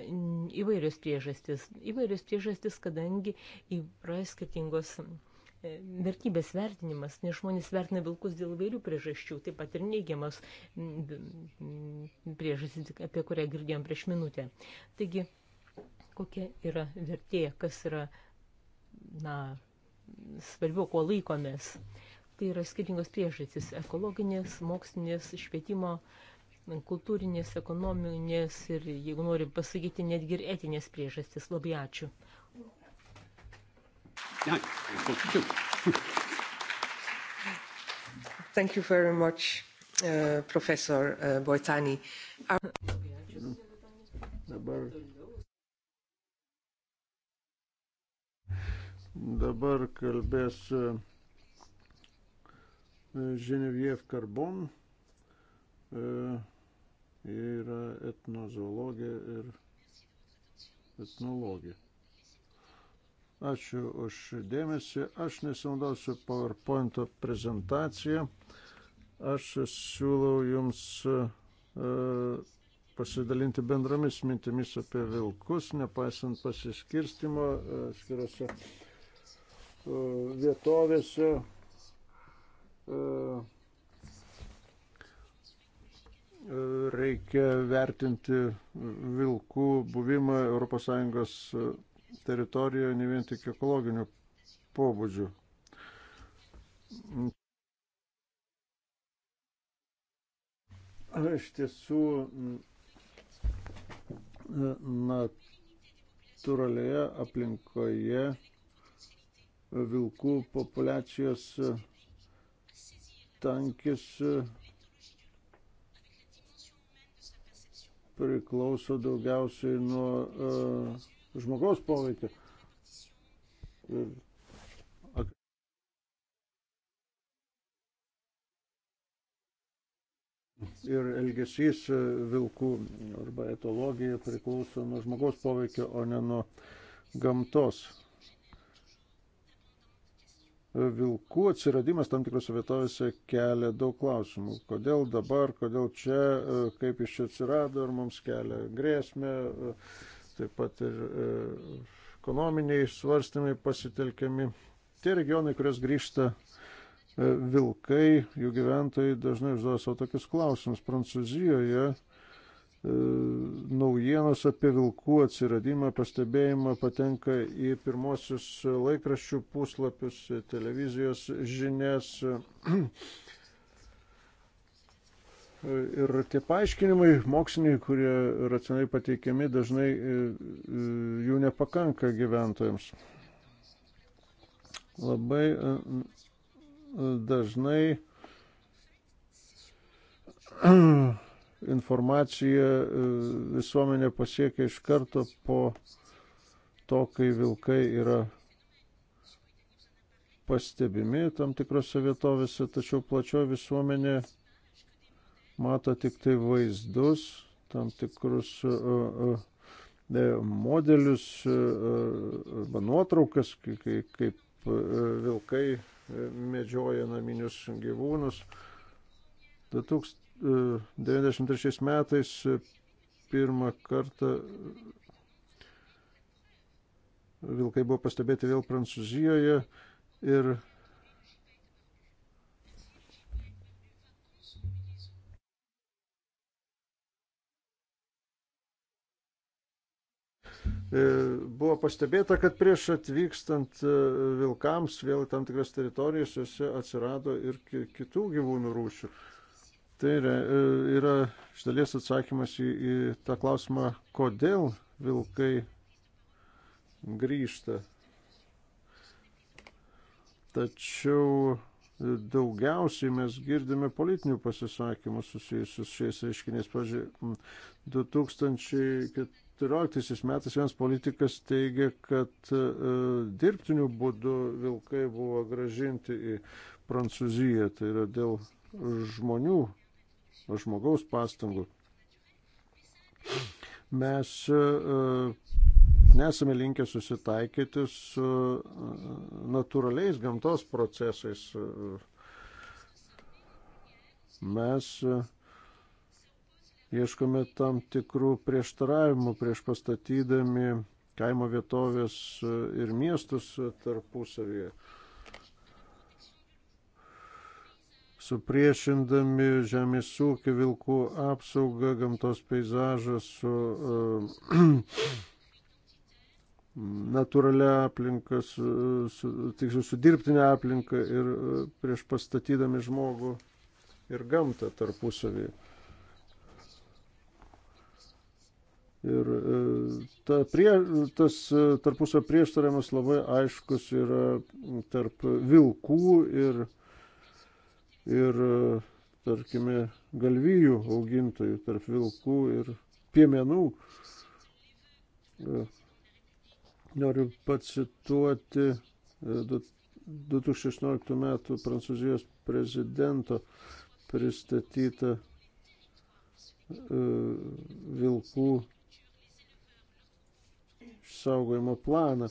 įvairios priežastis, įvairios priežastis, kadangi yra skirtingos E, vertybės vertinimas, nes žmonės vertina vilkus dėl vairių priežasčių, taip pat ir neigiamas priežastis, apie kurią girdėjom prieš minutę. Taigi, kokia yra vertė, kas yra, na, svarbiau, kuo laikomės. Tai yra skirtingos priežastys - ekologinės, mokslinės, švietimo, kultūrinės, ekonominės ir, jeigu norim pasakyti, netgi ir etinės priežastys. Labai ačiū. Thank you very much, uh, Professor uh, Boitani. Our... Uh, dabar, dabar kalbės uh, Ženeviev Karbon, uh, yra etnozoologė ir etnologė. Ačiū už dėmesį. Aš nesinaudosiu PowerPoint prezentaciją. Aš siūlau Jums e, pasidalinti bendromis mintimis apie vilkus, nepaisant pasiskirstimo e, skiriuose e, vietovėse. Reikia vertinti vilkų buvimą ES teritorijoje, ne vien tik ekologinių pobūdžių. Iš tiesų, natūralioje aplinkoje vilkų populiacijos tankis priklauso daugiausiai nuo uh, žmogaus poveikio. Ir ir elgesys e, vilkų arba etologija priklauso nuo žmogaus poveikio, o ne nuo gamtos. E, vilkų atsiradimas tam tikrose vietovėse kelia daug klausimų. Kodėl dabar, kodėl čia, e, kaip iš čia atsirado, ar mums kelia grėsmę, taip pat ir e, ekonominiai svarstymai pasitelkiami. Tie regionai, kurios grįžta e, vilkai, jų gyventojai dažnai užduoda savo tokius klausimus. Prancūzijoje e, naujienos apie vilkų atsiradimą, pastebėjimą patenka į pirmosius laikraščių puslapius, televizijos žinias. Ir tie paaiškinimai moksliniai, kurie racionaliai pateikiami, dažnai e, e, jų nepakanka gyventojams. Labai e, dažnai informacija visuomenė pasiekia iš karto po to, kai vilkai yra pastebimi tam tikrose vietovėse, tačiau plačioji visuomenė mato tik tai vaizdus, tam tikrus e, e, e, modelius arba nuotraukas, kaip vilkai medžioja naminius gyvūnus. 1993 metais pirmą kartą vilkai buvo pastebėti vėl Prancūzijoje ir E, buvo pastebėta, kad prieš atvykstant e, vilkams vėl tam tikras teritorijas jose atsirado ir kitų gyvūnų rūšių. Tai yra, e, yra iš dalies atsakymas į, į tą klausimą, kodėl vilkai grįžta. Tačiau daugiausiai mes girdime politinių pasisakymų susijusius šiais reiškiniais. Pavyzdžiui, 2004 2014 metais vienas politikas teigia, kad e, dirbtiniu būdu vilkai buvo gražinti į Prancūziją, tai yra dėl žmonių, žmogaus pastangų. Mes e, nesame linkę susitaikyti su e, natūraliais gamtos procesais. Mes uh, ieškome tam tikrų prieštaravimų prieš pastatydami kaimo vietovės e, ir miestus tarpusavyje. Supriešindami žemės ūkį, vilkų apsaugą, gamtos peizažą su uh, natūralia aplinka, su, su, tiksliau, su dirbtinė aplinka ir e, prieš pastatydami žmogų ir gamtą tarpusavyje. Ir e, ta prie, tas e, tarpusio prieštaravimas labai aiškus yra tarp vilkų ir, ir e, tarkime, galvijų augintojų, tarp vilkų ir piemenų. Noriu pacituoti 2016 m. Prancūzijos prezidento pristatytą vilkų saugojimo planą.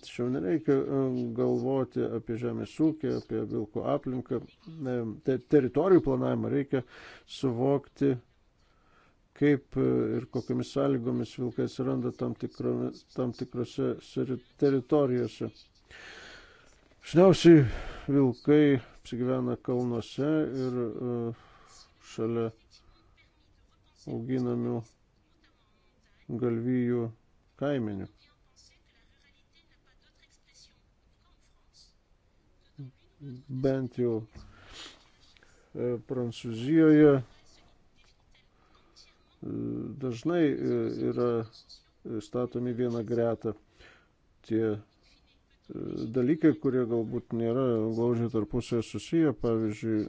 Tačiau nereikia e, galvoti apie žemės ūkį, apie vilko aplinką, e, Te, teritorijų planavimą reikia suvokti, kaip e, ir kokiamis sąlygomis vilkai atsiranda tam, tikro, tam tikrose teritorijose. Šniausiai vilkai apsigyvena kalnuose ir šalia auginamių galvijų kaimenių. Bent jau e, Prancūzijoje e, dažnai e, yra statomi vieną gretą tie dalykai, kurie galbūt nėra glaužiai tarpusėje susiję, pavyzdžiui,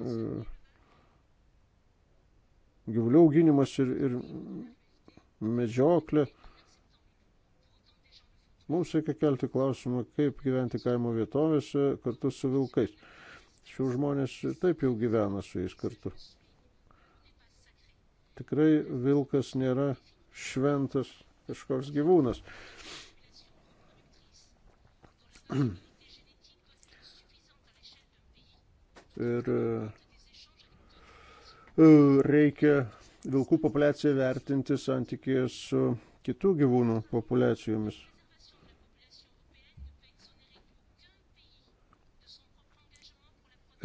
gyvulių auginimas ir, ir medžioklė. Mums reikia kelti klausimą, kaip gyventi kaimo vietovėse kartu su vilkais. Šių žmonės taip jau gyvena su jais kartu. Tikrai vilkas nėra šventas kažkoks gyvūnas. Ir e, reikia vilkų populiaciją vertinti santykėje su kitų gyvūnų populiacijomis.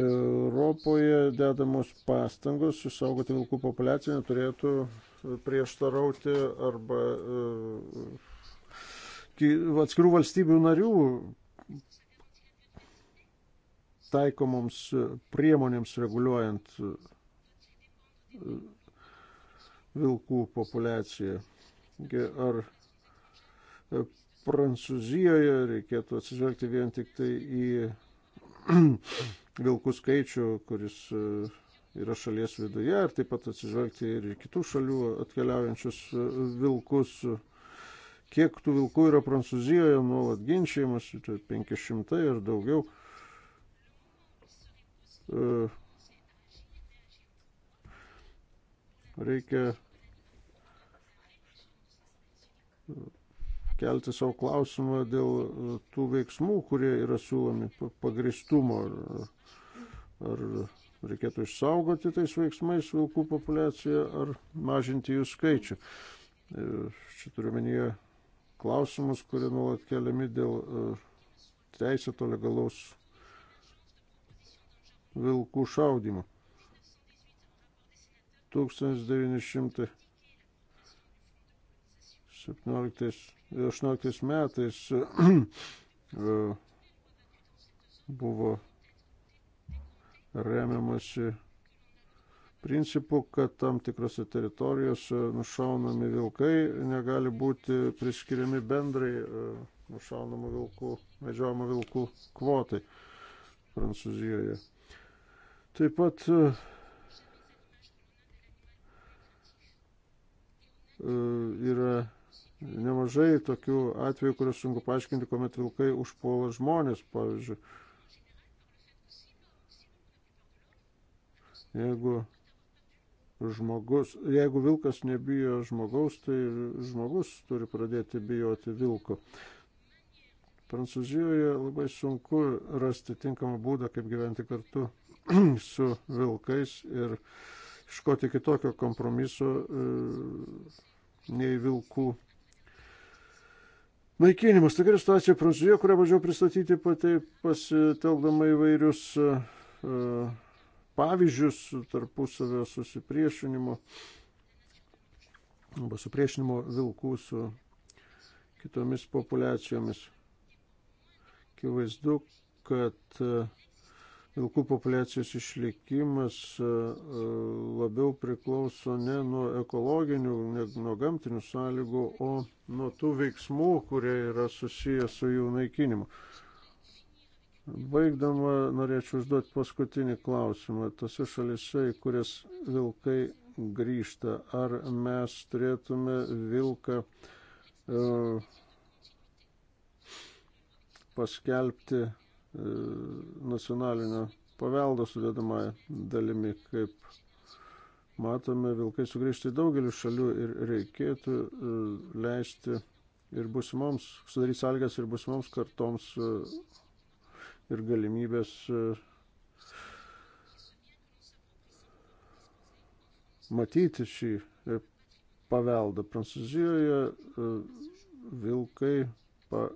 Europoje dedamos pastangos susaugoti vilkų populiaciją neturėtų prieštarauti arba e, atskirų valstybių narių taikomoms priemonėms reguliuojant e, vilkų populiacija. Ar e, Prancūzijoje reikėtų atsižvelgti vien tik tai į vilkų skaičių, kuris e, yra šalies viduje, ir taip pat atsižvelgti ir į kitų šalių atkeliaujančius e, vilkus. Kiek tų vilkų yra Prancūzijoje, nuolat ginčiamas, tai 500 ir daugiau. Reikia kelti savo klausimą dėl e, tų veiksmų, kurie yra siūlomi pagristumo. Ar, ar reikėtų išsaugoti tais veiksmais vilkų populiaciją ar mažinti jų skaičių. E, čia turiu menyje klausimus, kurie nuolat keliami dėl e, teisėto legalaus vilkų šaudimo. 1918 metais e, buvo remiamasi principu, kad tam tikrose teritorijose nušaunami vilkai negali būti priskiriami bendrai e, nušaunamų vilkų, medžiojamų vilkų kvotai Prancūzijoje. Taip pat e, E, yra nemažai tokių atvejų, kuriuos sunku paaiškinti, kuomet vilkai užpuola žmonės, pavyzdžiui. Jeigu, žmogus, jeigu vilkas nebijo žmogaus, tai žmogus turi pradėti bijoti vilko. Prancūzijoje labai sunku rasti tinkamą būdą, kaip gyventi kartu su vilkais ir iškoti kitokio kompromiso. E, nei vilkų naikinimas. Tokia situacija Prancūzijoje, kurią važiavau pristatyti pati pasitelkdama įvairius e, e, pavyzdžius tarpusavio susipriešinimo arba supriešinimo vilkų su kitomis populiacijomis. Kivaizdu, kad uh, vilkų populiacijos išlikimas e, e, labiau priklauso ne nuo ekologinių, ne nuo gamtinių sąlygų, o nuo tų veiksmų, kurie yra susiję su jų naikinimu. Baigdama norėčiau užduoti paskutinį klausimą. Tose šalise, į kurias vilkai grįžta, ar mes turėtume vilką e, paskelbti E, nacionalinio paveldo sudėdamąją dalimi, kaip matome, vilkai sugrįžti į daugelį šalių ir reikėtų e, leisti ir busimoms, sudaryti sąlygas ir busimoms kartoms e, ir galimybės matyti šį paveldą. Prancūzijoje vilkai pa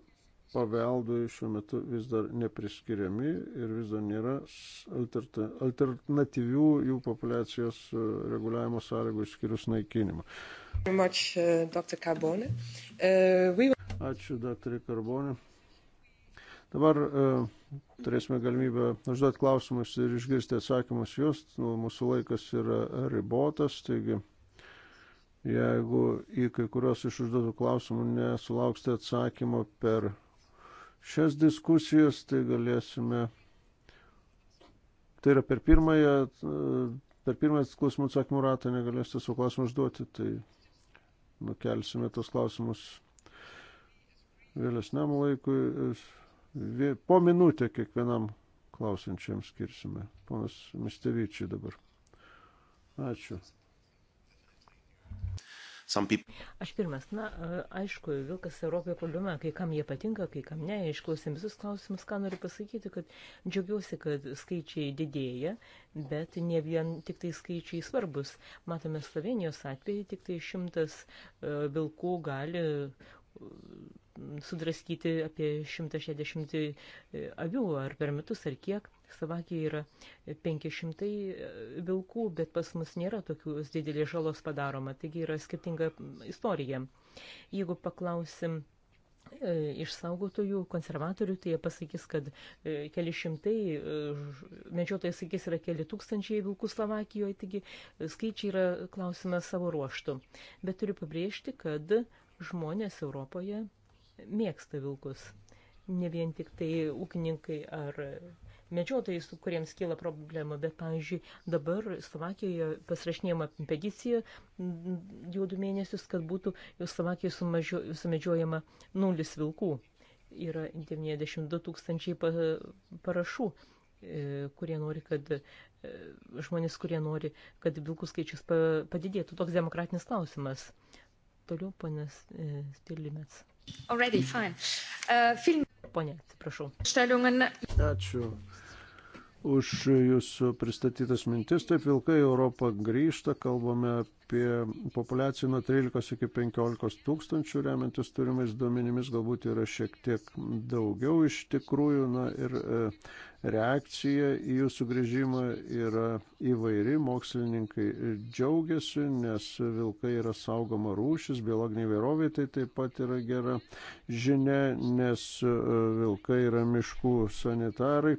paveldui šiuo metu vis dar nepriskiriami ir vis dar nėra alternatyvių jų populiacijos e, reguliavimo sąlygų išskyrus naikinimą. Much, uh, Dr. Carbone. Uh, we... Ačiū, dr. Karbonė. Dabar uh, turėsime galimybę užduoti klausimus ir išgirsti atsakymus jūs. Nu, mūsų laikas yra ribotas, taigi jeigu į kai kurios iš užduotų klausimų nesulauksite atsakymo per šias diskusijas, tai galėsime. Tai yra per pirmąją, per pirmąją klausimų atsakymų ratą negalėsite savo klausimų užduoti, tai nukelsime tos klausimus vėlesniam laikui. Po minutę kiekvienam klausinčiam skirsime. Ponas Mistevičiai dabar. Ačiū people... Aš pirmas, na, aišku, vilkas Europoje problema, kai kam jie patinka, kai kam ne, išklausėm visus klausimus, ką noriu pasakyti, kad džiaugiuosi, kad skaičiai didėja, bet ne vien tik tai skaičiai svarbus. Matome Slovenijos atveju, tik tai šimtas e, vilkų gali sudraskyti apie 160 e, avių ar per metus ar kiek. Slovakijoje yra 500 e, vilkų, bet pas mus nėra tokios didelės žalos padaroma, taigi yra skirtinga istorija. Jeigu paklausim e, išsaugotojų, konservatorių, tai jie pasakys, kad keli šimtai, medžiotojai sakys, yra keli tūkstančiai vilkų Slovakijoje, taigi skaičiai yra klausimas savo ruoštų. Bet turiu pabrėžti, kad žmonės Europoje mėgsta vilkus. Ne vien tik tai ūkininkai ar medžiotojais, kuriems kyla problema, bet, pavyzdžiui, dabar Slovakijoje pasirašinėjama peticija jau du mėnesius, kad būtų Slovakijoje sumedžiojama nulis vilkų. Yra 92 tūkstančiai parašų, e, kurie nori, kad e, žmonės, kurie nori, kad vilkų skaičius padidėtų. Toks demokratinis klausimas. Toliau ponas e, Stilimets. Already, fine. Uh, film... Pone, atsiprašau. Ačiū už jūsų pristatytas mintis. Taip vilkai Europą grįžta, kalbame apie populiaciją nuo 13 iki 15 tūkstančių, remiantis turimais duomenimis, galbūt yra šiek tiek daugiau iš tikrųjų. Na, ir e, reakcija į jų sugrįžimą yra įvairi, mokslininkai džiaugiasi, nes vilkai yra saugoma rūšis, biologinė įvairovė tai taip pat yra gera žinia, nes e, vilkai yra miškų sanitarai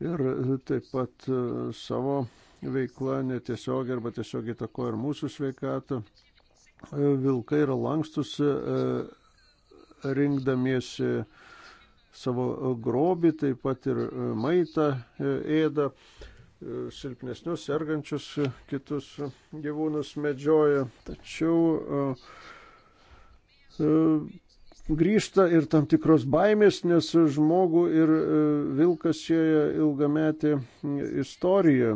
ir taip pat e, savo veikla netiesiog arba tiesiog įtako ir mūsų sveikatą. E, vilkai yra lankstus e, rinkdamiesi savo grobį, taip pat ir maitą ėda, silpnesnius, sergančius kitus gyvūnus medžioja. Tačiau grįžta ir tam tikros baimės, nes žmogų ir e, vilkas sieja ilgametį istoriją.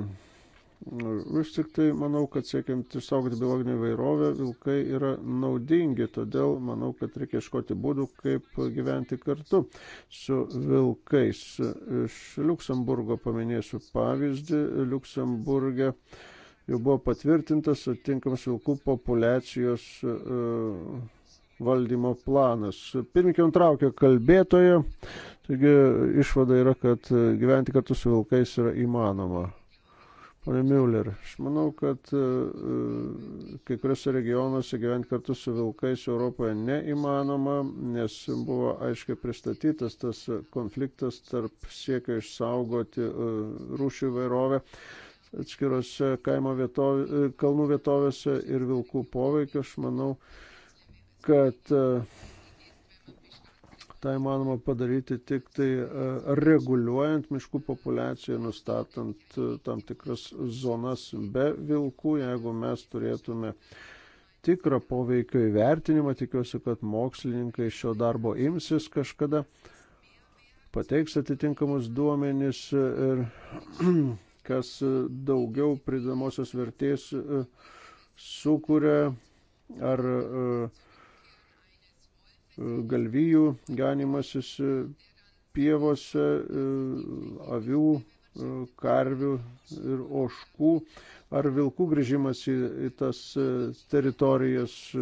Nu, vis tik tai manau, kad siekiant išsaugoti biologinį įvairovę, vilkai yra naudingi, todėl manau, kad reikia iškoti būdų, kaip gyventi kartu su vilkais. Iš Luksemburgo paminėsiu pavyzdį. Luksemburgė jau buvo patvirtintas atitinkamas vilkų populacijos uh, e, valdymo planas. Pirmininkė nutraukė kalbėtoją, taigi išvada yra, kad gyventi kartu su vilkais yra įmanoma. Pane Müller, aš manau, kad e, kai kuriuose regionuose gyventi kartu su vilkais Europoje neįmanoma, nes buvo aiškiai pristatytas tas konfliktas tarp siekio išsaugoti e, rūšių vairovę atskirose kaimo vietov, kalnų vietovėse ir vilkų poveikio. Aš manau, kad e, tai manoma padaryti tik tai e, reguliuojant miškų populiaciją, nustatant e, tam tikras zonas be vilkų, jeigu mes turėtume tikrą poveikio įvertinimą, tikiuosi, kad mokslininkai šio darbo imsis kažkada, pateiks atitinkamus duomenys ir kas daugiau pridamosios vertės sukuria ar uh, galvijų ganimasis e, pievose, e, avių, e, karvių ir oškų, ar vilkų grįžimas į, į tas teritorijas,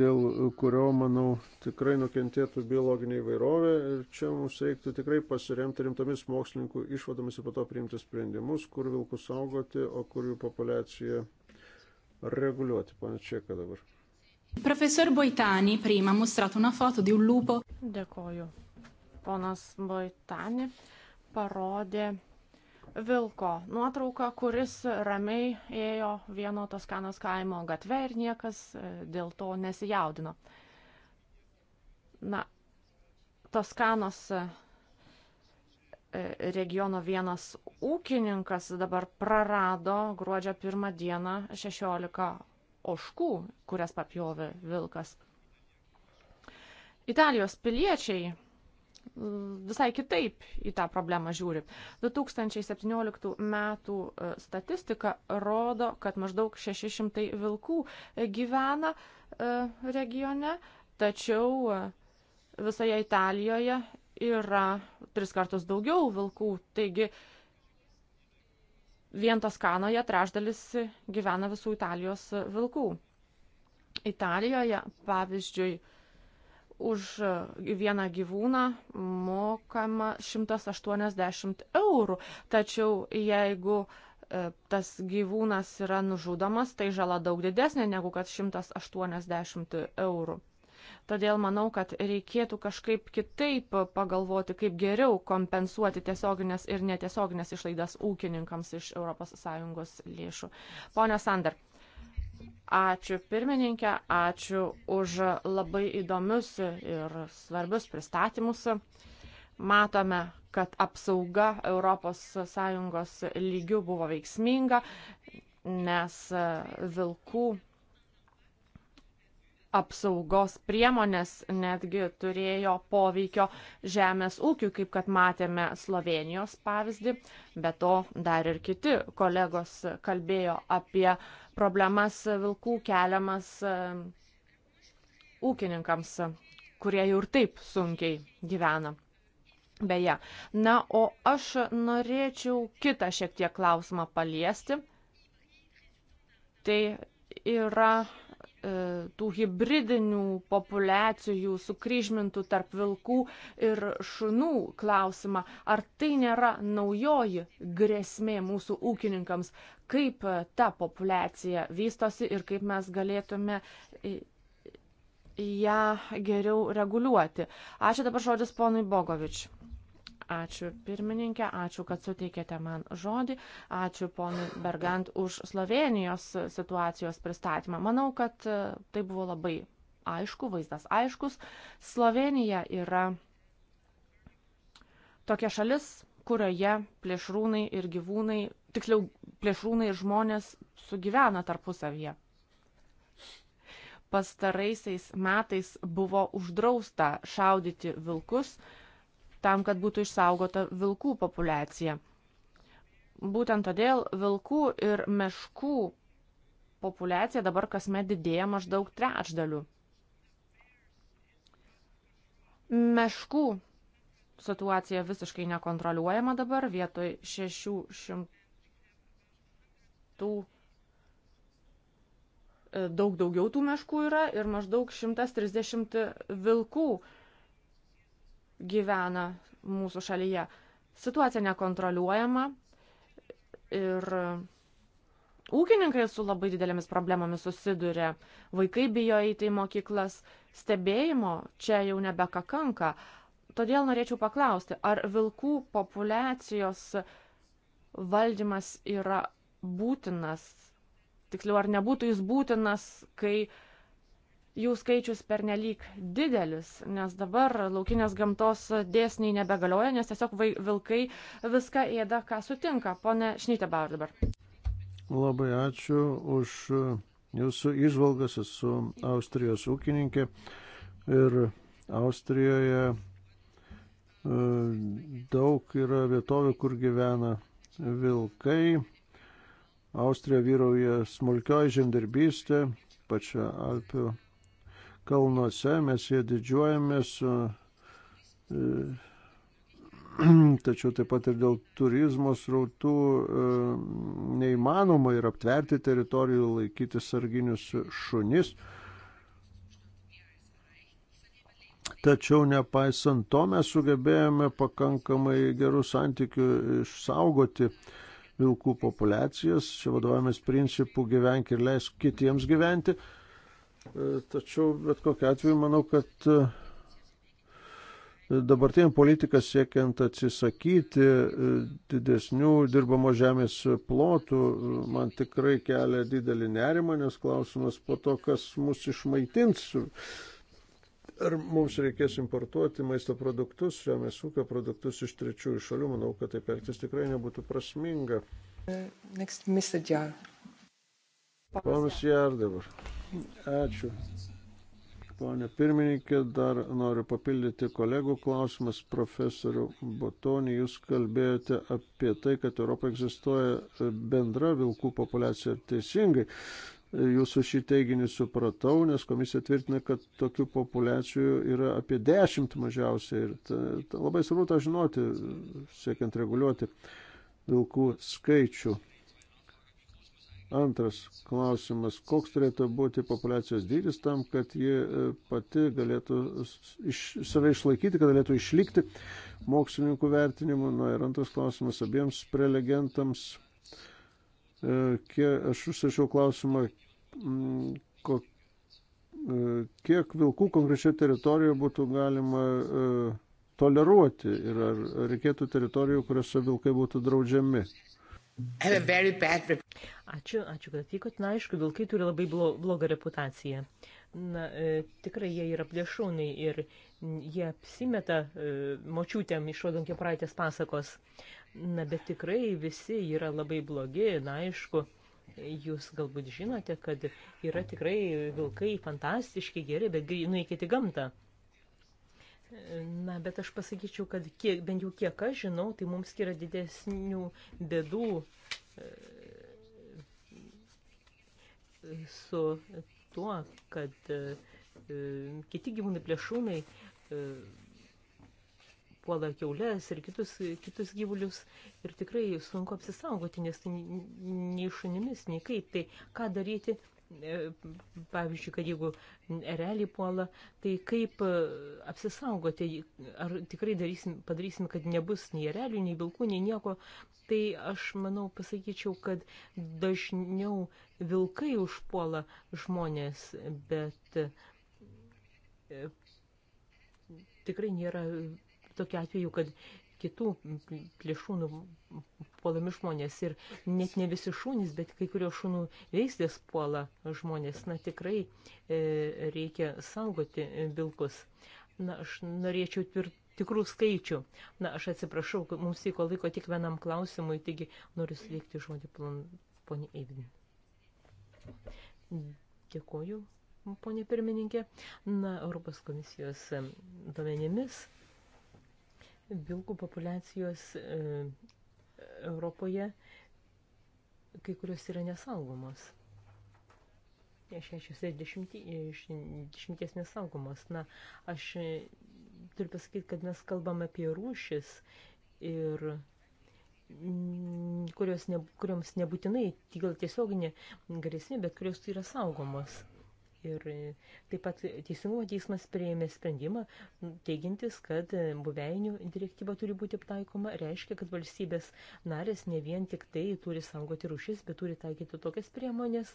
dėl kurio, manau, tikrai nukentėtų biologinė įvairovė. Ir čia mums reiktų tikrai pasiremti rimtomis mokslininkų išvadomis ir po to priimti sprendimus, kur vilkus saugoti, o kur jų populiacija reguliuoti. Pane Čeka dabar. Profesor Boitani prima mostrato una foto di un lupo. Dėkoju. Ponas Boitani parodė vilko nuotrauką, kuris ramiai ėjo vieno Toskanos kaimo gatve ir niekas e, dėl to nesijaudino. Na, Toskanos E, regiono vienas ūkininkas dabar prarado gruodžio pirmą dieną 16 oškų, kurias papjovė vilkas. Italijos piliečiai visai kitaip į tą problemą žiūri. 2017 metų e, statistika rodo, kad maždaug 600 vilkų gyvena e, regione, tačiau visoje Italijoje yra tris kartus daugiau vilkų. Taigi vien Toskanoje trešdalis gyvena visų Italijos vilkų. Italijoje, pavyzdžiui, už vieną gyvūną mokama 180 eurų. Tačiau jeigu e, tas gyvūnas yra nužudomas, tai žala daug didesnė negu kad 180 eurų. Todėl manau, kad reikėtų kažkaip kitaip pagalvoti, kaip geriau kompensuoti tiesioginės ir netiesioginės išlaidas ūkininkams iš ES lėšų. Pone Sander, ačiū pirmininkė, ačiū už labai įdomius ir svarbius pristatymus. Matome, kad apsauga ES lygių buvo veiksminga, nes vilkų apsaugos priemonės netgi turėjo poveikio žemės ūkiui, kaip kad matėme Slovenijos pavyzdį, bet to dar ir kiti kolegos kalbėjo apie problemas vilkų keliamas e, ūkininkams, kurie jau ir taip sunkiai gyvena. Beje, na, o aš norėčiau kitą šiek tiek klausimą paliesti. Tai yra E, tų hybridinių populiacijų sukryžmintų tarp vilkų ir šunų klausimą. Ar tai nėra naujoji grėsmė mūsų ūkininkams, kaip ta populiacija vystosi ir kaip mes galėtume ją geriau reguliuoti. Ačiū dabar žodis ponui Bogovič. Ačiū pirmininkė, ačiū, kad suteikėte man žodį, ačiū ponui Bergant už Slovenijos situacijos pristatymą. Manau, kad e, tai buvo labai aišku, vaizdas aiškus. Slovenija yra tokia šalis, kurioje plėšrūnai ir gyvūnai, tiksliau plėšrūnai ir žmonės sugyvena tarpusavyje. Pastaraisiais metais buvo uždrausta šaudyti vilkus, tam, kad būtų išsaugota vilkų populiacija. Būtent todėl vilkų ir meškų populiacija dabar kasmet didėja maždaug trečdaliu. Meškų situacija visiškai nekontroliuojama dabar, vietoj 600 e, daug daugiau tų meškų yra ir maždaug 130 vilkų gyvena mūsų šalyje. Situacija nekontroliuojama ir ūkininkai su labai didelėmis problemomis susiduria. Vaikai bijo eiti į mokyklas, stebėjimo čia jau nebekakanka. Todėl norėčiau paklausti, ar vilkų populacijos valdymas yra būtinas, tiksliau, ar nebūtų jis būtinas, kai uh, jų skaičius pernelyg didelis, nes dabar laukinės gamtos dėsniai nebegalioja, nes tiesiog vilkai viską ėda, ką sutinka. Pone Šnytebauer dabar. Labai ačiū už jūsų išvalgas, esu Austrijos ūkininkė ir Austrijoje e, daug yra vietovių, kur gyvena vilkai. Austrija vyrauja smulkioji žemdirbystė, pačia Alpių kalnuose, mes jie didžiuojamės, e, tačiau taip pat ir dėl turizmo srautų e, neįmanoma ir aptverti teritorijų, laikyti sarginius šunis. Tačiau nepaisant to mes sugebėjome pakankamai gerų santykių išsaugoti vilkų populiacijas, čia vadovavomės principų gyvenk ir leisk kitiems gyventi. E, tačiau bet kokiu atveju manau, kad e, dabartinė politika siekiant atsisakyti e, didesnių dirbamo žemės plotų man tikrai kelia didelį nerimą, nes klausimas po to, kas mus išmaitins. Ar mums reikės importuoti maisto produktus, žemės ūkio produktus iš trečiųjų šalių, manau, kad taip elgtis tikrai nebūtų prasminga. Next, Mr. Jar. Ponas Jar dabar. Ačiū. Pone pirmininkė, dar noriu papildyti kolegų klausimas. Profesoriu Botonį, jūs kalbėjote apie tai, kad Europoje egzistuoja bendra vilkų populiacija ir teisingai. Jūsų šį teiginį supratau, nes komisija tvirtina, kad tokių populiacijų yra apie dešimt mažiausiai ir ta, ta labai svarbu tą žinoti, siekiant reguliuoti vilkų skaičių. Antras klausimas, koks turėtų būti populiacijos dydis tam, kad ji e, pati galėtų iš, save išlaikyti, kad galėtų išlikti mokslininkų vertinimu. Na ir antras klausimas abiems prelegentams. E, kiek, aš užsašiau klausimą, ko, e, kiek vilkų konkrečioje teritorijoje būtų galima toleruoti ir ar reikėtų teritorijų, kuriuose vilkai būtų draudžiami. Bad... Ačiū, ačiū, kad atvykot. Na, aišku, vilkai turi labai blogą reputaciją. Na, e, tikrai jie yra plėšūnai ir jie apsimeta e, močiutėm išrodant kepraitės pasakos. Na, bet tikrai visi yra labai blogi, na, aišku. Jūs galbūt žinote, kad yra tikrai vilkai fantastiški geri, bet nueikite į gamtą. Na, bet aš pasakyčiau, kad kiek, bent jau kiek aš žinau, tai mums yra didesnių bėdų e, su tuo, kad e, e, kiti gyvūnai plėšūnai puola keulės ir kitus, kitus gyvulius ir tikrai sunku apsisaugoti, nes tai nei šunimis, nei kaip. Tai ką daryti E, pavyzdžiui, kad jeigu erelį puola, tai kaip e, apsisaugoti, ar tikrai darysim, padarysim, kad nebus nei erelių, nei vilkų, nei nieko, tai aš manau pasakyčiau, kad dažniau vilkai užpuola žmonės, bet e, tikrai nėra tokia atveju, kad kitų plėšūnų puolami žmonės. Ir net ne visi šūnys, bet kai kurios šūnų veislės puola žmonės. Na tikrai e, reikia saugoti vilkus. Na aš norėčiau tvirtų. Tikrų skaičių. Na, aš atsiprašau, mums įko laiko tik vienam klausimui, taigi noriu suveikti žodį poniai Eivin. Dėkuoju, ponė pirmininkė. Na, Europos komisijos e, duomenimis vilkų populiacijos e, Europoje kai kurios yra nesaugomos. 60 dešimties nesaugomos. Na, aš e, turiu pasakyti, kad mes kalbam apie rūšis ir kurios ne, kurioms nebūtinai gal tiesioginė grėsmė, bet kurios tai yra saugomos. Ir e, taip pat Teisingumo teismas prieėmė sprendimą, teigintis, kad e, buveinių direktyva turi būti taikoma, reiškia, kad valstybės narės ne vien tik tai turi saugoti rušis, bet turi taikyti tokias priemonės,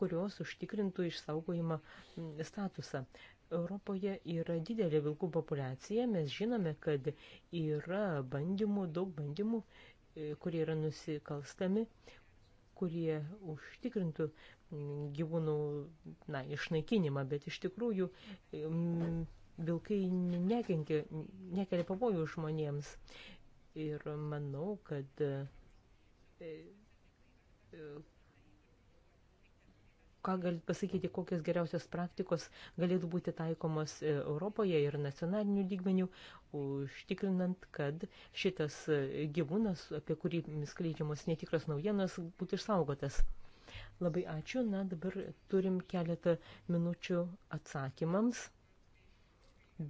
kurios užtikrintų išsaugojimą statusą. Europoje yra didelė vilkų populiacija, mes žinome, kad yra bandymų, daug bandymų, e, kurie yra nusikalstami, kurie užtikrintų gyvūnų na, išnaikinimą, bet iš tikrųjų vilkai nekenkia, nekelia pavojų žmonėms. Ir manau, kad e, e, ką galit pasakyti, kokios geriausios praktikos galėtų būti taikomos e, Europoje ir nacionalinių lygmenių, užtikrinant, kad šitas gyvūnas, apie kurį skleidžiamos netikros naujienos, būtų išsaugotas. Labai ačiū. Na, dabar turim keletą minučių atsakymams.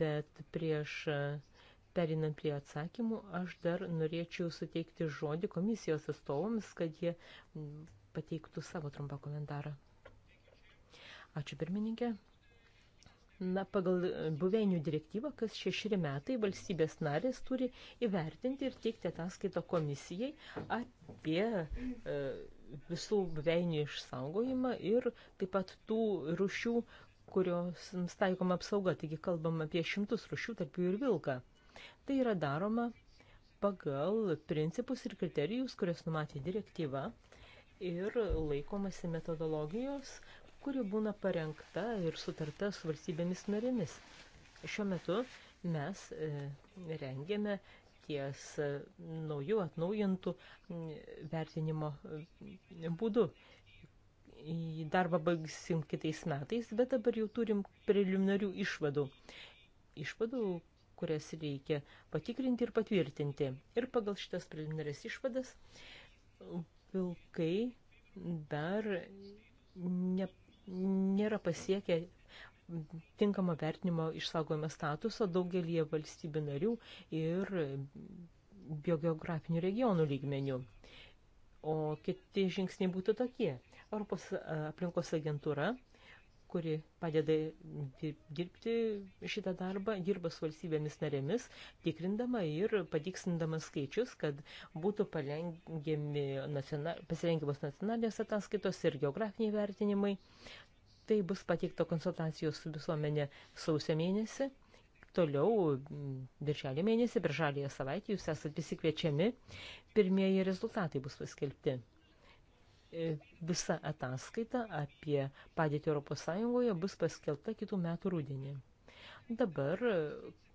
Bet prieš e, perinant prie atsakymų, aš dar norėčiau suteikti žodį komisijos atstovams, kad jie pateiktų savo trumpą komentarą. Ačiū pirmininkė. Na, pagal buveinių direktyvą, kas šešeri metai valstybės narės turi įvertinti ir teikti ataskaitą komisijai apie e, visų buveinių išsaugojimą ir taip pat tų rušių, kurios taikoma apsauga, taigi kalbam apie šimtus rušių, tarp jų ir vilką. Tai yra daroma pagal principus ir kriterijus, kurias numatė direktyva ir laikomasi metodologijos, kuri būna parengta ir sutarta su valstybėmis narėmis. Šiuo metu mes e, rengėme ties e, naujų atnaujintų vertinimo e, būdu. Į darbą baigsim kitais metais, bet dabar jau turim preliminarių išvadų. Išvadų, kurias reikia patikrinti ir patvirtinti. Ir pagal šitas preliminarias išvadas vilkai dar ne, nėra pasiekę tinkamo vertinimo išsaugojimo statusą daugelie valstybių narių ir biogeografinių regionų lygmenių. O kiti žingsniai būtų tokie. Europos e, aplinkos agentūra, kuri padeda dirbti šitą darbą, dirba su valstybėmis narėmis, tikrindama ir patiksindama skaičius, kad būtų nacional, pasirengimas nacionalinės ataskaitos ir geografiniai vertinimai, Tai bus pateikta konsultacijos su visuomenė sausio mėnesį. Toliau, mm, birželio mėnesį, birželėje savaitėje jūs esate visi kviečiami. Pirmieji rezultatai bus paskelbti. E, visa ataskaita apie padėtį ES bus paskelbta kitų metų rūdienį. Dabar,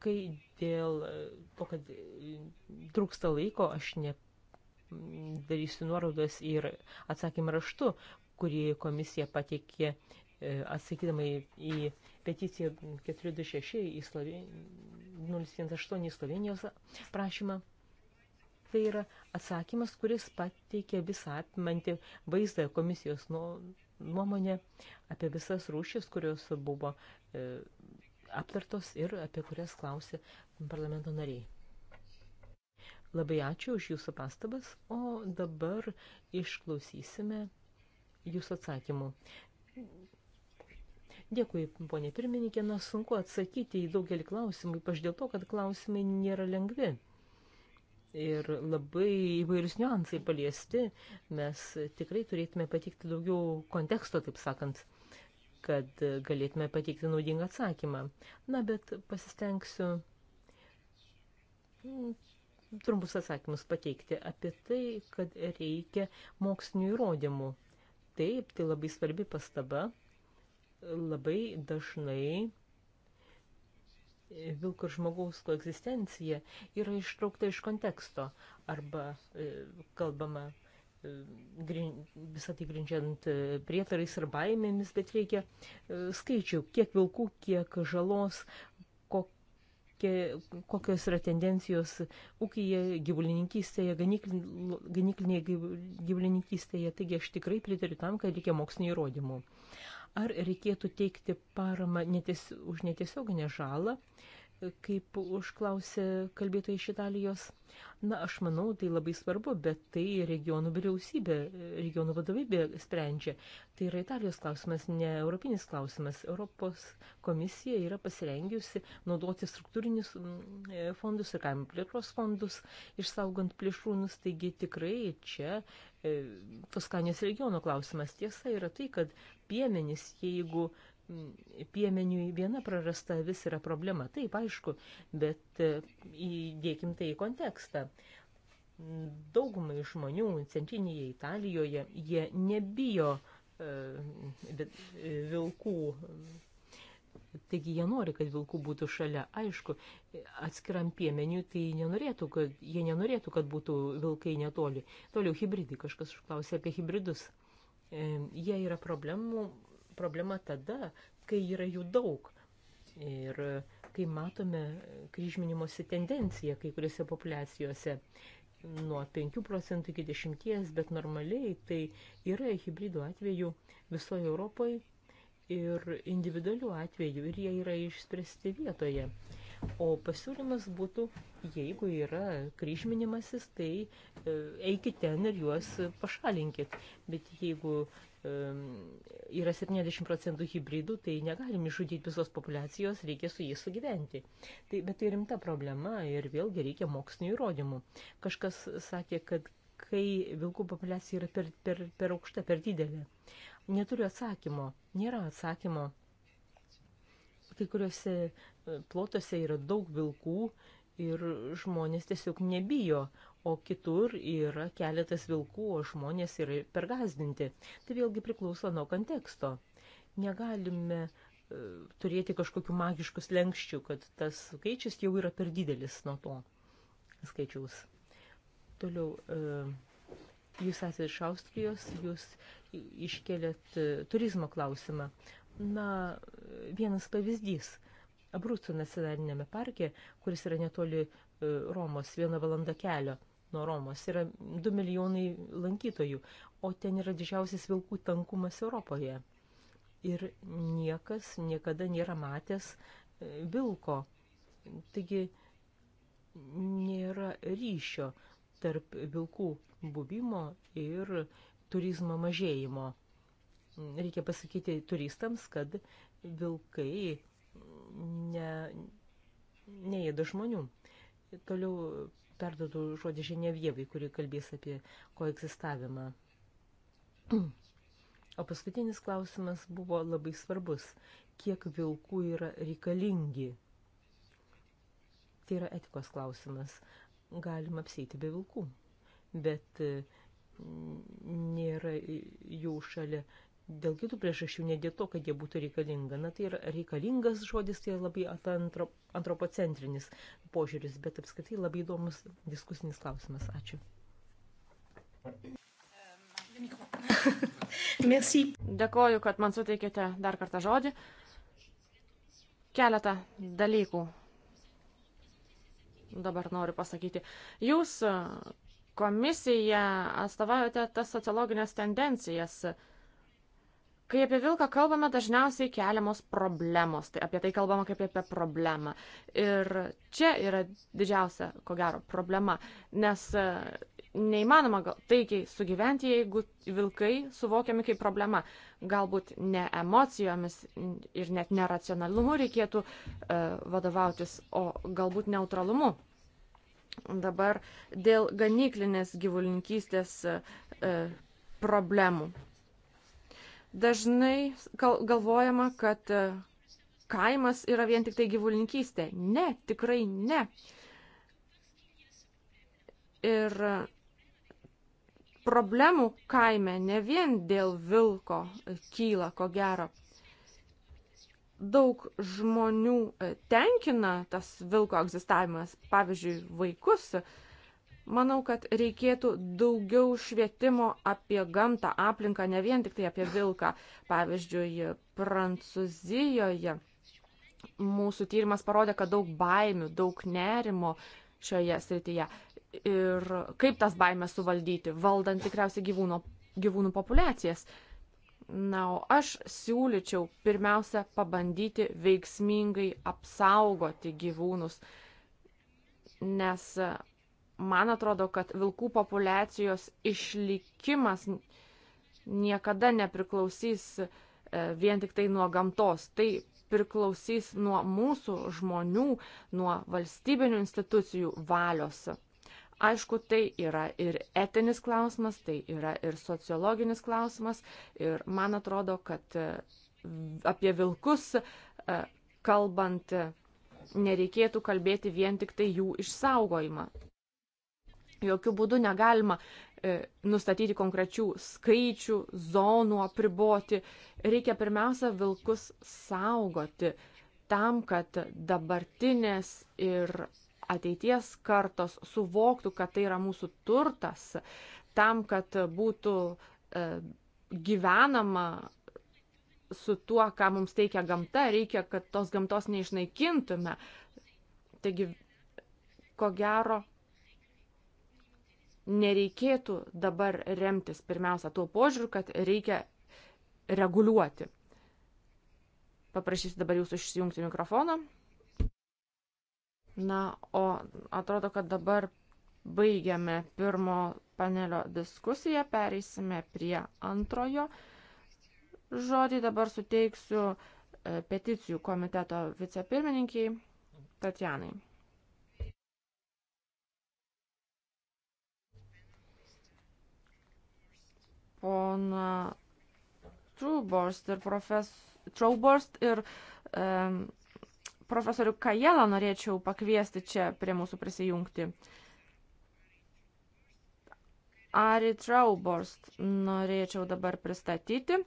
kai dėl to, kad e, trūksta laiko, aš ne mm, darysiu nuorodas ir atsakymą raštu, kurį komisija pateikė E, atsakydama į peticiją 426 į Sloven... 018 į Slovenijos prašymą. Tai yra atsakymas, kuris pateikia visą apimantį vaizdą komisijos nu, nuomonę apie visas rūšis, kurios buvo e, aptartos ir apie kurias klausė parlamento nariai. Labai ačiū už jūsų pastabas, o dabar išklausysime jūsų atsakymų. Dėkui, ponė pirmininkė, na sunku atsakyti į daugelį klausimų, ypač dėl to, kad klausimai nėra lengvi. Ir labai įvairius niuansai paliesti, mes tikrai turėtume patikti daugiau konteksto, taip sakant, kad galėtume patikti naudingą atsakymą. Na, bet pasistengsiu mm, trumpus atsakymus pateikti apie tai, kad reikia mokslinių įrodymų. Taip, tai labai svarbi pastaba, labai dažnai vilko ir žmogaus koegzistencija yra ištraukta iš konteksto arba e, kalbama e, visą tai grindžiant e, prietarais ir baimėmis, bet reikia skaičių, kiek vilkų, kiek žalos, kokios yra tendencijos ūkija, gyvulininkystėje, ganiklinėje gyvulininkystėje. Taigi aš tikrai pritariu tam, kad reikia mokslinio įrodymų ar reikėtų teikti paramą neties, už netiesioginę žalą, kaip užklausė kalbėtojai iš Italijos. Na, aš manau, tai labai svarbu, bet tai regionų vyriausybė, regionų vadovybė sprendžia. Tai yra Italijos klausimas, ne europinis klausimas. Europos komisija yra pasirengiusi naudoti struktūrinius mm, fondus ir kaimų plėtros fondus, išsaugant plėšrūnus. Taigi tikrai čia e, Toskanijos regiono klausimas tiesa yra tai, kad piemenys, jeigu piemeniui viena prarasta vis yra problema. Taip, aišku, bet e, įdėkim tai į kontekstą. Daugumai žmonių centrinėje Italijoje jie nebijo e, vilkų Taigi jie nori, kad vilkų būtų šalia. Aišku, atskiram piemeniu, tai nenorėtų, kad, jie nenorėtų, kad būtų vilkai netoli. Toliau hybridai, kažkas užklausė apie hybridus. E, jie yra problemų, problema tada, kai yra jų daug. Ir kai matome kryžminimosi tendenciją kai kuriuose populiacijose nuo 5 procentų iki 10, bet normaliai tai yra hybridų atvejų visoje Europoje ir individualių atvejų ir jie yra išspręsti vietoje. O pasiūlymas būtų, jeigu yra kryžminimasis, tai e, eikit ten ir juos pašalinkit. Bet jeigu yra 70 procentų hybridų, tai negalim išžudyti visos populacijos, reikia su jais sugyventi. Tai, bet tai rimta problema ir vėlgi reikia mokslinių įrodymų. Kažkas sakė, kad kai vilkų populiacija yra per, per, per aukšta, per didelė. Neturiu atsakymo, nėra atsakymo. Kai kuriuose e, plotuose yra daug vilkų ir žmonės tiesiog nebijo, o kitur yra keletas vilkų, o žmonės yra pergazdinti. Tai vėlgi priklauso nuo konteksto. Negalime e, turėti kažkokių magiškų slengščių, kad tas skaičius jau yra per didelis nuo to skaičiaus. Toliau, e, jūs esate iš Austrijos, jūs iškelėt e, turizmo klausimą. Na, vienas pavyzdys. Abrūco nacionalinėme parke, kuris yra netoli Romos, viena valanda kelio nuo Romos. Yra 2 milijonai lankytojų, o ten yra didžiausias vilkų tankumas Europoje. Ir niekas niekada nėra matęs e, vilko. Taigi nėra ryšio tarp vilkų buvimo ir turizmo mažėjimo. Reikia pasakyti turistams, kad vilkai ne, neėda žmonių. Toliau perduodu žodį Ženevievai, kuri kalbės apie koegzistavimą. O paskutinis klausimas buvo labai svarbus. Kiek vilkų yra reikalingi? Tai yra etikos klausimas. Galima apsėti be vilkų, bet mm, nėra jų šalia dėl kitų priežasčių, ne dėl to, kad jie būtų reikalinga. Na tai yra reikalingas žodis, tai labai antro, antropocentrinis požiūris, bet apskritai labai įdomus diskusinis klausimas. Ačiū. Merci. Dėkoju, kad man suteikėte dar kartą žodį. Keletą dalykų dabar noriu pasakyti. Jūs komisija atstovaujate tas sociologinės tendencijas Kai apie vilką kalbame, dažniausiai keliamos problemos. Tai apie tai kalbama kaip apie problemą. Ir čia yra didžiausia, ko gero, problema. Nes e, neįmanoma taikiai sugyventi, jeigu vilkai suvokiami kaip problema. Galbūt ne emocijomis ir net neracionalumu reikėtų uh, vadovautis, o galbūt neutralumu. Dabar dėl ganyklinės gyvulinkystės uh, e, problemų Dažnai galvojama, kad e, kaimas yra vien tik tai gyvulininkystė. Ne, tikrai ne. Ir e, problemų kaime ne vien dėl vilko e, kyla, ko gero. Daug žmonių tenkina tas vilko egzistavimas, pavyzdžiui, vaikus, Manau, kad reikėtų daugiau švietimo apie gamtą, aplinką, ne vien tik tai apie vilką. Pavyzdžiui, Prancūzijoje mūsų tyrimas parodė, kad daug baimių, daug nerimo šioje srityje. Ir kaip tas baimės suvaldyti, valdant tikriausiai gyvūno, gyvūnų populiacijas. Na, o aš siūlyčiau pirmiausia pabandyti veiksmingai apsaugoti gyvūnus, nes man atrodo, kad vilkų populiacijos išlikimas niekada nepriklausys e, vien tik tai nuo gamtos. Tai priklausys nuo mūsų žmonių, nuo valstybinių institucijų valios. Aišku, tai yra ir etinis klausimas, tai yra ir sociologinis klausimas ir man atrodo, kad e, apie vilkus e, kalbant nereikėtų kalbėti vien tik tai jų išsaugojimą. Jokių būdų negalima e, nustatyti konkrečių skaičių, zonų apriboti. Reikia pirmiausia vilkus saugoti tam, kad dabartinės ir ateities kartos suvoktų, kad tai yra mūsų turtas, tam, kad būtų e, gyvenama su tuo, ką mums teikia gamta, reikia, kad tos gamtos neišnaikintume. Taigi, ko gero, nereikėtų dabar remtis pirmiausia tuo požiūriu, kad reikia reguliuoti. Paprašysiu dabar jūsų išjungti mikrofoną. Na, o atrodo, kad dabar baigiame pirmo panelio diskusiją, pereisime prie antrojo. Žodį dabar suteiksiu e, peticijų komiteto vicepirmininkiai Tatjanai. pona Trauborst ir, profes, Trauborst ir um, profesorių Kajelą norėčiau pakviesti čia prie mūsų prisijungti. Ari Trauborst norėčiau dabar pristatyti.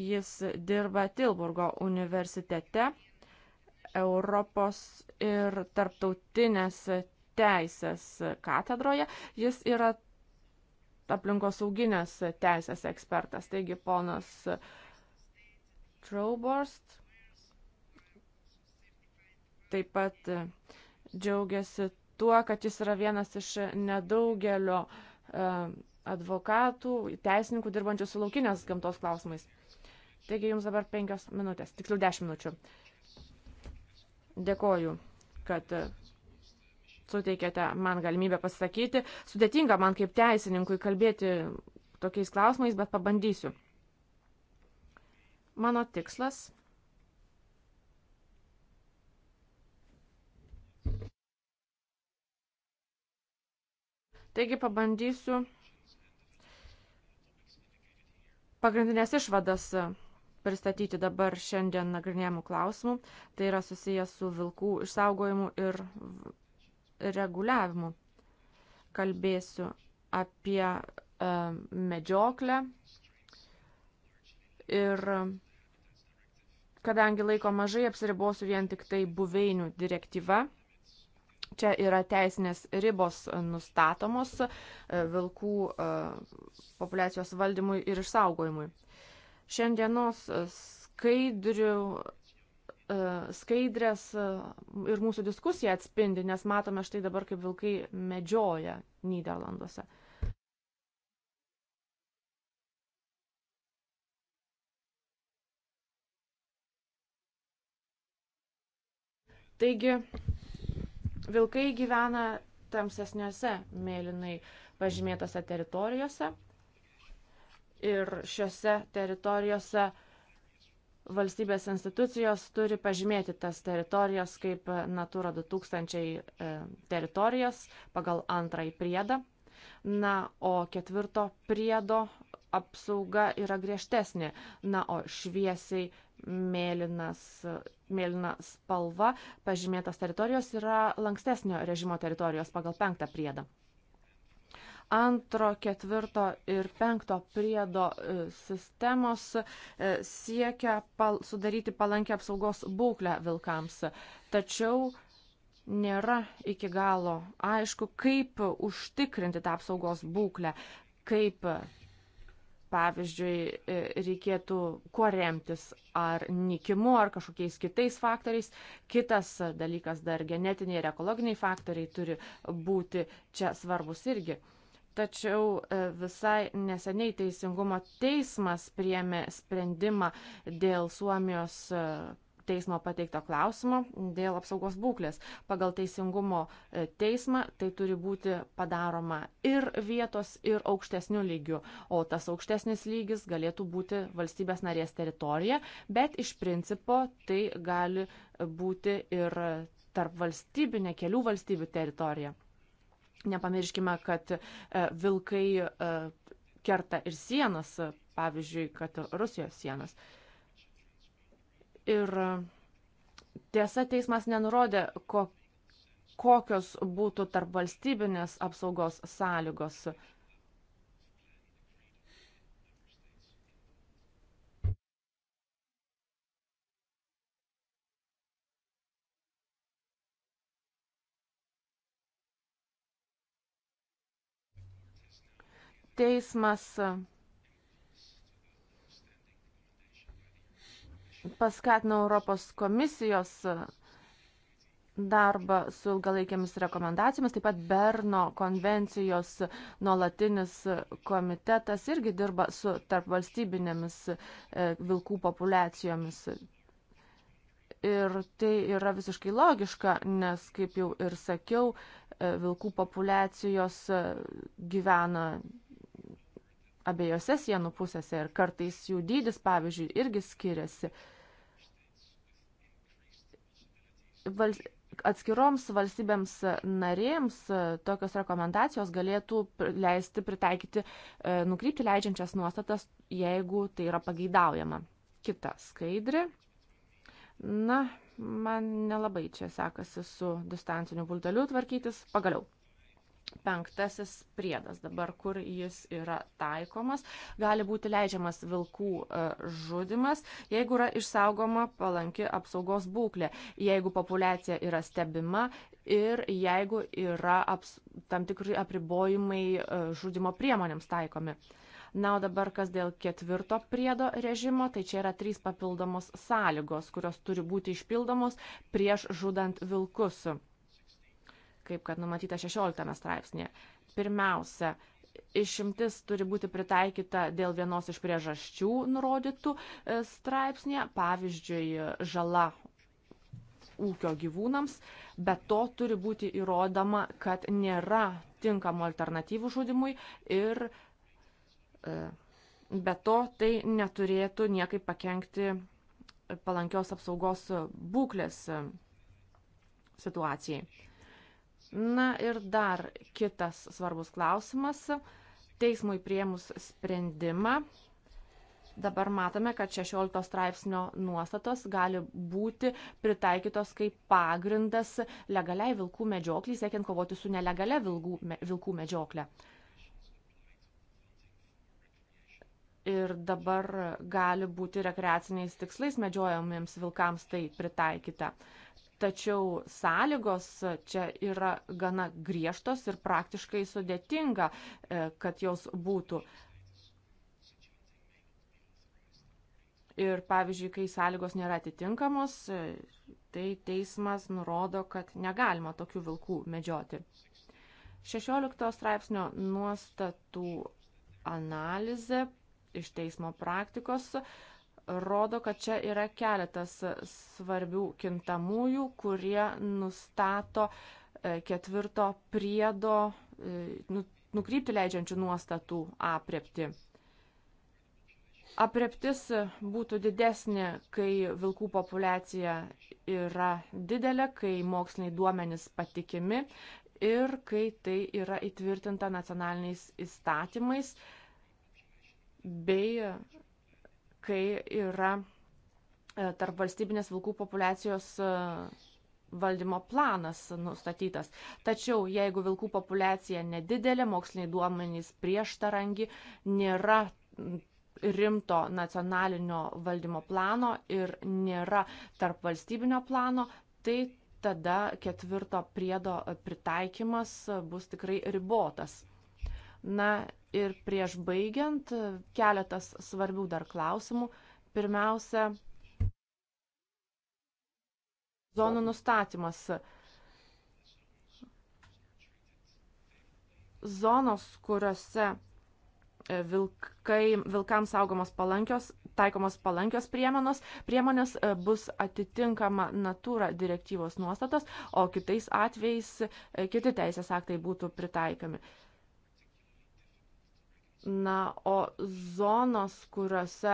Jis dirba Tilburgo universitete Europos ir tarptautinės teisės katedroje. Jis yra aplinkosauginės teisės ekspertas. Taigi ponas Trauborst taip pat džiaugiasi tuo, kad jis yra vienas iš nedaugelio e, advokatų, teisininkų dirbančių su laukinės gamtos klausimais. Taigi jums dabar penkios minutės, tiksliau dešimt minučių. Dėkoju, kad suteikėte man galimybę pasakyti. Sudėtinga man kaip teisininkui kalbėti tokiais klausimais, bet pabandysiu. Mano tikslas. Taigi pabandysiu pagrindinės išvadas pristatyti dabar šiandien nagrinėjamų klausimų. Tai yra susijęs su vilkų išsaugojimu ir reguliavimu. Kalbėsiu apie e, medžioklę ir kadangi laiko mažai apsiribosiu vien tik tai buveinių direktyva. Čia yra teisinės ribos nustatomos e, vilkų e, populacijos valdymui ir išsaugojimui. Šiandienos skaidrių E, skaidrės e, ir mūsų diskusija atspindi, nes matome štai dabar, kaip vilkai medžioja Niderlanduose. Taigi, vilkai gyvena tamsesniuose mėlynai pažymėtose teritorijose ir šiuose teritorijose uh, valstybės institucijos turi pažymėti tas teritorijas kaip Natura 2000 e, teritorijas pagal antrąjį priedą. Na, o ketvirto priedo apsauga yra griežtesnė. Na, o šviesiai mėlynas, mėlyna spalva pažymėtos teritorijos yra lankstesnio režimo teritorijos pagal penktą priedą antro, ketvirto ir penkto priedo e, sistemos e, siekia pal sudaryti palankę apsaugos būklę vilkams. Tačiau nėra iki galo aišku, kaip užtikrinti tą apsaugos būklę, kaip pavyzdžiui, e, reikėtų kuo remtis ar nikimu, ar kažkokiais kitais faktoriais. Kitas dalykas dar genetiniai ir ekologiniai faktoriai turi būti čia svarbus irgi. Tačiau e, visai neseniai Teisingumo teismas priemė sprendimą dėl Suomijos e, teismo pateikto klausimo dėl apsaugos būklės. Pagal teisingumo e, teismą tai turi būti padaroma ir vietos, ir aukštesnių lygių, o tas aukštesnis lygis galėtų būti valstybės narės teritorija, bet iš principo tai gali būti ir tarp valstybinė kelių valstybių teritorija. Nepamirškime, kad e, vilkai e, kerta ir sienas, pavyzdžiui, kad Rusijos sienas. Ir e, tiesa, teismas nenurodė, kokios būtų tarp valstybinės apsaugos sąlygos teismas paskatino Europos komisijos darbą su ilgalaikėmis rekomendacijomis, taip pat Berno konvencijos nuolatinis komitetas irgi dirba su tarpvalstybinėmis e, vilkų populiacijomis. Ir tai yra visiškai logiška, nes, kaip jau ir sakiau, e, vilkų populiacijos e, gyvena abiejose sienų pusėse ir kartais jų dydis, pavyzdžiui, irgi skiriasi. Val atskiroms valstybėms narėms tokios rekomendacijos galėtų leisti pritaikyti e, nukrypti leidžiančias nuostatas, jeigu tai yra pageidaujama. Kita skaidri. Na, man nelabai čia sekasi su distanciniu pulteliu tvarkytis. Pagaliau penktasis priedas, dabar kur jis yra taikomas, gali būti leidžiamas vilkų e, žudimas, jeigu yra išsaugoma palanki apsaugos būklė, jeigu populiacija yra stebima ir jeigu yra aps, tam tikri apribojimai e, žudimo priemonėms taikomi. Na, o dabar kas dėl ketvirto priedo režimo, tai čia yra trys papildomos sąlygos, kurios turi būti išpildomos prieš žudant vilkus kaip kad numatyta 16 straipsnėje. Pirmiausia, išimtis turi būti pritaikyta dėl vienos iš priežasčių nurodytų e, straipsnėje, pavyzdžiui, žala ūkio gyvūnams, bet to turi būti įrodoma, kad nėra tinkamų alternatyvų žudimui ir e, be to tai neturėtų niekaip pakengti palankios apsaugos būklės e, situacijai. Na ir dar kitas svarbus klausimas. Teismui priemus sprendimą. Dabar matome, kad 16 straipsnio nuostatos gali būti pritaikytos kaip pagrindas legaliai vilkų medžioklį, siekiant kovoti su nelegalia vilkų, vilkų medžiokle. ir dabar gali būti rekreaciniais tikslais medžiojamiems vilkams tai pritaikyta. Tačiau sąlygos čia yra gana griežtos ir praktiškai sudėtinga, e, kad jos būtų. Ir pavyzdžiui, kai sąlygos nėra atitinkamos, e, tai teismas nurodo, kad negalima tokių vilkų medžioti. 16 straipsnio nuostatų analizė iš teismo praktikos rodo, kad čia yra keletas svarbių kintamųjų, kurie nustato e, ketvirto priedo e, nu, nukrypti leidžiančių nuostatų apriepti. Apreptis būtų didesnė, kai vilkų populiacija yra didelė, kai moksliniai duomenys patikimi ir kai tai yra įtvirtinta nacionaliniais įstatymais bei kai yra e, tarp valstybinės vilkų populiacijos e, valdymo planas nustatytas. Tačiau jeigu vilkų populiacija nedidelė, moksliniai duomenys prieštarangi, nėra rimto nacionalinio valdymo plano ir nėra tarp valstybinio plano, tai tada ketvirto priedo pritaikymas bus tikrai ribotas. Na Ir prieš baigiant, keletas svarbių dar klausimų. Pirmiausia, zonų nustatymas. Zonos, kuriuose e, vilkai, vilkams saugomos palankios, taikomos palankios priemonos, priemonės e, bus atitinkama natūra direktyvos nuostatos, o kitais atvejais e, kiti teisės aktai būtų pritaikami. Na, o zonos, kuriuose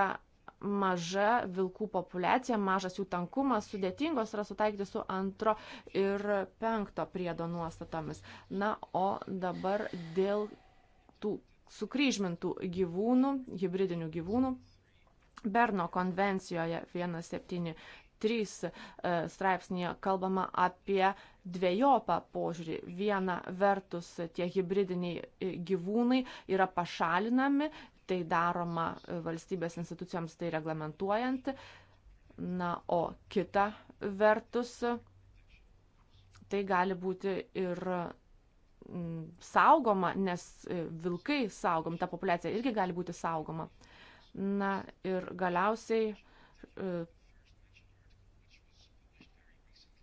maža vilkų populiacija, mažas jų tankumas, sudėtingos yra sutaikyti su antro ir penkto priedo nuostatomis. Na, o dabar dėl tų sukryžmintų gyvūnų, hybridinių gyvūnų. Berno konvencijoje 171 3 e, straipsnėje kalbama apie dviejopą požiūrį. Viena vertus tie hybridiniai e, gyvūnai yra pašalinami, tai daroma e, valstybės institucijoms tai reglamentuojant. Na, o kita vertus, tai gali būti ir saugoma, nes vilkai saugom, ta populiacija irgi gali būti saugoma. Na ir galiausiai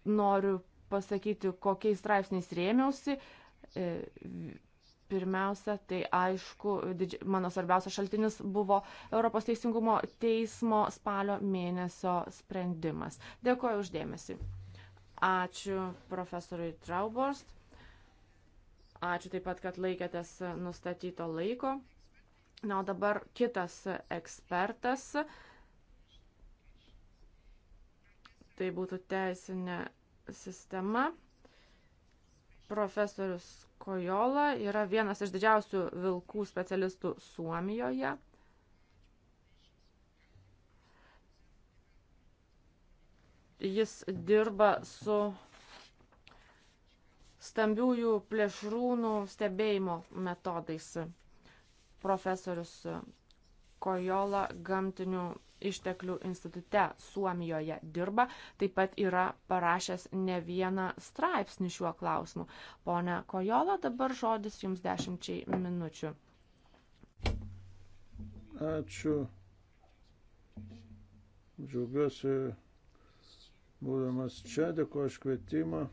noriu pasakyti, kokiais straipsniais rėmiausi. E, pirmiausia, tai aišku, mano svarbiausias šaltinis buvo Europos Teisingumo teismo spalio mėnesio sprendimas. Dėkuoju uždėmesi. Ačiū profesoriui Trauborst. Ačiū taip pat, kad laikėtės nustatyto laiko. Na, o dabar kitas ekspertas tai būtų teisinė sistema. Profesorius Kojola yra vienas iš didžiausių vilkų specialistų Suomijoje. Jis dirba su stambiųjų plėšrūnų stebėjimo metodais. Profesorius Kojola gamtinių išteklių institute Suomijoje dirba, taip pat yra parašęs ne vieną straipsnį šiuo klausimu. Pone Kojola, dabar žodis jums dešimčiai minučių. Ačiū. Džiaugiuosi, būdamas čia, dėkuoju aš kvietimą.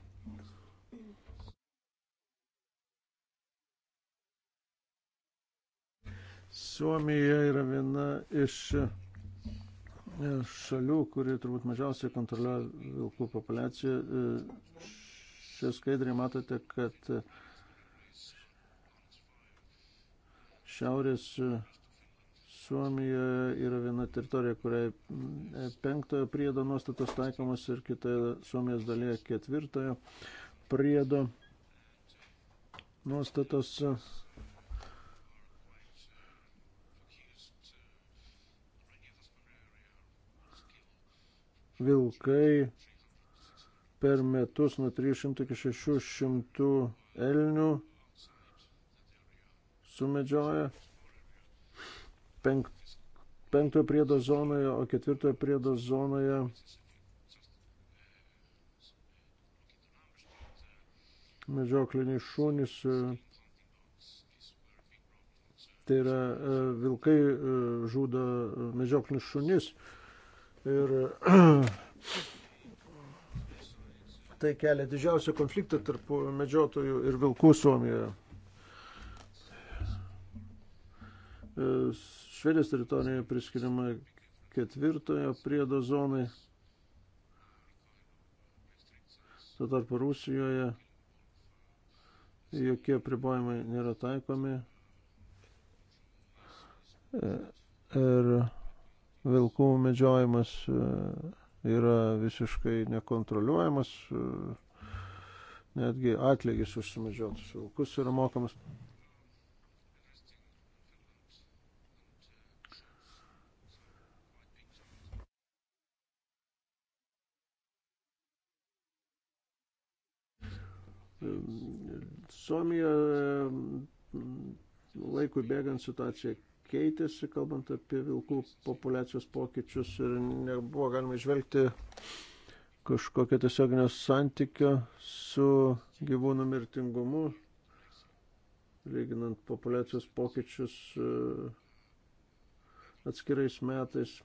Suomija yra viena iš šalių, kuri turbūt mažiausiai kontroliuoja vilkų populiaciją. Šią skaidrį matote, kad šiaurės Suomijoje yra viena teritorija, kuriai penktojo priedo nuostatos taikomos ir kitoje Suomijos dalyje ketvirtojo priedo nuostatos vilkai per metus nuo 300 iki 600 elnių sumedžioja penk, penktojo priedo zonoje, o ketvirtojo priedo zonoje medžiokliniai šunys, e, tai yra e, vilkai e, žudo medžioklinius šunis Ir tai kelia didžiausią konfliktą tarp medžiotojų ir vilkų Suomijoje. Švedijos teritorijoje priskiriama ketvirtojo priedo zonai. Tuo tarpu Rusijoje jokie pribojimai nėra taikomi. E, ir er, er, vilkų medžiojimas e, yra visiškai nekontroliuojamas, e, netgi atlygis už sumedžiotus vilkus yra mokamas. Suomija laikui bėgant situacija keitėsi, kalbant apie vilkų populiacijos pokyčius ir nebuvo galima išvelgti kažkokio tiesioginio santykio su gyvūnų mirtingumu, lyginant populiacijos pokyčius e, atskirais metais.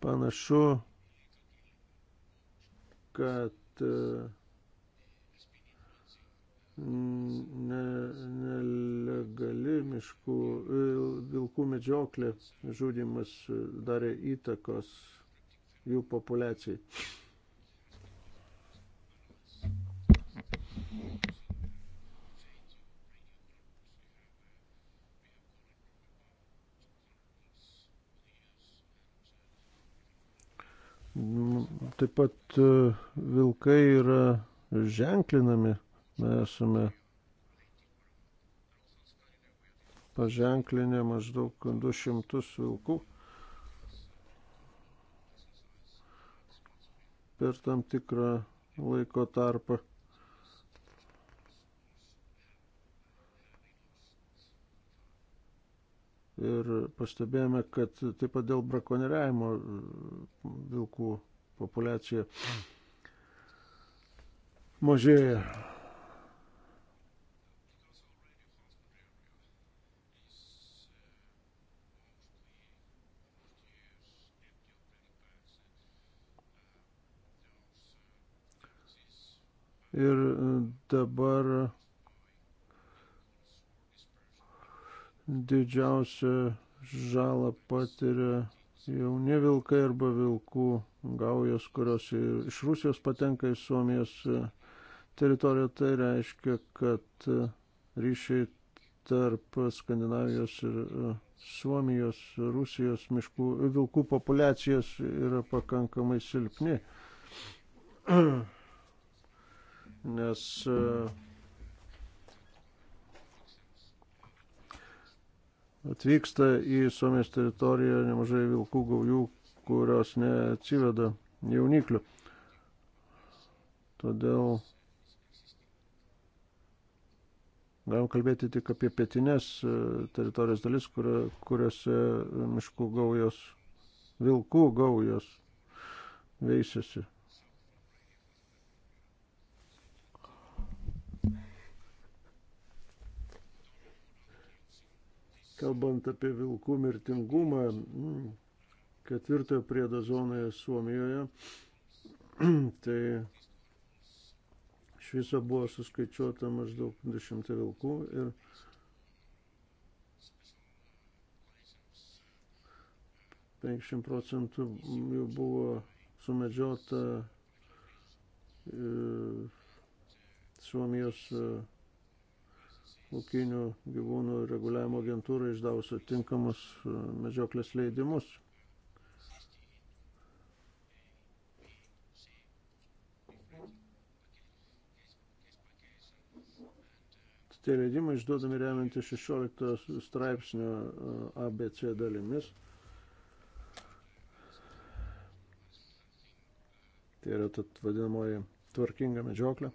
Panašu, kad e, ne, nelegali miškų e, vilkų medžioklė žudimas e, darė įtakos jų populiacijai. Taip pat e, vilkai yra ženklinami. Mes esame paženklinę maždaug 200 vilkų per tam tikrą laiko tarpą. ir pastebėjome, kad taip pat dėl brakonieriavimo vilkų populiacija mažėja. Ir dabar didžiausią žalą patiria jauni vilkai arba vilkų gaujos, kurios iš Rusijos patenka į Suomijos e, teritoriją. Tai reiškia, kad e, ryšiai tarp Skandinavijos ir e, Suomijos, Rusijos miškų vilkų populiacijos yra pakankamai silpni. Nes uh, atvyksta į Suomijos teritoriją nemažai vilkų gaujų, kurios neatsiveda jauniklių. Todėl galim kalbėti tik apie pietinės e, teritorijos dalis, kurio, kuriuose miškų gaujos, vilkų gaujos veisiasi. Kalbant apie vilkų mirtingumą, mm, ketvirtojo priedo zonoje Suomijoje, tai iš viso buvo suskaičiuota maždaug 200 vilkų ir penkšim procentų jų buvo sumedžiota e, Suomijos e, ūkinių gyvūnų reguliavimo agentūra išdavus atitinkamus e, medžioklės leidimus. Tie leidimai išduodami remiantį 16 straipsnio e, ABC dalimis. Tai yra tad vadinamoji tvarkinga medžioklė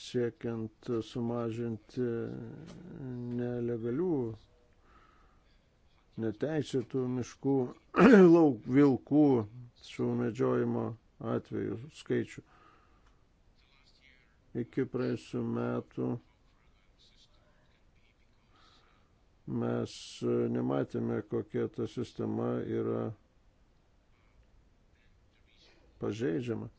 siekiant sumažinti nelegalių, neteisėtų miškų lauk vilkų sumedžiojimo atvejų skaičių. Iki praėjusių metų mes nematėme, kokia ta sistema yra pažeidžiama.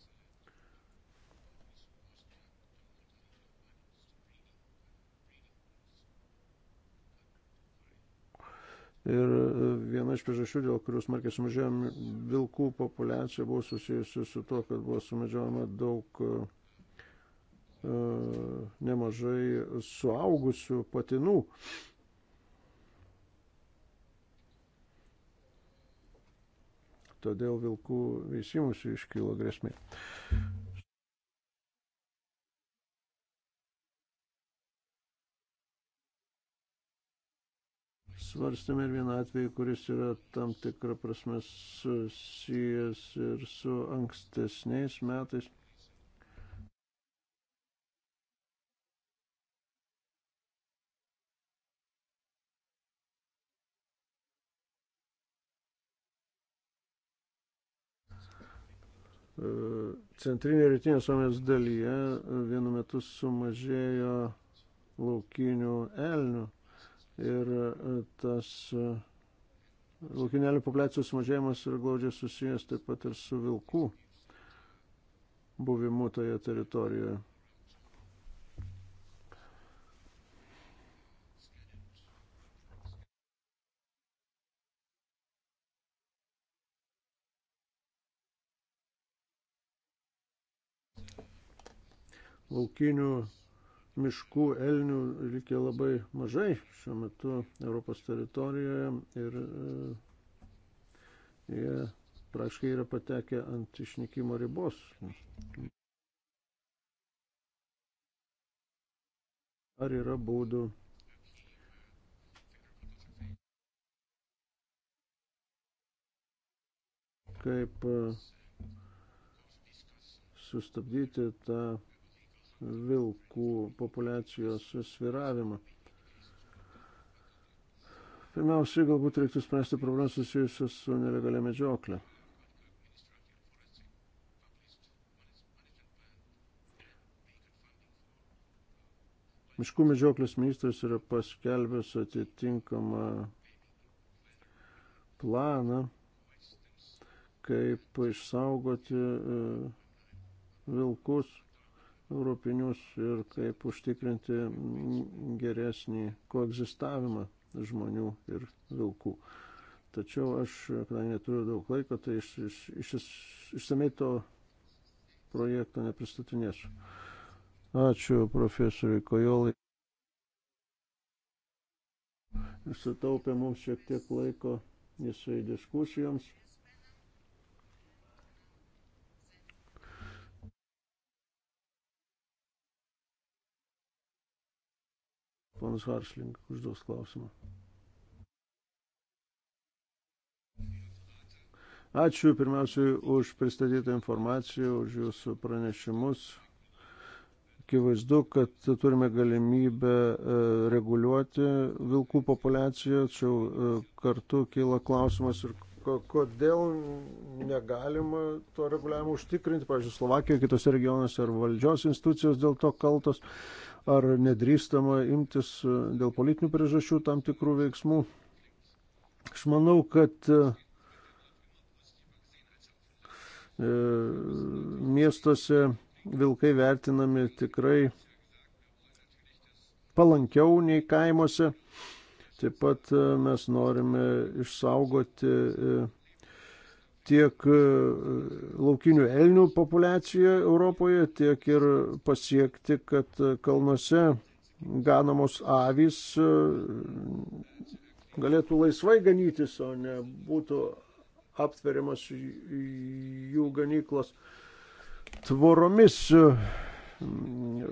Ir e, viena iš priežasčių, dėl kurių smarkiai sumažėjo vilkų populiacija, buvo susijusi su to, kad buvo sumažėjama daug e, e, nemažai suaugusių patinų. Todėl vilkų veisimusi iškylo grėsmė. svarstame ir vieną atvejį, kuris yra tam tikrą prasme susijęs ir su ankstesniais metais. Centrinė rytinė Suomijos dalyje vienu metu sumažėjo laukinių elnių ir e, tas e, laukinėlių populiacijos mažėjimas yra glaudžiai susijęs taip pat ir su vilkų buvimu toje teritorijoje. laukinių miškų elnių likė labai mažai šiuo metu Europos teritorijoje ir e, jie praktiškai yra patekę ant išnykimo ribos. Ar yra būdų kaip e, sustabdyti tą vilkų populiacijos sviravimą. Pirmiausiai, galbūt reiktų spręsti problemą susijusią su nelegalia medžioklė. Miškų medžioklės ministras yra paskelbęs atitinkamą planą, kaip išsaugoti e, vilkus europinius ir kaip užtikrinti geresnį koegzistavimą žmonių ir vilkų. Tačiau aš, kadangi neturiu daug laiko, tai iš, iš, iš, išsamei to projekto nepristatinėsiu. Ačiū profesoriui Kojolai. Sutaupė mums šiek tiek laiko jisai diskusijoms. Ponas Varšlink užduos klausimą. Ačiū pirmiausiai už pristatytą informaciją, už jūsų pranešimus. Akivaizdu, kad turime galimybę e, reguliuoti vilkų populiaciją, tačiau e, kartu kyla klausimas ir kodėl negalima to reguliavimo užtikrinti. Pavyzdžiui, Slovakijoje, kitose regionuose ar valdžios institucijos dėl to kaltos ar nedrįstama imtis e, dėl politinių priežasčių tam tikrų veiksmų. Aš manau, kad e, e, miestuose vilkai vertinami tikrai palankiau nei kaimuose. Taip pat mes norime išsaugoti tiek e, laukinių elnių populiaciją Europoje, tiek ir pasiekti, kad e, kalnuose ganamos avys e, galėtų laisvai ganytis, o ne būtų aptveriamas jų ganyklos tvoromis.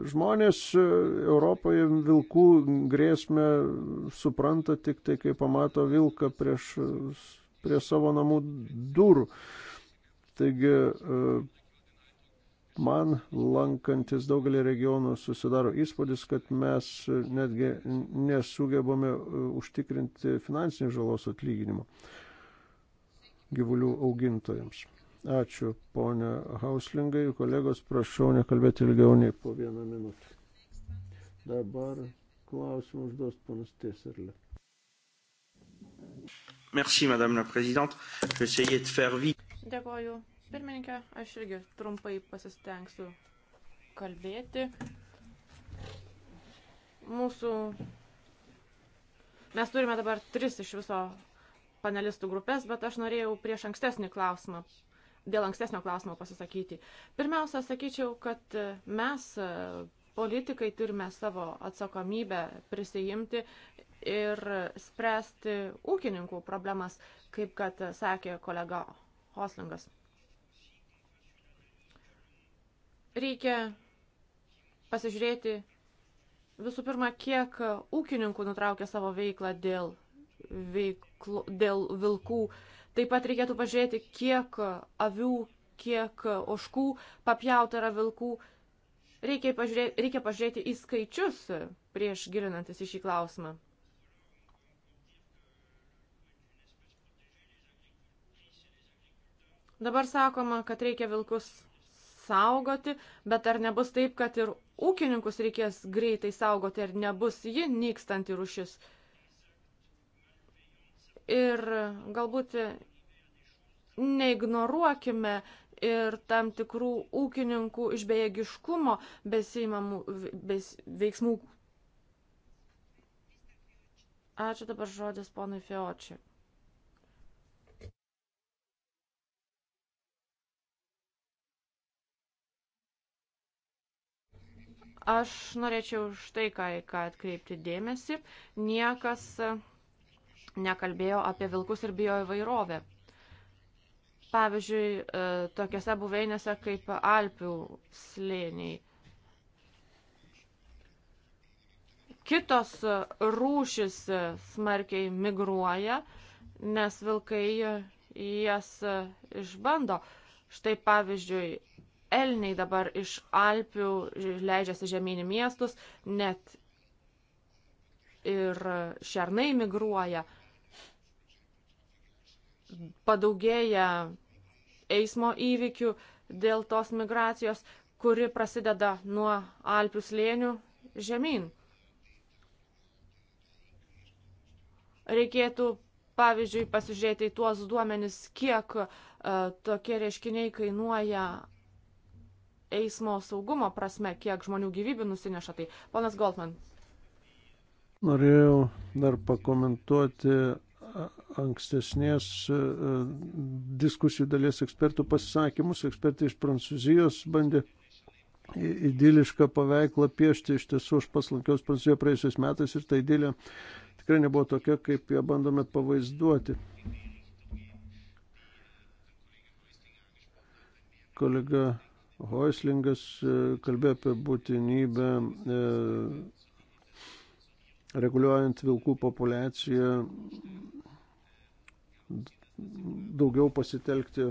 Žmonės Europoje vilkų grėsmę supranta tik tai, kai pamato vilką prieš prie savo namų durų. Taigi e, man lankantis daugelį regionų susidaro įspūdis, kad mes netgi nesugebame e, užtikrinti finansinės žalos atlyginimo gyvulių augintojams. Ačiū, ponė Hauslingai. Kolegos, prašau nekalbėti ilgiau nei po vieną minutę. Dabar klausimą užduos ponas Tieserlė. Merci, Madame la Présidente. Je vais essayer de faire vite. Dėkoju. Pirmininkė, aš irgi trumpai pasistengsiu kalbėti. Mūsų... Mes turime dabar tris iš viso panelistų grupės, bet aš norėjau prieš ankstesnį klausimą, dėl ankstesnio klausimo pasisakyti. Pirmiausia, sakyčiau, kad mes politikai turime savo atsakomybę prisijimti ir spręsti ūkininkų problemas, kaip kad sakė kolega Hoslingas. Reikia pasižiūrėti visų pirma, kiek ūkininkų nutraukė savo veiklą dėl, veiklo, dėl vilkų. Taip pat reikėtų pažiūrėti, kiek avių, kiek oškų papjauta yra vilkų. Reikia pažiūrėti, reikia pažiūrėti į skaičius prieš gilinantis į šį klausimą. Dabar sakoma, kad reikia vilkus saugoti, bet ar nebus taip, kad ir ūkininkus reikės greitai saugoti, ar nebus ji nykstanti rušis. Ir galbūt neignoruokime ir tam tikrų ūkininkų iš bejėgiškumo besimamų bes, veiksmų. Ačiū dabar žodis ponui Fiočiui. Aš norėčiau štai ką, ką atkreipti dėmesį. Niekas e, nekalbėjo apie vilkus ir bioįvairovę. Pavyzdžiui, e, tokiuose buveinėse kaip Alpių slėniai. Kitos rūšis smarkiai migruoja, nes vilkai jas išbando. Štai pavyzdžiui, elniai dabar iš Alpių leidžiasi žemyn į miestus, net ir šernai migruoja. Padaugėja eismo įvykių dėl tos migracijos, kuri prasideda nuo Alpių slėnių žemyn. Reikėtų, pavyzdžiui, pasižiūrėti į tuos duomenis, kiek uh, tokie reiškiniai kainuoja eismo saugumo prasme, kiek žmonių gyvybių nusineša. Tai ponas Goldman. Norėjau dar pakomentuoti ankstesnės diskusijų dalies ekspertų pasisakymus. Ekspertai iš Prancūzijos bandė idilišką paveikslą piešti. Iš tiesų, aš paslankiausi Prancūzijoje praėjusiais metais ir ta idilė tikrai nebuvo tokia, kaip ją bandome pavaizduoti. Kolega Hoislingas e, kalbėjo apie būtinybę e, reguliuojant vilkų populiaciją daugiau pasitelkti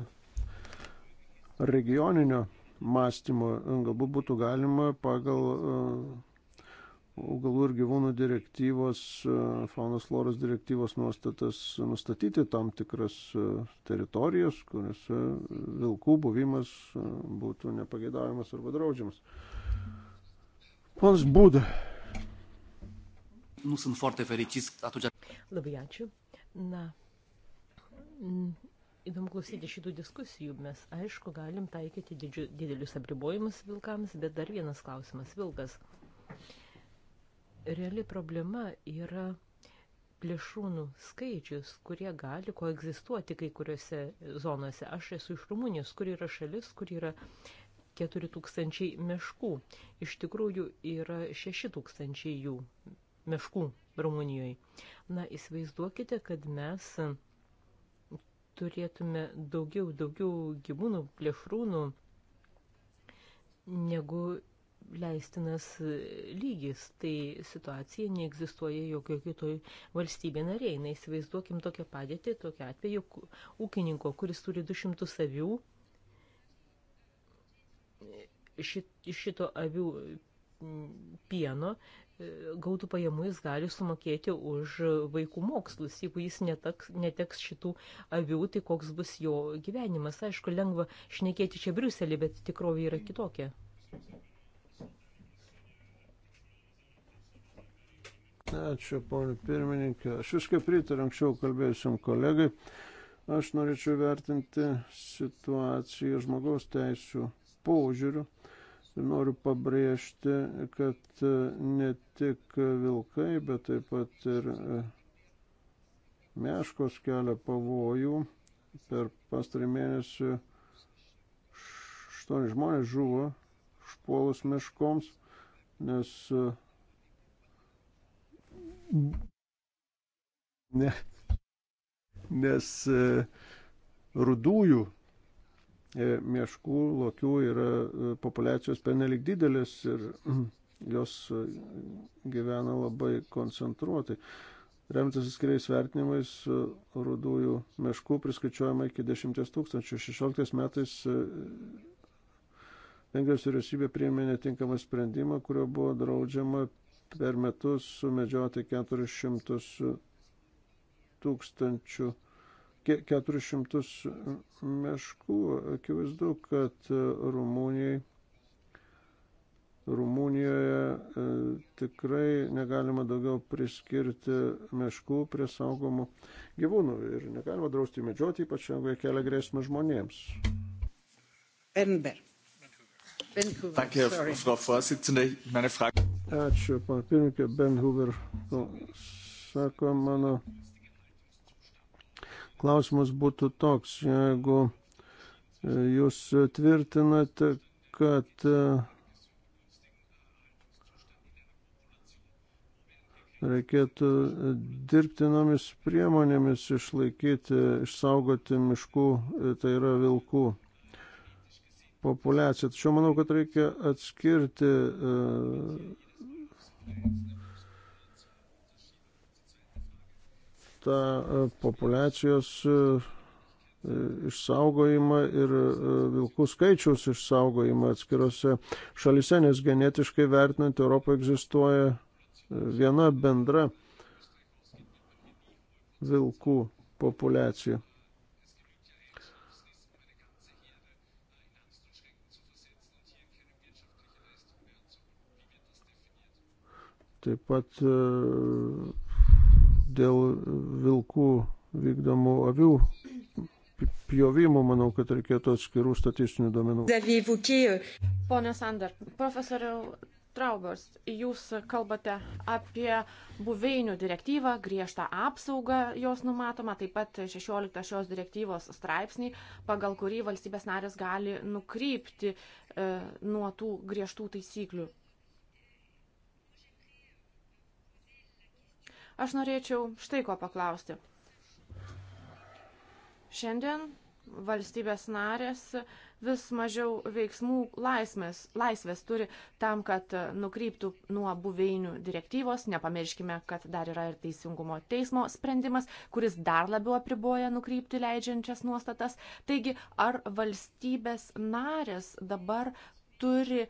regioninio mąstymo. Galbūt būtų galima pagal e, augalų ir gyvūnų direktyvos, e, faunos floros direktyvos nuostatas nustatyti tam tikras e, teritorijas, kuriuose vilkų buvimas e, būtų nepagėdavimas arba draudžiamas. Pons būda. Nu, sunt foarte fericit atunci. Labai ačiū. Na, įdomu klausyti šitų diskusijų. Mes, aišku, galim taikyti didžiu, didelius apribojimus vilkams, bet dar vienas klausimas - vilkas reali problema yra plėšrūnų skaičius, kurie gali koegzistuoti kai kuriuose zonose. Aš esu iš Rumunijos, kur yra šalis, kur yra 4000 meškų. Iš tikrųjų yra 6000 jų meškų Rumunijoje. Na, įsivaizduokite, kad mes turėtume daugiau, daugiau gyvūnų, plėšrūnų, negu leistinas e, lygis, tai situacija neegzistuoja jokio kitoj valstybė nariai. Na, įsivaizduokim tokią padėtį, tokią atveju ūkininko, kuris turi 200 avių, e, šito avių pieno e, gautų pajamų jis gali sumokėti už vaikų mokslus. Jeigu jis neteks, neteks šitų avių, tai koks bus jo gyvenimas. Aišku, lengva šnekėti čia Briuselį, bet tikrovė yra kitokia. Thank you. Ačiū, ponė pirmininkė. Aš viską pritariu anksčiau kalbėjusiam kolegai. Aš norėčiau vertinti situaciją žmogaus teisų požiūrių. Ir noriu pabrėžti, kad ne tik vilkai, bet taip pat ir e, meškos kelia pavojų. Per pastarį mėnesį aštuoni žmonės žuvo užpuolus meškoms, nes e, Ne, nes e, rudųjų e, miškų lokių yra e, populiacijos penelik didelis ir jos gyvena labai koncentruotai. Remtis atskiriais vertinimais, rudųjų miškų priskaičiuojama iki 10 tūkstančių. 16 metais Vengrijos vyriausybė priėmė netinkamą sprendimą, kurio buvo draudžiama per metus sumedžioti 400 tūkstančių 400 meškų. Akivaizdu, kad Rumunijai, Rumunijoje e, tikrai negalima daugiau priskirti meškų prie saugomų gyvūnų ir negalima drausti medžioti, ypač jeigu jie kelia grėsmę žmonėms. Edinburgh. Danke, Frau Vorsitzende. Meine Frage. Ačiū, pana pirmininkė, Ben Huber. Nu, sako, mano klausimas būtų toks, jeigu e, jūs tvirtinate, kad e, reikėtų dirbtinomis priemonėmis išlaikyti, išsaugoti miškų, e, tai yra vilkų populiaciją. Tačiau manau, kad reikia atskirti uh, tą e, populacijos e, e, išsaugojimą ir vilkų skaičiaus išsaugojimą atskirose šalise, nes genetiškai vertinant Europoje egzistuoja viena bendra vilkų populiacija. Taip pat e, dėl vilkų vykdomų avių pjovimų, manau, kad reikėtų atskirų statistinių duomenų. Pone Sander, profesoriau Traubers, jūs kalbate apie buveinių direktyvą, griežtą apsaugą jos numatoma, taip pat 16 šios direktyvos straipsnį, pagal kurį valstybės narės gali nukrypti e, nuo tų griežtų taisyklių. Aš norėčiau štai ko paklausti. Šiandien valstybės narės vis mažiau veiksmų laisvės, laisvės turi tam, kad nukryptų nuo buveinių direktyvos. Nepamirškime, kad dar yra ir teisingumo teismo sprendimas, kuris dar labiau apriboja nukrypti leidžiančias nuostatas. Taigi, ar valstybės narės dabar turi e,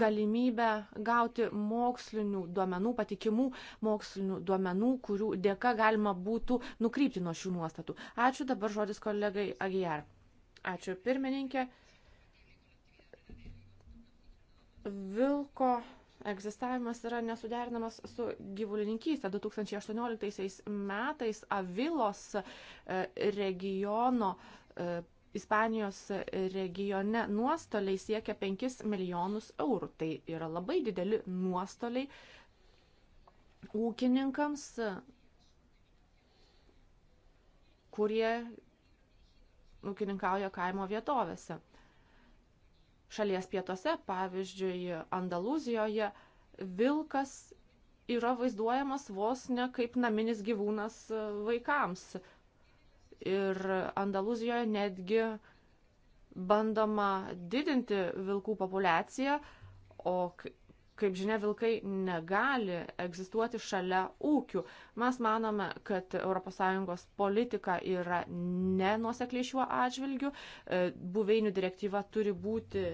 galimybę gauti mokslinių duomenų, patikimų mokslinių duomenų, kurių dėka galima būtų nukrypti nuo šių nuostatų. Ačiū dabar žodis kolegai Agijar. Ačiū pirmininkė. Vilko egzistavimas yra nesuderinamas su gyvulininkystė. 2018 metais avilos e, regiono e, Ispanijos regione nuostoliai siekia 5 milijonus eurų. Tai yra labai dideli nuostoliai ūkininkams, kurie ūkininkauja kaimo vietovėse. Šalies pietuose, pavyzdžiui, Andaluzijoje, vilkas yra vaizduojamas vos ne kaip naminis gyvūnas vaikams Ir Andaluzijoje netgi bandoma didinti vilkų populiaciją, o kaip žinia, vilkai negali egzistuoti šalia ūkių. Mes manome, kad ES politika yra nenusekliai šiuo atžvilgiu. E, buveinių direktyva turi būti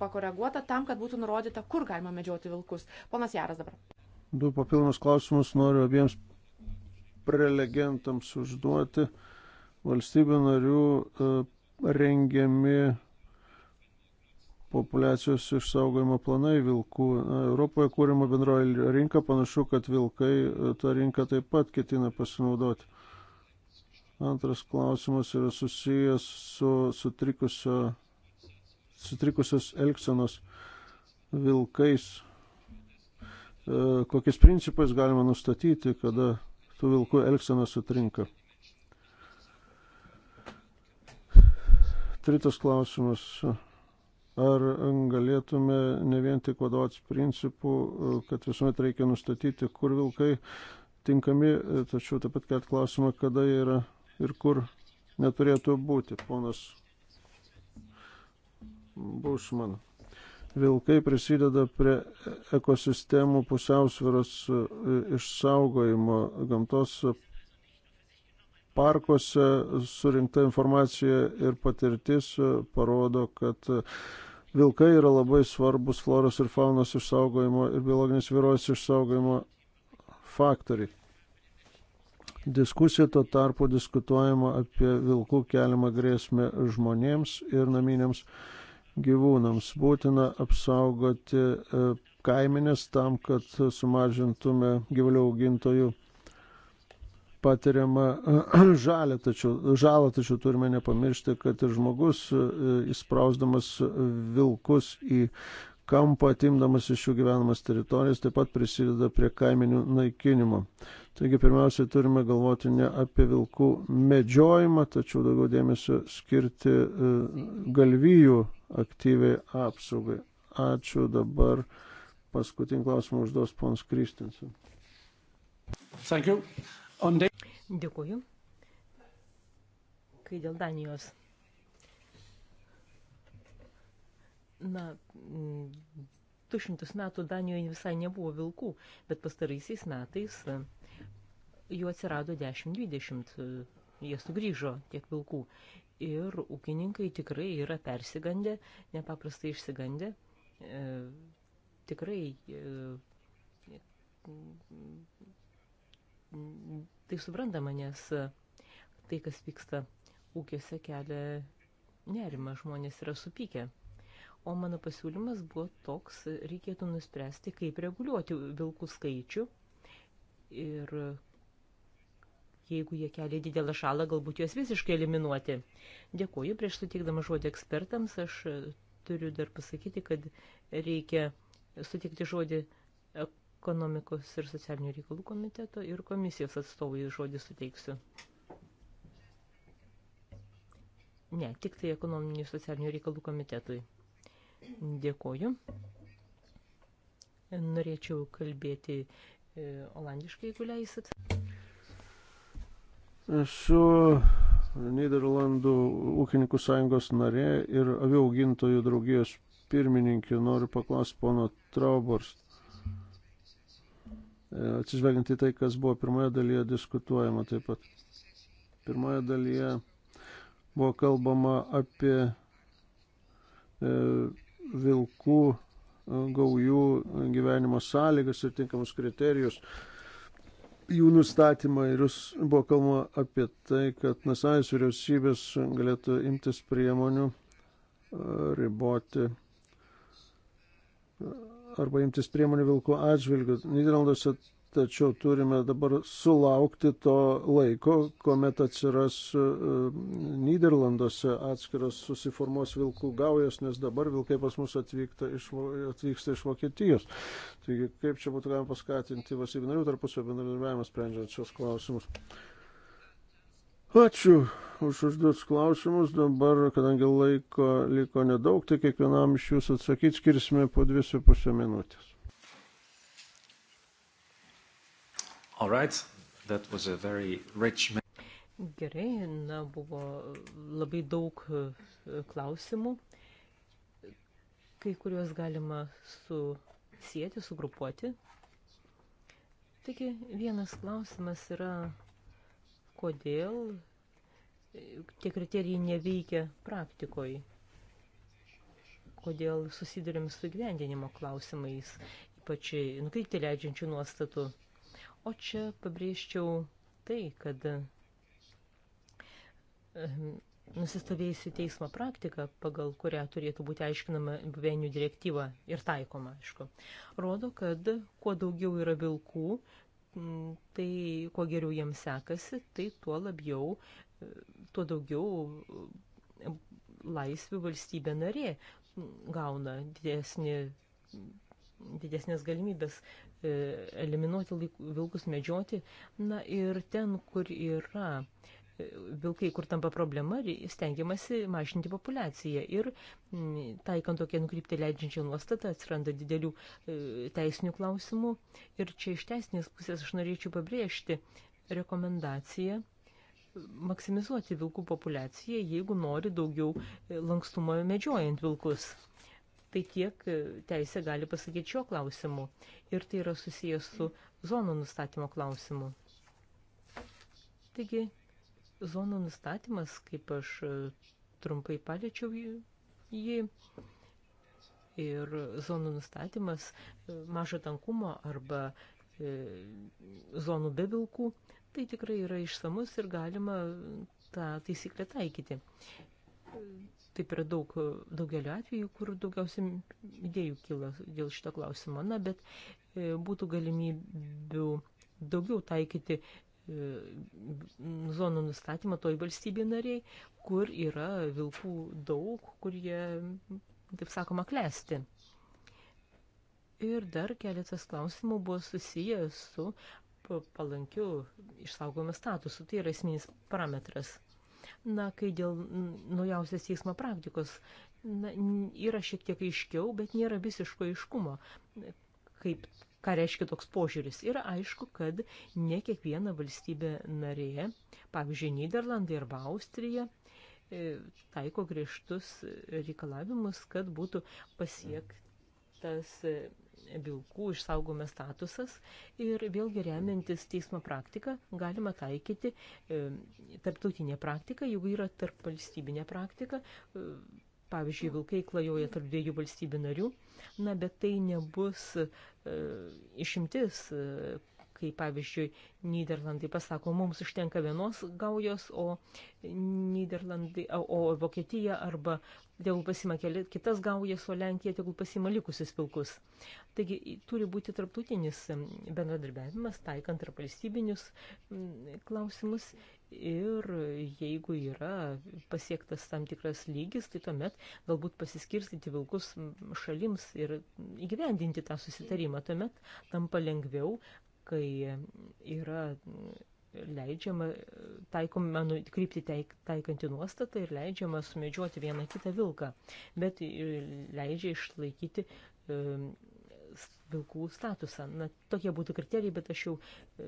pakoreguota tam, kad būtų nurodyta, kur galima medžioti vilkus. Ponas Jaras dabar. Du papildomus klausimus noriu abiems prelegentams užduoti valstybių narių e, rengiami populiacijos išsaugojimo planai vilkų. Europoje kūrimo bendroji rinka, panašu, kad vilkai e, tą rinką taip pat ketina pasinaudoti. Antras klausimas yra susijęs su sutrikusio, sutrikusios elgsenos vilkais. E, kokiais principais galima nustatyti, kada tų vilkų elgsena sutrinka? Tritas klausimas. Ar galėtume ne vien tik vadovautis principu, kad visuomet reikia nustatyti, kur vilkai tinkami, tačiau taip pat kelt klausimą, kada jie yra ir kur neturėtų būti. Ponas Bausman. Vilkai prisideda prie ekosistemų pusiausviros e, išsaugojimo. Gamtos parkuose surinkta informacija ir patirtis e, parodo, kad e, vilkai yra labai svarbus floros ir faunos išsaugojimo ir biologinės vyros išsaugojimo faktoriai. Diskusija tuo tarpu diskutuojama apie vilkų keliamą grėsmę žmonėms ir naminiams gyvūnams. Būtina apsaugoti e, kaiminės tam, kad sumažintume gyvulių augintojų patiriamą žalę, tačiau, žalą, tačiau turime nepamiršti, kad ir žmogus e, įsprausdamas vilkus į kampą, atimdamas iš jų gyvenamas teritorijas, taip pat prisideda prie kaimenių naikinimo. Taigi pirmiausiai turime galvoti ne apie vilkų medžiojimą, tačiau daugiau dėmesio skirti e, galvijų aktyviai apsaugai. Ačiū dabar. Paskutinį klausimą užduos pons Kristinsen. Thank you. On day... Dėkuoju. Kai dėl Danijos. Na, 200 mm, metų Danijoje visai nebuvo vilkų, bet pastaraisiais metais e, jų atsirado 10-20, e, jie sugrįžo tiek vilkų. Ir ūkininkai tikrai yra persigandę, nepaprastai išsigandę. E, tikrai e, tai suprantama, nes tai, kas vyksta ūkiuose, kelia nerimą, žmonės yra supykę. O mano pasiūlymas buvo toks, reikėtų nuspręsti, kaip reguliuoti vilkų skaičių ir jeigu jie kelia didelę žalą, galbūt juos visiškai eliminuoti. Dėkuoju, prieš sutikdama žodį ekspertams, aš turiu dar pasakyti, kad reikia sutikti žodį ekonomikos ir socialinių reikalų komiteto ir komisijos atstovai žodį suteiksiu. Ne, tik tai ekonominių ir socialinių reikalų komitetui. Dėkoju. Norėčiau kalbėti e, olandiškai, jeigu leisit. Esu Niderlandų ūkininkų sąjungos narė ir aviaugintojų draugijos pirmininkė. Noriu paklausti pono Traubors. E, atsižvelgiant į tai, kas buvo pirmoje dalyje diskutuojama taip pat. Pirmoje dalyje buvo kalbama apie e, vilkų e, gaujų gyvenimo sąlygas ir tinkamus kriterijus jų nustatymą ir jūs buvo kalbama apie tai, kad nacionalinės vyriausybės galėtų imtis priemonių riboti arba imtis priemonių vilkų atžvilgių. Niderlanduose tačiau turime dabar sulaukti to laiko, kuomet atsiras e, Niderlanduose atskiras susiformuos vilkų gaujas, nes dabar vilkai pas mus atvyksta iš, atvyksta iš Vokietijos. Taigi kaip čia būtų galima paskatinti valstybinarių tarpusio bendradarbiavimą sprendžiant šios klausimus. Ačiū už užduotus klausimus. Dabar, kadangi laiko liko nedaug, tai kiekvienam iš jūsų atsakyti skirsime po 2,5 minutės. All right. That was a very rich man. Gerai, na, buvo labai daug e, klausimų. Kai kuriuos galima susijęti, sugrupuoti. Taigi, vienas klausimas yra kodėl tie kriterijai neveikia praktikoje, kodėl susidurėm su gyvendinimo klausimais, ypač nukreipti leidžiančių nuostatų. O čia pabrėžčiau tai, kad ehm, nusistovėjusi teismo praktika, pagal kurią turėtų būti aiškinama buveinių direktyva ir taikoma, aišku, rodo, kad kuo daugiau yra vilkų, Mm, tai kuo geriau jiems sekasi, tai tuo labiau, e, tuo daugiau e, laisvių valstybė narė mm, gauna didesnį, mm, didesnės galimybės e, eliminuoti vilkus medžioti. Na ir ten, kur yra e, vilkai, kur tampa problema, stengiamasi mažinti populiaciją. Ir taikant tokią nukryptį leidžiančią nuostatą atsiranda didelių e, teisinių klausimų. Ir čia iš teisinės pusės aš norėčiau pabrėžti rekomendaciją e, maksimizuoti vilkų populiaciją, jeigu nori daugiau e, lankstumo medžiojant vilkus. Tai tiek teisė gali pasakyti šio klausimu. Ir tai yra susijęs su zonų nustatymo klausimu. Taigi, zonų nustatymas, kaip aš e, trumpai paliečiau jį, ir zonų nustatymas e, mažo tankumo arba e, zonų be vilkų, tai tikrai yra išsamus ir galima tą taisyklę taikyti. Taip yra daug, daugeliu atveju, kur daugiausiai idėjų kyla dėl šito klausimo. Na, bet būtų galimybių daugiau taikyti E, zonų nustatymą toj valstybė nariai, kur yra vilkų daug, kur jie, taip sakoma, klesti. Ir dar keletas klausimų buvo susiję su palankiu išsaugojimu statusu. Tai yra esminis parametras. Na, kai dėl naujausias teismo praktikos na, yra šiek tiek aiškiau, bet nėra visiško aiškumo, kaip ką reiškia toks požiūris. Ir aišku, kad ne kiekviena valstybė narėje, pavyzdžiui, Niderlandai arba Austrija, e, taiko griežtus reikalavimus, kad būtų pasiektas e, vilkų išsaugomas statusas ir vėlgi remiantis teismo praktiką galima taikyti e, tarptautinę praktiką, jeigu yra tarp valstybinė praktika, e, Pavyzdžiui, vilkai klajoja tarp dviejų valstybių narių, na, bet tai nebus e, išimtis, e, kai, pavyzdžiui, Niderlandai pasako, mums užtenka vienos gaujos, o, Niderlandai, o, o Vokietija arba tegul pasima kitas gaujas, o Lenkija tegul pasima likusius vilkus. Taigi turi būti tarptautinis e, bendradarbiavimas, taikant tarp valstybinius klausimus ir jeigu yra pasiektas tam tikras lygis, tai tuomet galbūt pasiskirstyti vilkus šalims ir įgyvendinti tą susitarimą. Tuomet tampa lengviau, kai yra leidžiama taikom, mano, nu, krypti taik, taikanti nuostatą ir leidžiama sumedžioti vieną kitą vilką, bet leidžia išlaikyti e, vilkų statusą. Na, tokie būtų kriterijai, bet aš jau e,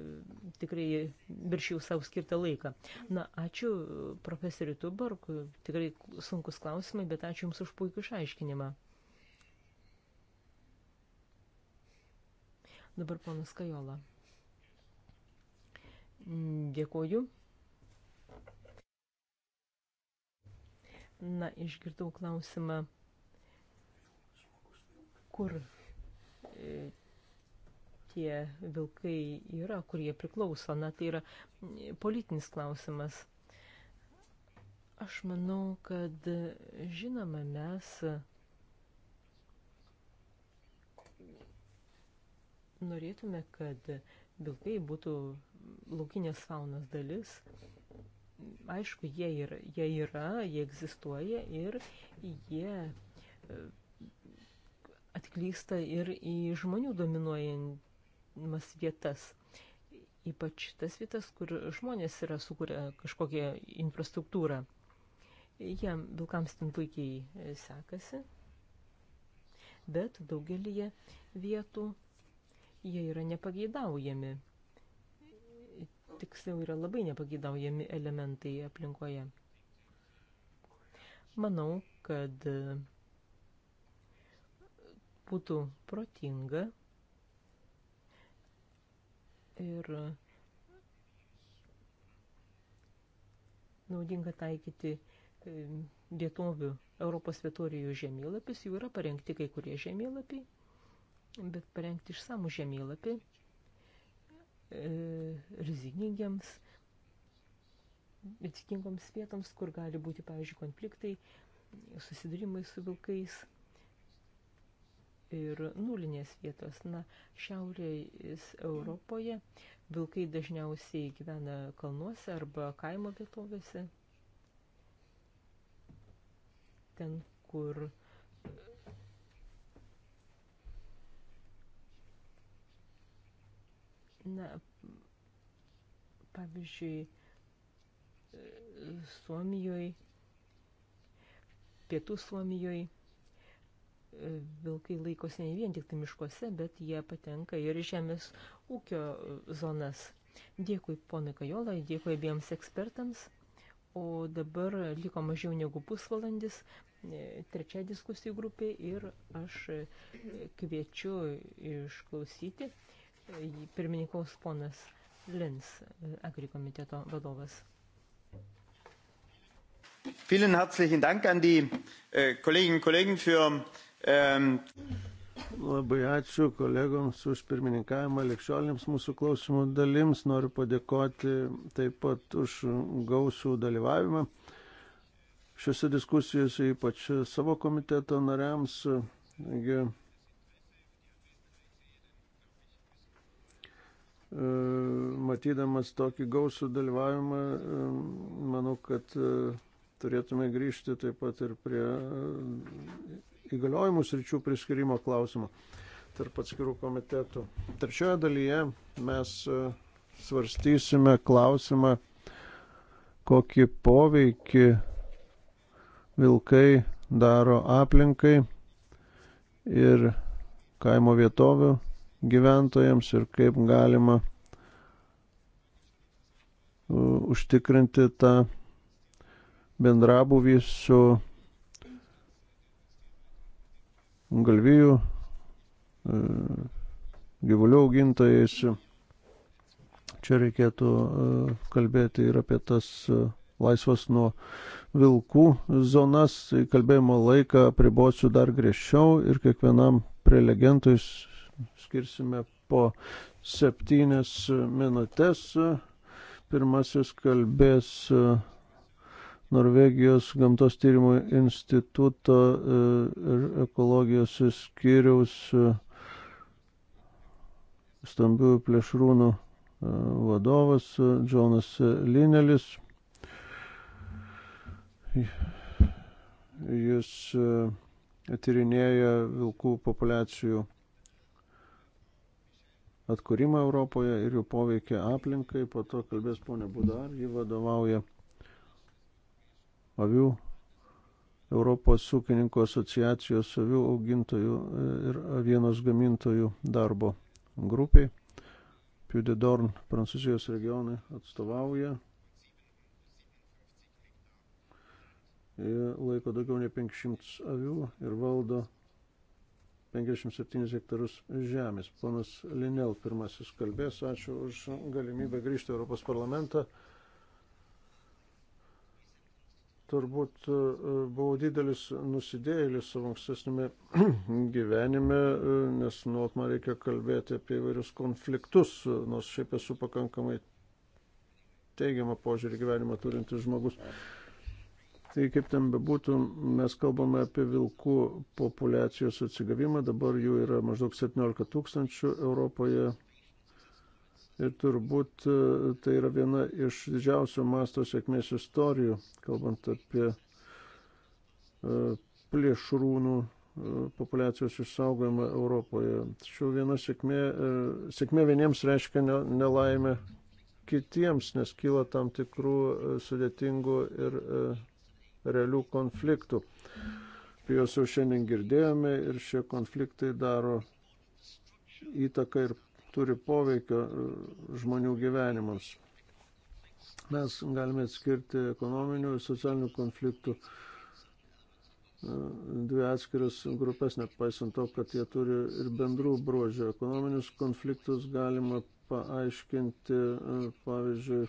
tikrai viršiau savo skirtą laiką. Na, ačiū profesoriu Tubark, tikrai sunkus klausimai, bet ačiū Jums už puikų išaiškinimą. Dabar ponas Kajola. Dėkoju. Na, išgirdau klausimą, kur E, tie vilkai yra, kur jie priklauso. Na, tai yra e, politinis klausimas. Aš manau, kad žinoma mes norėtume, kad vilkai būtų laukinės faunos dalis. Aišku, jie yra, jie, yra, jie egzistuoja ir jie e, atklysta ir į žmonių dominuojamas vietas. Ypač tas vietas, kur žmonės yra sukūrę kažkokią infrastruktūrą. Jam vilkams ten puikiai e, sekasi, bet daugelįje vietų jie yra nepageidaujami. Tiksliau yra labai nepageidaujami elementai aplinkoje. Manau, kad būtų protinga ir naudinga taikyti vietovių, Europos vietorijų žemėlapis, jų yra parengti kai kurie žemėlapiai, bet parengti išsamų žemėlapį e, rizikingiams, rizikingoms vietoms, kur gali būti, pavyzdžiui, konfliktai, susidūrimai su vilkais – ir nulinės vietos. Na, šiaurės Europoje vilkai dažniausiai gyvena kalnuose arba kaimo vietovėse. Ten, kur na, pavyzdžiui, Suomijoje, Pietų Suomijoje vilkai laikosi ne vien tik tai miškuose, bet jie patenka ir žemės ūkio zonas. Dėkui ponai Kajola, dėkui abiems ekspertams. O dabar liko mažiau negu pusvalandis, e, trečia diskusijų grupė ir aš e, kviečiu išklausyti e, pirmininkaus ponas Lins, agrikomiteto vadovas. Vielen herzlichen Dank an die äh, Kolleginnen und Kollegen für Um... Labai ačiū kolegoms už pirmininkavimą likščionėms mūsų klausimų dalims. Noriu padėkoti taip pat už gausų dalyvavimą. Šiuose diskusijose ypač savo komiteto nariams. Taigi, e, matydamas tokį gausų dalyvavimą, e, manau, kad e, turėtume grįžti taip pat ir prie įgaliojimų sričių priskirimo klausimą tarp atskirų komitetų. Trečioje dalyje mes e, svarstysime klausimą, kokį poveikį vilkai daro aplinkai ir kaimo vietovių gyventojams ir kaip galima e, užtikrinti tą bendrabuvį su galvijų e, gyvulių augintojais. Čia reikėtų e, kalbėti ir apie tas e, laisvas nuo vilkų zonas. Kalbėjimo laiką pribosiu dar griežčiau ir kiekvienam prelegentui skirsime po septynias minutės. Pirmasis kalbės Norvegijos gamtos tyrimų instituto e, ir ekologijos skyriaus e, stambiųjų plėšrūnų e, vadovas Džonas Linelis. Jis tyrinėja vilkų populiacijų atkūrimą Europoje ir jų poveikia aplinkai. Po to kalbės ponė Budar, ji vadovauja avių Europos ūkininkų asociacijos avių augintojų e, ir avienos gamintojų darbo grupiai. Piudidorn Prancūzijos regionai atstovauja. Jie laiko daugiau nei 500 avių ir valdo 57 hektarus žemės. Ponas Linel pirmasis kalbės. Ačiū už galimybę grįžti Europos parlamentą turbūt e, buvau didelis nusidėjėlis savo ankstesnėme gyvenime, e, nes nuot man reikia kalbėti apie įvairius konfliktus, e, nors šiaip esu pakankamai teigiamą požiūrį gyvenimą turintis žmogus. Tai kaip ten bebūtų, mes kalbame apie vilkų populacijos atsigavimą, dabar jų yra maždaug 17 tūkstančių Europoje, Ir turbūt e, tai yra viena iš didžiausių masto sėkmės istorijų, kalbant apie e, plėšrūnų e, populiacijos išsaugojimą Europoje. Tačiau viena sėkmė, sėkmė vieniems reiškia nelaimę kitiems, nes kyla tam tikrų sudėtingų ir realių konfliktų. Apie juos jau šiandien girdėjome ir šie konfliktai daro įtaką ir turi poveikio e, žmonių gyvenimams. Mes galime atskirti ekonominių ir socialinių konfliktų e, dvi atskiras grupės, nepaisant to, kad jie turi ir bendrų bruožių. Ekonominius konfliktus galima paaiškinti, e, pavyzdžiui,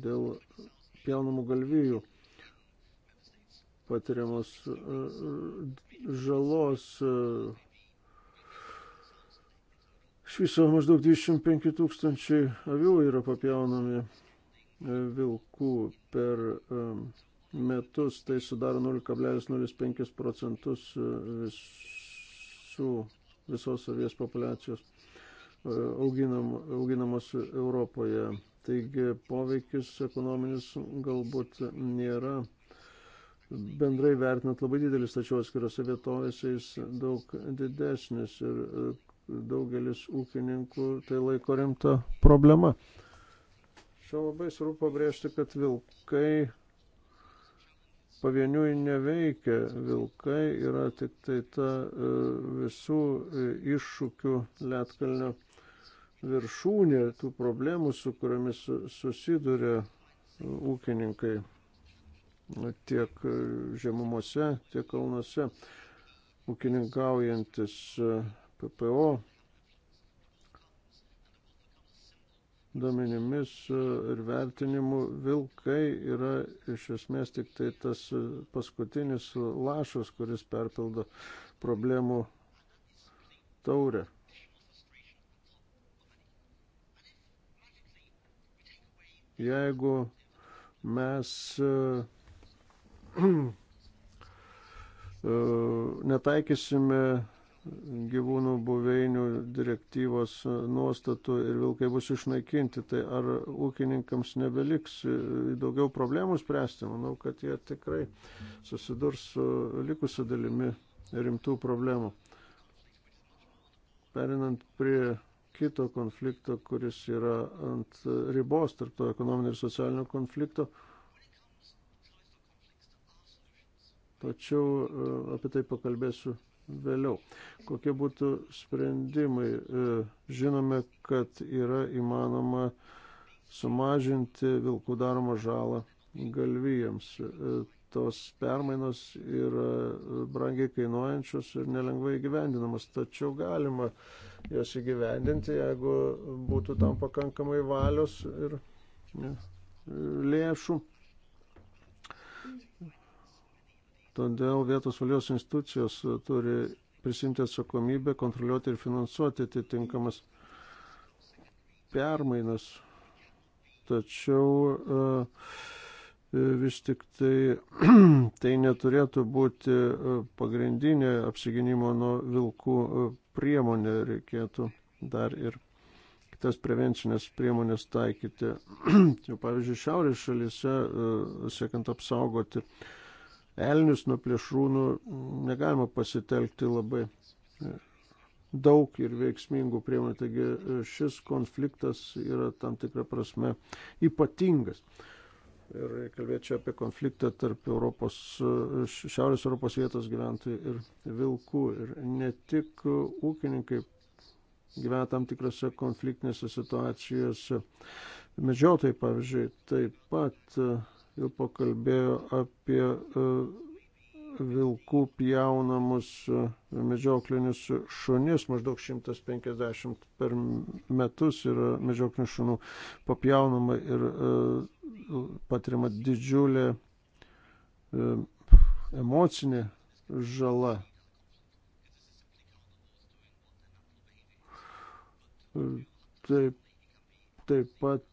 dėl pjaunamų galvijų patiriamos žalos Iš viso maždaug 25 tūkstančiai avių yra papjaunami e, vilkų per e, metus, tai sudaro 0,05 procentus e, visų, visos avies populiacijos auginam, auginamos Europoje. Taigi poveikis ekonominis galbūt nėra bendrai vertinant labai didelis, tačiau atskirose vietovėse jis daug didesnis ir daugelis ūkininkų tai laiko rimta problema. Čia labai svarbu pabrėžti, kad vilkai pavieniui neveikia. Vilkai yra tik tai ta e, visų e, iššūkių Lietkalnio viršūnė tų problemų, su kuriamis susiduria e, ūkininkai tiek žemumose, tiek kalnuose ūkininkaujantis PPO duomenimis e, ir vertinimu vilkai yra iš esmės tik tai tas e, paskutinis lašas, kuris perpildo problemų taurę. Jeigu mes e, netaikysime gyvūnų buveinių direktyvos nuostatų ir vilkai bus išnaikinti, tai ar ūkininkams nebeliks daugiau problemų spręsti? Manau, kad jie tikrai susidurs su likusiu dalimi rimtų problemų. Perinant prie kito konflikto, kuris yra ant ribos tarp to ekonominio ir socialinio konflikto, tačiau e, apie tai pakalbėsiu vėliau. Kokie būtų sprendimai? E, žinome, kad yra įmanoma sumažinti vilkų daromą žalą galvijams. E, tos permainos yra brangiai kainuojančios ir nelengvai gyvendinamos, tačiau galima jas įgyvendinti, jeigu būtų tam pakankamai valios ir lėšų. Todėl vietos valios institucijos turi prisimti atsakomybę, kontroliuoti ir finansuoti atitinkamas permainas. Tačiau e, vis tik tai, tai neturėtų būti e, pagrindinė apsiginimo nuo vilkų e, priemonė, reikėtų dar ir kitas prevencinės priemonės taikyti. Jau pavyzdžiui, šiaurės šalyse, siekiant apsaugoti uh, elnius nuo plėšrūnų negalima pasitelkti labai daug ir veiksmingų priemonių. Taigi e, šis konfliktas yra tam tikrą prasme ypatingas. Ir kalbėčiau apie konfliktą tarp Europos, e, Šiaurės Europos vietos gyventojų ir vilkų. Ir ne tik ūkininkai gyvena tam tikrose konfliktinėse situacijose, medžiotojai, pavyzdžiui, taip pat e, jau pakalbėjo apie e, vilkų pjaunamus e, medžioklinius šunis, maždaug 150 per metus yra medžioklinių šunų papjaunama ir e, patiriama didžiulė emocinė žala. Taip Taip pat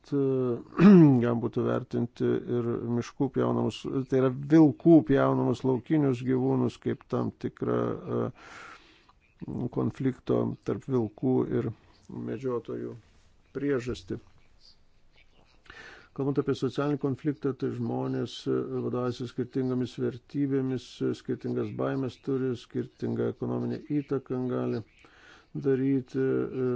jam būtų vertinti ir miškų pjaunamus, tai yra vilkų pjaunamus laukinius gyvūnus kaip tam tikrą e, konflikto tarp vilkų ir medžiotojų priežastį. Kalbant apie socialinį konfliktą, tai žmonės e, vadovaujasi skirtingomis vertybėmis, e, skirtingas baimės turi, skirtingą ekonominę įtaką gali daryti. E,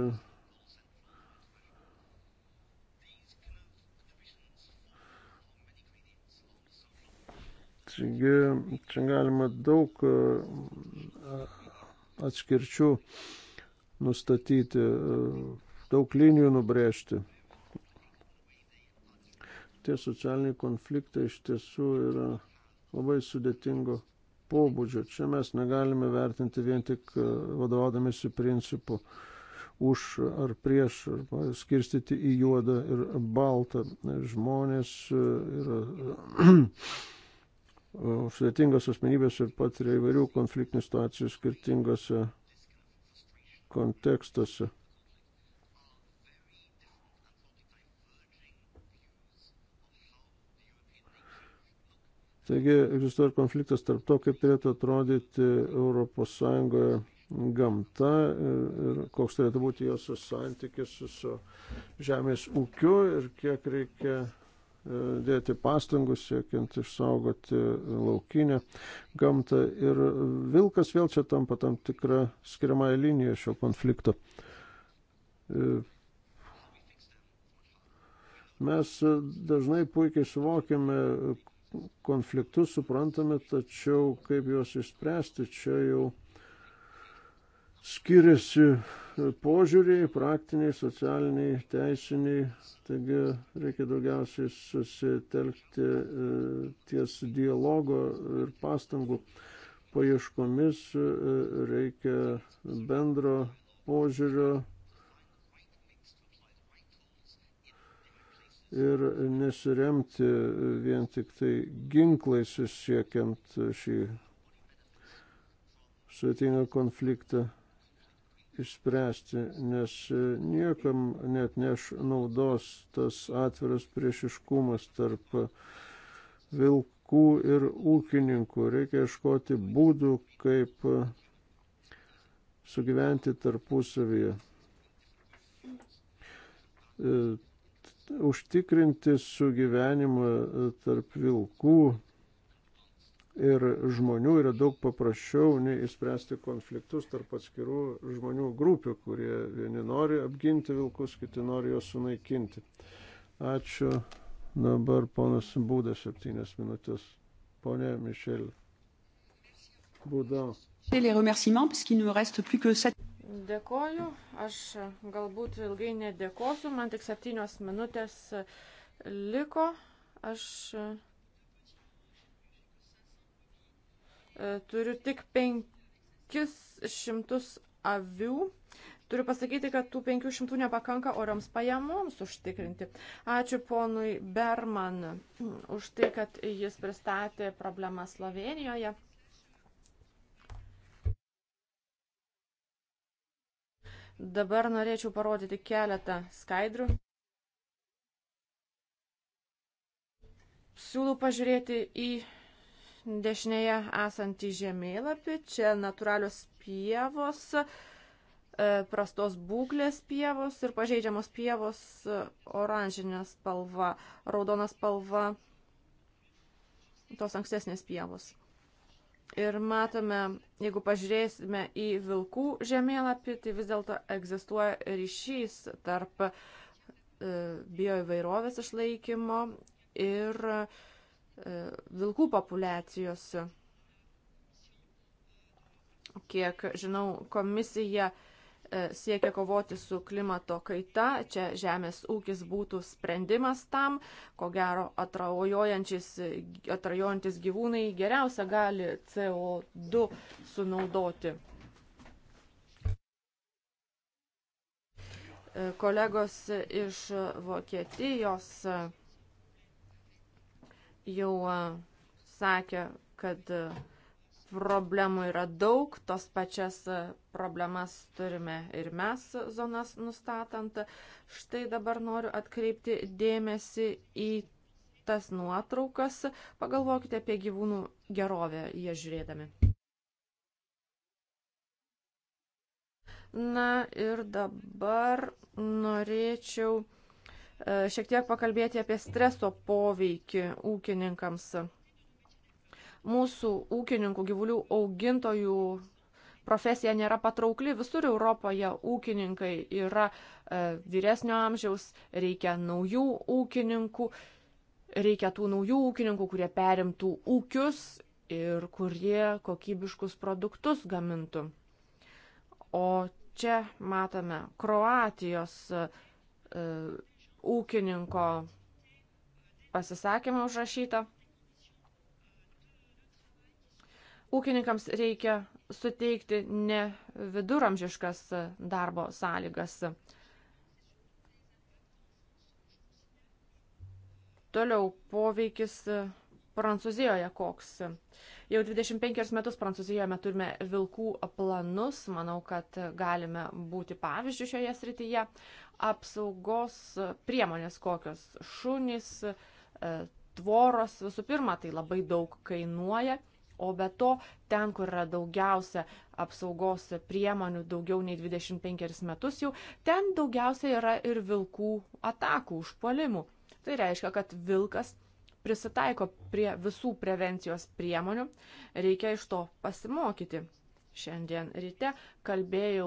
Taigi čia galima daug e, atskirčių nustatyti, e, daug linijų nubrėžti. Tie socialiniai konfliktai iš tiesų yra labai sudėtingo pobūdžio. Čia mes negalime vertinti vien tik e, vadovodamėsi principu už ar prieš, arba skirstyti į juodą ir baltą. Žmonės yra Uh, sudėtingos asmenybės ir patiria įvairių konfliktinių situacijų skirtingose kontekstuose. Taigi egzistuoja konfliktas tarp to, kaip turėtų atrodyti ES gamta ir koks turėtų būti jos santykis su žemės ūkiu ir kiek reikia E, dėti pastangų siekiant išsaugoti laukinę gamtą. Ir vilkas vėl čia tampa tam tikrą skiriamąją liniją šio konflikto. E, mes dažnai puikiai suvokiame konfliktus, suprantame, tačiau kaip juos išspręsti, čia jau skiriasi požiūriai, praktiniai, socialiniai, teisiniai, taigi reikia daugiausiai susitelkti e, ties dialogo ir pastangų paieškomis, e, reikia bendro požiūrio ir nesiremti vien tik tai ginklais siekiant šį sudėtingą konfliktą išspręsti, nes e, niekam net neš naudos tas atviras priešiškumas tarp vilkų ir ūkininkų. Reikia iškoti būdų, kaip e, sugyventi tarpusavyje. E, užtikrinti sugyvenimą tarp vilkų ir žmonių yra daug paprasčiau nei įspręsti konfliktus tarp atskirų žmonių grupių, kurie vieni nori apginti vilkus, kiti nori juos sunaikinti. Ačiū. Dabar ponas Būda septynės minutės. Pone Mišel. Būda. Dėkoju, aš galbūt ilgai nedėkosiu, man tik septynios minutės liko. Aš E, turiu tik 500 avių. Turiu pasakyti, kad tų 500 nepakanka orioms pajamoms užtikrinti. Ačiū ponui Berman už tai, kad jis pristatė problemą Slovenijoje. Dabar norėčiau parodyti keletą skaidrių. Siūlau pažiūrėti į dešinėje esantį žemėlapį. Čia natūralios pievos, e, prastos būklės pievos ir pažeidžiamos pievos e, oranžinė spalva, raudona spalva, tos ankstesnės pievos. Ir matome, jeigu pažiūrėsime į vilkų žemėlapį, tai vis dėlto egzistuoja ryšys tarp e, bioįvairovės išlaikymo ir uh, E, vilkų populiacijos. Kiek žinau, komisija e, siekia kovoti su klimato kaita, čia žemės ūkis būtų sprendimas tam, ko gero atrajojantis gyvūnai geriausia gali CO2 sunaudoti. E, kolegos iš Vokietijos jau sakė, kad problemų yra daug, tos pačias problemas turime ir mes zonas nustatant. Štai dabar noriu atkreipti dėmesį į tas nuotraukas. Pagalvokite apie gyvūnų gerovę jie žiūrėdami. Na ir dabar norėčiau E, šiek tiek pakalbėti apie streso poveikį ūkininkams. Mūsų ūkininkų gyvulių augintojų profesija nėra patraukli. Visur Europoje ūkininkai yra e, vyresnio amžiaus, reikia naujų ūkininkų, reikia tų naujų ūkininkų, kurie perimtų ūkius ir kurie kokybiškus produktus gamintų. O čia matome Kroatijos e, ūkininko pasisakymą užrašytą. Ūkininkams reikia suteikti ne viduramžiškas darbo sąlygas. Toliau poveikis Prancūzijoje koks. Jau 25 metus Prancūzijoje turime vilkų planus, manau, kad galime būti pavyzdžių šioje srityje. Apsaugos priemonės kokios šunys, e, tvoros visų pirma, tai labai daug kainuoja. O be to, ten, kur yra daugiausia apsaugos priemonių, daugiau nei 25 metus jau, ten daugiausia yra ir vilkų atakų, užpuolimų. Tai reiškia, kad vilkas prisitaiko prie visų prevencijos priemonių, reikia iš to pasimokyti. Šiandien ryte kalbėjau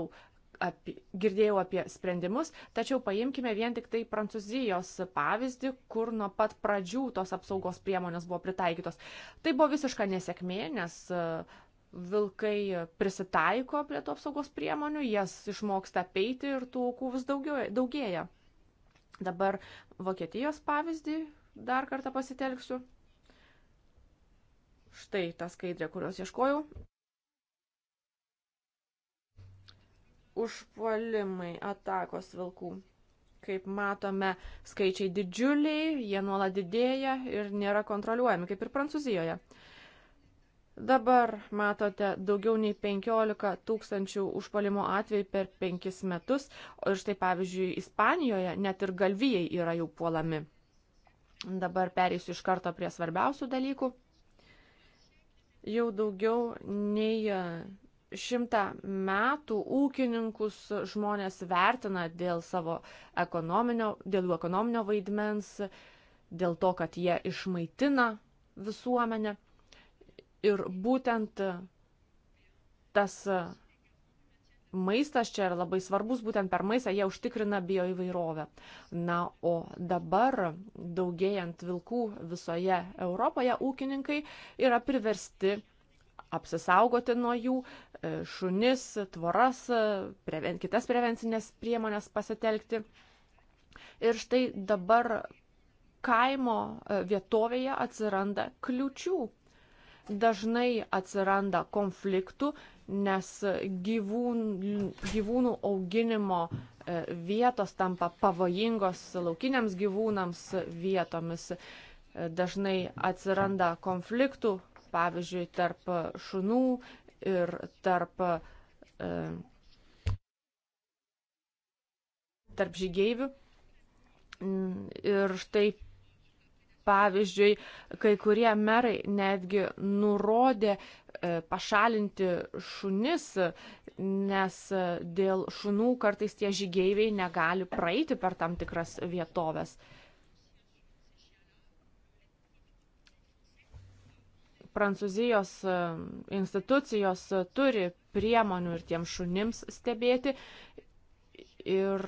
apie, girdėjau apie sprendimus, tačiau paimkime vien tik tai Prancūzijos pavyzdį, kur nuo pat pradžių tos apsaugos priemonės buvo pritaikytos. Tai buvo visiška nesėkmė, nes e, vilkai prisitaiko prie to apsaugos priemonių, jas išmoksta peiti ir tų aukų vis daugiau, daugėja. Dabar Vokietijos pavyzdį dar kartą pasitelksiu. Štai ta skaidrė, kurios ieškojau. Užpuolimai, atakos vilkų. Kaip matome, skaičiai didžiuliai, jie nuolat didėja ir nėra kontroliuojami, kaip ir Prancūzijoje. Dabar matote daugiau nei 15 tūkstančių užpuolimo atvejų per 5 metus, o ir štai pavyzdžiui Ispanijoje net ir galvijai yra jau puolami. Dabar perėsiu iš karto prie svarbiausių dalykų. Jau daugiau nei e, šimtą metų ūkininkus žmonės vertina dėl savo ekonominio, dėl jų ekonominio vaidmens, dėl to, kad jie išmaitina visuomenę. Ir būtent tas maistas čia yra labai svarbus, būtent per maistą jie užtikrina bioįvairovę. Na, o dabar daugėjant vilkų visoje Europoje, ūkininkai yra priversti apsisaugoti nuo jų, e, šunis, tvoras, preven, kitas prevencinės priemonės pasitelkti. Ir štai dabar kaimo e, vietovėje atsiranda kliučių. Dažnai atsiranda konfliktų nes gyvūn, gyvūnų auginimo e, vietos tampa pavojingos laukiniams gyvūnams vietomis. E, dažnai atsiranda konfliktų, pavyzdžiui, tarp šunų ir tarp, e, tarp žygeivių. Mm, ir štai Pavyzdžiui, kai kurie merai netgi nurodė e, pašalinti šunis, nes e, dėl šunų kartais tie žygeiviai negali praeiti per tam tikras vietovės. Prancūzijos e, institucijos turi priemonių ir tiem šunims stebėti. Ir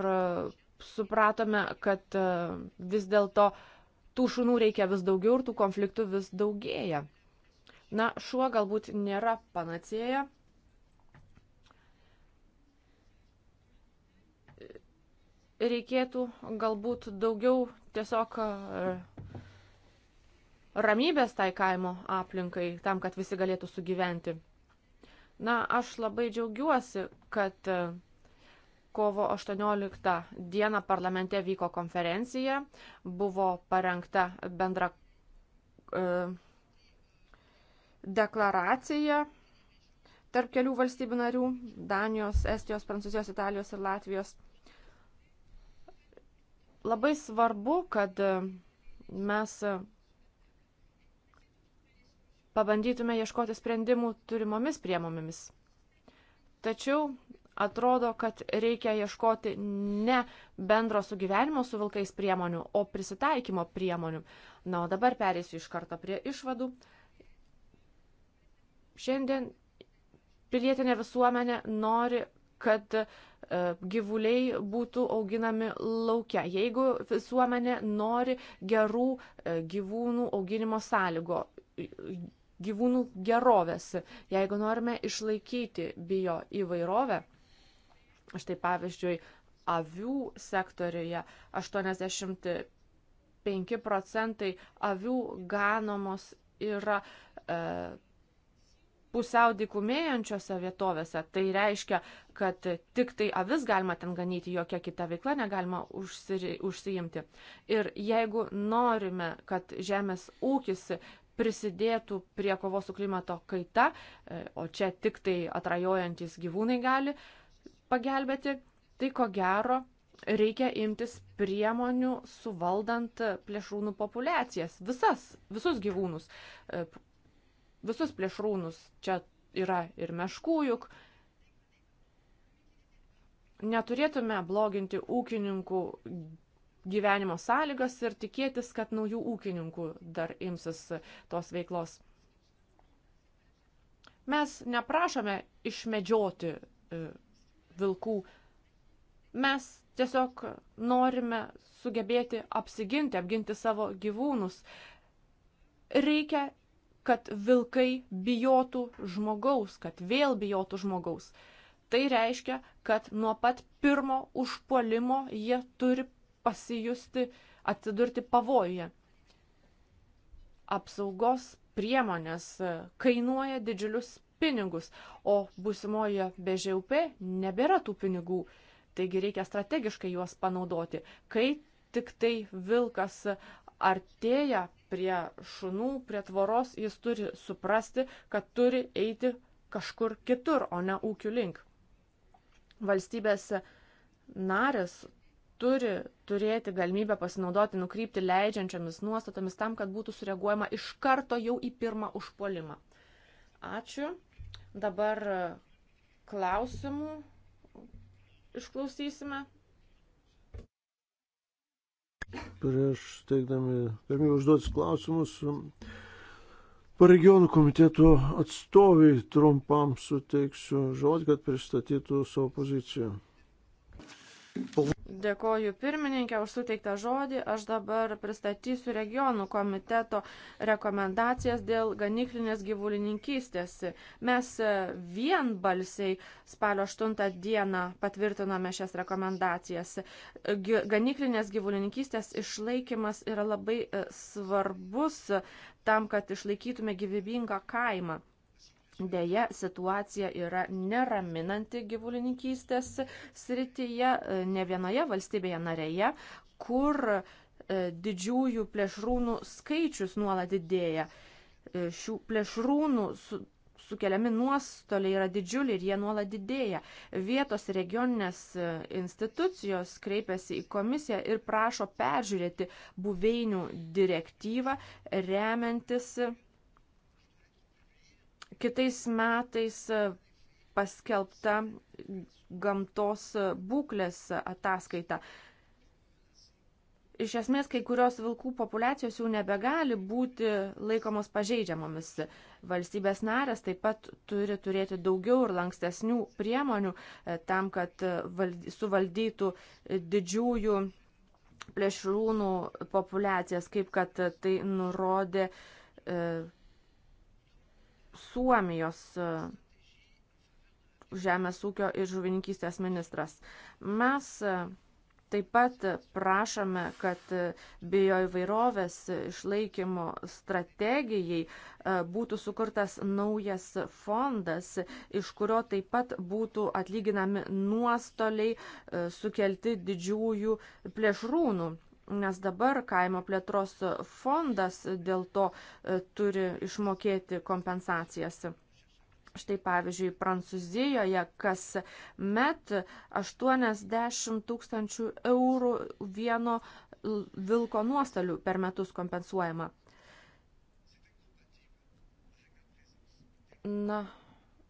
supratome, kad vis dėlto uh, tų šunų reikia vis daugiau ir tų konfliktų vis daugėja. Na, šuo galbūt nėra panacėja. Reikėtų galbūt daugiau tiesiog e, ramybės tai kaimo aplinkai, tam, kad visi galėtų sugyventi. Na, aš labai džiaugiuosi, kad uh, Kovo 18 dieną parlamente vyko konferencija, buvo parengta bendra e, deklaracija tarp kelių valstybių narių - Danijos, Estijos, Prancūzijos, Italijos ir Latvijos. Labai svarbu, kad mes pabandytume ieškoti sprendimų turimomis priemonėmis. Tačiau Atrodo, kad reikia ieškoti ne bendro sugyvenimo su vilkais priemonių, o prisitaikymo priemonių. Na, o dabar perėsiu iš karto prie išvadų. Šiandien pilietinė visuomenė nori, kad e, gyvuliai būtų auginami laukia. Jeigu visuomenė nori gerų e, gyvūnų auginimo sąlygo, gyvūnų gerovės, jeigu norime išlaikyti bio įvairovę, Štai pavyzdžiui, avių sektoriuje 85 procentai avių ganomos yra e, pusiau dikumėjančiose vietovėse. Tai reiškia, kad tik tai avis galima ten ganyti, jokia kita veikla negalima užsiri, užsiimti. Ir jeigu norime, kad žemės ūkis prisidėtų prie kovos su klimato kaita, e, o čia tik tai atrajojantis gyvūnai gali, e, pagelbėti, tai ko gero reikia imtis priemonių suvaldant plėšrūnų populiacijas. Visas, visus gyvūnus, e, visus plėšrūnus. Čia yra ir meškų juk. Neturėtume bloginti ūkininkų gyvenimo sąlygas ir tikėtis, kad naujų ūkininkų dar imsis tos veiklos. Mes neprašome išmedžioti e, vilkų. Mes tiesiog norime sugebėti apsiginti, apginti savo gyvūnus. Reikia, kad vilkai bijotų žmogaus, kad vėl bijotų žmogaus. Tai reiškia, kad nuo pat pirmo užpuolimo jie turi pasijusti, atsidurti pavojuje. Apsaugos priemonės kainuoja didžiulius pinigus, o būsimoje BŽUP nebėra tų pinigų. Taigi reikia strategiškai juos panaudoti. Kai tik tai vilkas artėja prie šunų, prie tvoros, jis turi suprasti, kad turi eiti kažkur kitur, o ne ūkių link. Valstybės narės turi turėti galimybę pasinaudoti nukrypti leidžiančiamis nuostatomis tam, kad būtų sureaguojama iš karto jau į pirmą užpuolimą. Ačiū. Dabar e, klausimų išklausysime. Prieš teikdami, pirmiau užduotis klausimus, e, par regionų komiteto atstoviai trumpam suteiksiu žodį, kad pristatytų savo poziciją. Dėkoju pirmininkė už suteiktą žodį. Aš dabar pristatysiu regionų komiteto rekomendacijas dėl ganiklinės gyvulininkystės. Mes e, vienbalsiai spalio 8 dieną patvirtinome šias rekomendacijas. Ganiklinės gyvulininkystės išlaikymas yra labai e, svarbus tam, kad išlaikytume gyvybingą kaimą. Deja, situacija yra neraminanti gyvulininkystės srityje, e, ne vienoje valstybėje narėje, kur e, didžiųjų plėšrūnų skaičius nuolat didėja. E, šių plėšrūnų su, sukeliami nuostoliai yra didžiuliai ir jie nuolat didėja. Vietos regioninės institucijos kreipiasi į komisiją ir prašo peržiūrėti buveinių direktyvą remiantis kitais metais e, paskelbta gamtos e, būklės ataskaita. Iš esmės, kai kurios vilkų populiacijos jau nebegali būti laikomos pažeidžiamomis. Valstybės narės taip pat turi turėti daugiau ir lankstesnių priemonių e, tam, kad suvaldytų didžiųjų plėšrūnų populiacijas, kaip kad tai nurodė Suomijos e, žemės ūkio ir žuvininkystės ministras. Mes e, taip pat prašome, kad e, bioįvairovės išlaikymo strategijai būtų sukurtas naujas fondas, iš kurio taip pat būtų atlyginami nuostoliai sukelti didžiųjų plėšrūnų. Nes dabar kaimo plėtros fondas dėl to e, turi išmokėti kompensacijas. Štai pavyzdžiui, Prancūzijoje kas met 80 tūkstančių eurų vieno vilko nuostolių per metus kompensuojama. Na,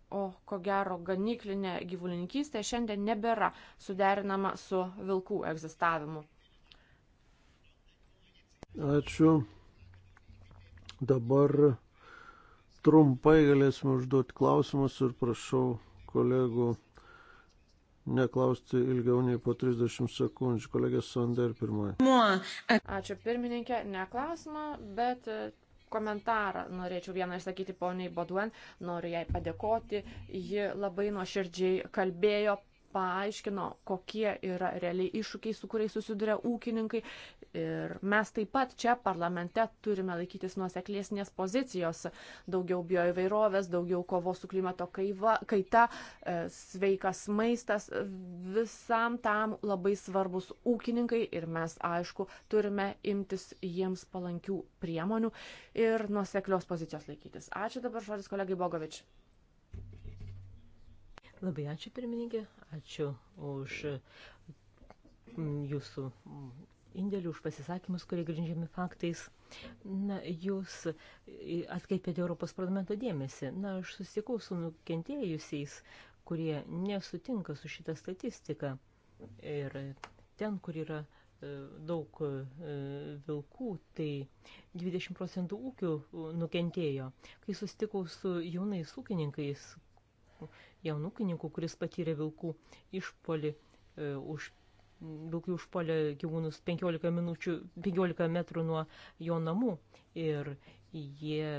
o ko gero ganyklinė gyvulininkystė šiandien nebėra suderinama su vilkų egzistavimu. Ačiū. Dabar trumpai galėsime užduoti klausimus ir prašau kolegų neklausti ilgiau nei po 30 sekundžių. Kolegė Sander pirmoji. Ačiū pirmininkė, neklausimą, bet e, komentarą norėčiau vieną išsakyti poniai Boduen, noriu jai padėkoti, ji labai nuoširdžiai kalbėjo, paaiškino, kokie yra realiai iššūkiai, su kuriais susiduria ūkininkai. Ir mes taip pat čia parlamente turime laikytis nuoseklėsnės pozicijos - daugiau bioįvairovės, daugiau kovos su klimato kaiva, kaita, e, sveikas maistas. Visam tam labai svarbus ūkininkai ir mes, aišku, turime imtis jiems palankių priemonių ir nuoseklios pozicijos laikytis. Ačiū dabar žodis kolegai Bogovičiui. Labai ačiū pirmininkė, ačiū už mm, jūsų mm, indėlių, už pasisakymus, kurie grindžiami faktais. Na, jūs atkaipėte Europos parlamento dėmesį. Na, aš susikau su nukentėjusiais, kurie nesutinka su šitą statistiką. Ir ten, kur yra e, daug e, vilkų, tai 20 procentų ūkių nukentėjo. Kai susitikau su jaunais ūkininkais, jaunų ūkininkų, kuris patyrė vilkų išpolį e, už vilkai užpolė gyvūnus 15, minučių, 15 metrų nuo jo namų ir jie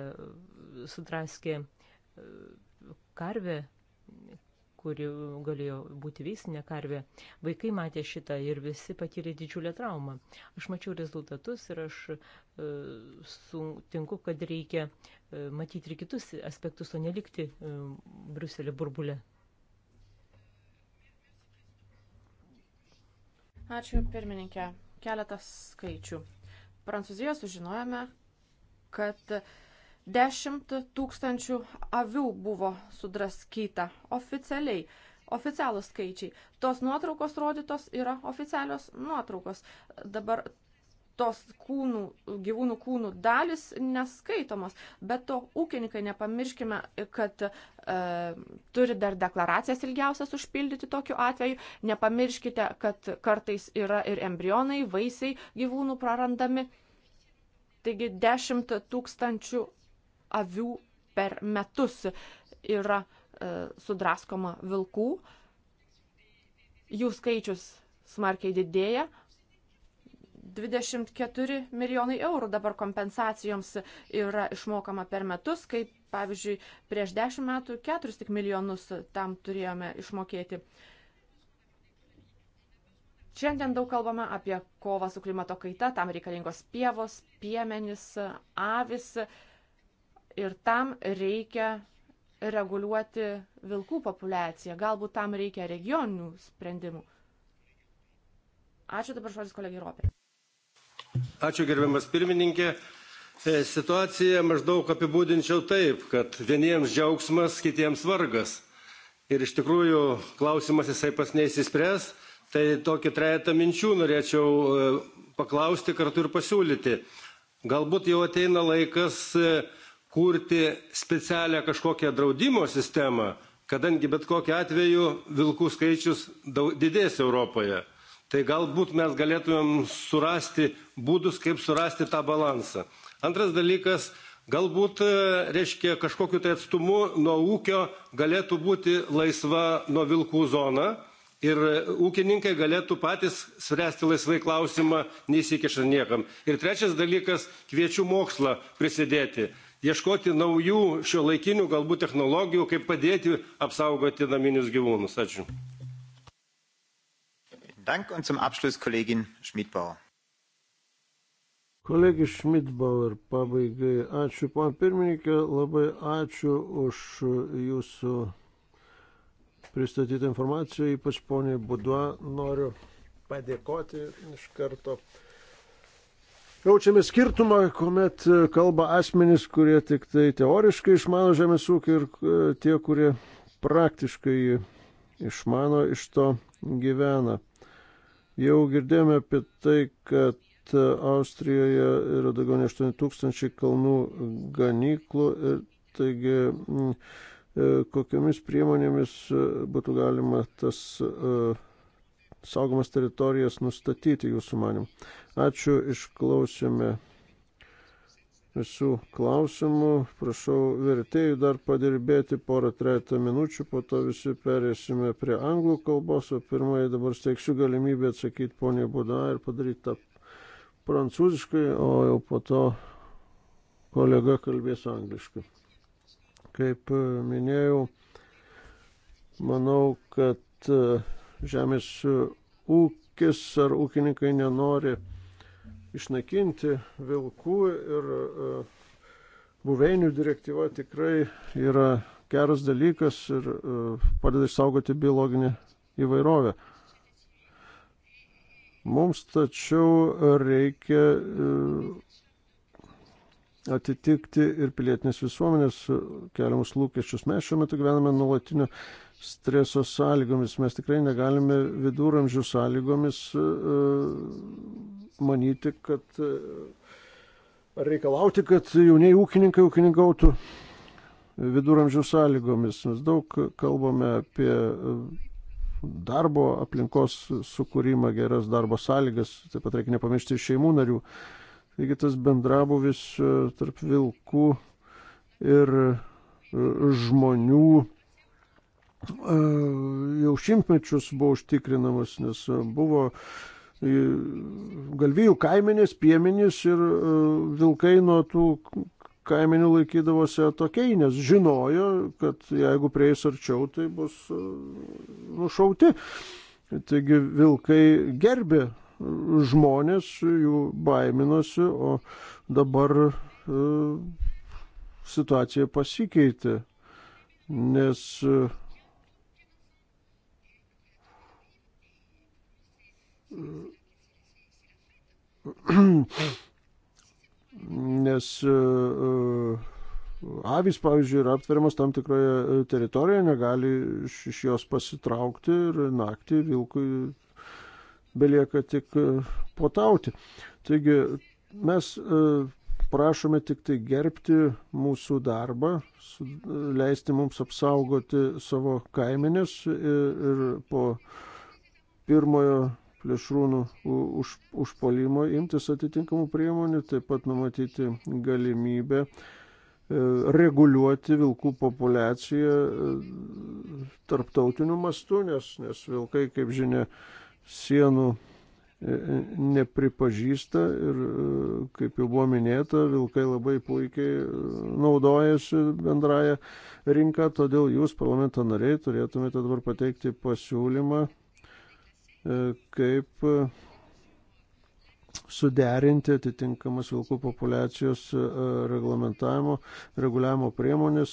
sudraskė e, karvę, kuri galėjo būti veisinė karvė. Vaikai matė šitą ir visi patyrė didžiulę traumą. Aš mačiau rezultatus ir aš e, sutinku, kad reikia e, matyti ir kitus aspektus, o nelikti e, Bruselio burbulė. Ačiū pirmininkė. Keletas skaičių. Prancūzijoje sužinojome, kad Dešimt tūkstančių avių buvo sudraskyta oficialiai. Oficialūs skaičiai. Tos nuotraukos rodytos yra oficialios nuotraukos. Dabar tos kūnų, gyvūnų kūnų dalis neskaitomos. Bet to ūkininkai, nepamirškime, kad e, turi dar deklaracijas ilgiausias užpildyti tokiu atveju. Nepamirškite, kad kartais yra ir embrionai, vaisiai gyvūnų prarandami. Taigi 10 tūkstančių avių per metus yra e, sudraskoma vilkų, jų skaičius smarkiai didėja. 24 milijonai eurų dabar kompensacijoms yra išmokama per metus, kaip pavyzdžiui prieš 10 metų 4 tik milijonus tam turėjome išmokėti. Šiandien daug kalbame apie kovą su klimato kaita, tam reikalingos pievos, piemenys, avis Ir tam reikia reguliuoti vilkų populiaciją. Galbūt tam reikia regioninių sprendimų. Ačiū dabar žodis kolegai Ropė. Ačiū gerbiamas pirmininkė. E, situaciją maždaug apibūdinčiau taip, kad vieniems džiaugsmas, kitiems vargas. Ir iš tikrųjų klausimas jisai pas neįsispręs. Tai tokį trejatą minčių norėčiau e, paklausti kartu ir pasiūlyti. Galbūt jau ateina laikas e, kurti specialią kažkokią draudimo sistemą, kadangi bet kokiu atveju vilkų skaičius didės Europoje. Tai galbūt mes galėtumėm surasti būdus, kaip surasti tą balansą. Antras dalykas, galbūt, e, reiškia, kažkokiu tai atstumu nuo ūkio galėtų būti laisva nuo vilkų zona ir ūkininkai galėtų patys spręsti laisvai klausimą, neįsikišant niekam. Ir trečias dalykas, kviečiu mokslą prisidėti ieškoti naujų šiuolaikinių galbūt technologijų, kaip padėti apsaugoti naminius gyvūnus. Ačiū. Dank und zum Abschluss Kollegin Schmidbauer. Kolegi Šmitbauer, pabaigai ačiū, pan pirmininkė, labai ačiū už jūsų pristatytą informaciją, ypač poniai Budua noriu padėkoti iš karto jaučiame skirtumą, kuomet e, kalba asmenys, kurie tik tai teoriškai išmano žemės ūkį ir e, tie, kurie praktiškai išmano iš to gyvena. Jau girdėjome apie tai, kad e, Austrijoje yra daugiau nei 8000 kalnų ganyklų ir taigi kokiamis priemonėmis būtų galima tas uh, saugomas teritorijas nustatyti jūsų manim. Ačiū, išklausėme visų klausimų. Prašau vertėjų dar padirbėti porą trejata minučių, po to visi perėsime prie anglų kalbos, o pirmai dabar steiksiu galimybę atsakyti poniai Buda ir padaryti tą prancūziškai, o jau po to kolega kalbės angliškai. Kaip minėjau, manau, kad žemės ūkis ar ūkininkai nenori išnaikinti vilkų ir e, buveinių direktyva tikrai yra geras dalykas ir e, padeda išsaugoti biologinę įvairovę. Mums tačiau reikia e, atitikti ir pilietinės visuomenės keliamus lūkesčius. Mes šiuo metu gyvename nuolatinio streso sąlygomis. Mes tikrai negalime viduramžių sąlygomis e, e, manyti, kad e, ar reikalauti, kad jaunieji ūkininkai ūkininkautų viduramžių sąlygomis. Mes daug kalbame apie darbo aplinkos sukūrimą, geras darbo sąlygas, taip pat reikia nepamiršti šeimų narių. Taigi tas bendrabuvis tarp vilkų ir žmonių E, jau šimtmečius buvo užtikrinamas, nes buvo e, galvijų kaiminės, piemenys ir e, vilkai nuo tų kaimenių laikydavosi atokiai, nes žinojo, kad jeigu prieis arčiau, tai bus nušauti. Taigi vilkai gerbė žmonės, jų baiminosi, o dabar situacija pasikeitė, nes uh, Nes e, e, avys, pavyzdžiui, yra aptveriamas tam tikroje e, teritorijoje, negali iš jos pasitraukti ir naktį vilkui belieka tik potauti. Taigi mes prašome tik tai gerbti mūsų darbą, leisti mums apsaugoti savo kaiminės ir po pirmojo plėšrūnų už, užpolimo imtis atitinkamų priemonių, taip pat numatyti galimybę e, reguliuoti vilkų populiaciją e, tarptautiniu mastu, nes, nes vilkai, kaip žinia, sienų e, nepripažįsta ir, kaip jau buvo minėta, vilkai labai puikiai naudojasi bendrają rinką, todėl jūs, parlamento nariai, turėtumėte dabar pateikti pasiūlymą E, kaip e, suderinti atitinkamas vilkų populiacijos e, reglamentavimo, reguliavimo priemonės,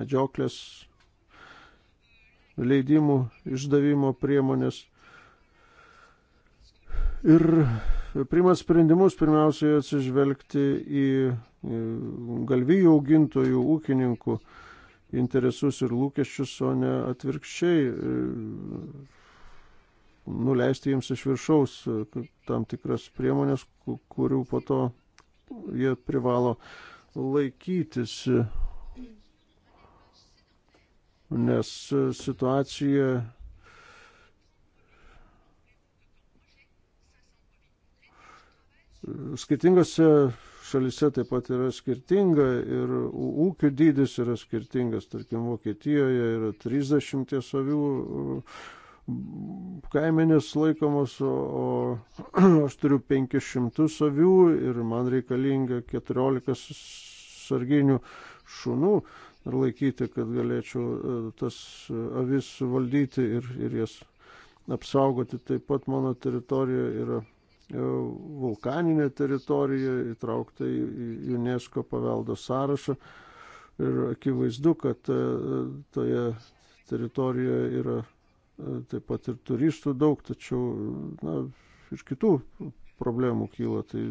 medžioklės, leidimų išdavimo priemonės. Ir primas sprendimus pirmiausiai atsižvelgti į galvijų augintojų, ūkininkų, interesus ir lūkesčius, o ne atvirkščiai e, nuleisti jiems iš viršaus e, tam tikras priemonės, kurių po to jie privalo laikytis, nes e, situacija skirtingose šalise taip pat yra skirtinga ir ūkių dydis yra skirtingas. Tarkim, Vokietijoje yra 30 avių kaimenės laikomos, o aš turiu 500 avių ir man reikalinga 14 sarginių šunų ir laikyti, kad galėčiau e, tas avis suvaldyti ir, ir jas apsaugoti. Taip pat mano teritorijoje yra E, vulkaninė teritorija įtraukta į UNESCO paveldo sąrašą. Ir akivaizdu, kad e, toje teritorijoje yra e, taip pat ir turistų daug, tačiau na, ir kitų problemų kyla. Tai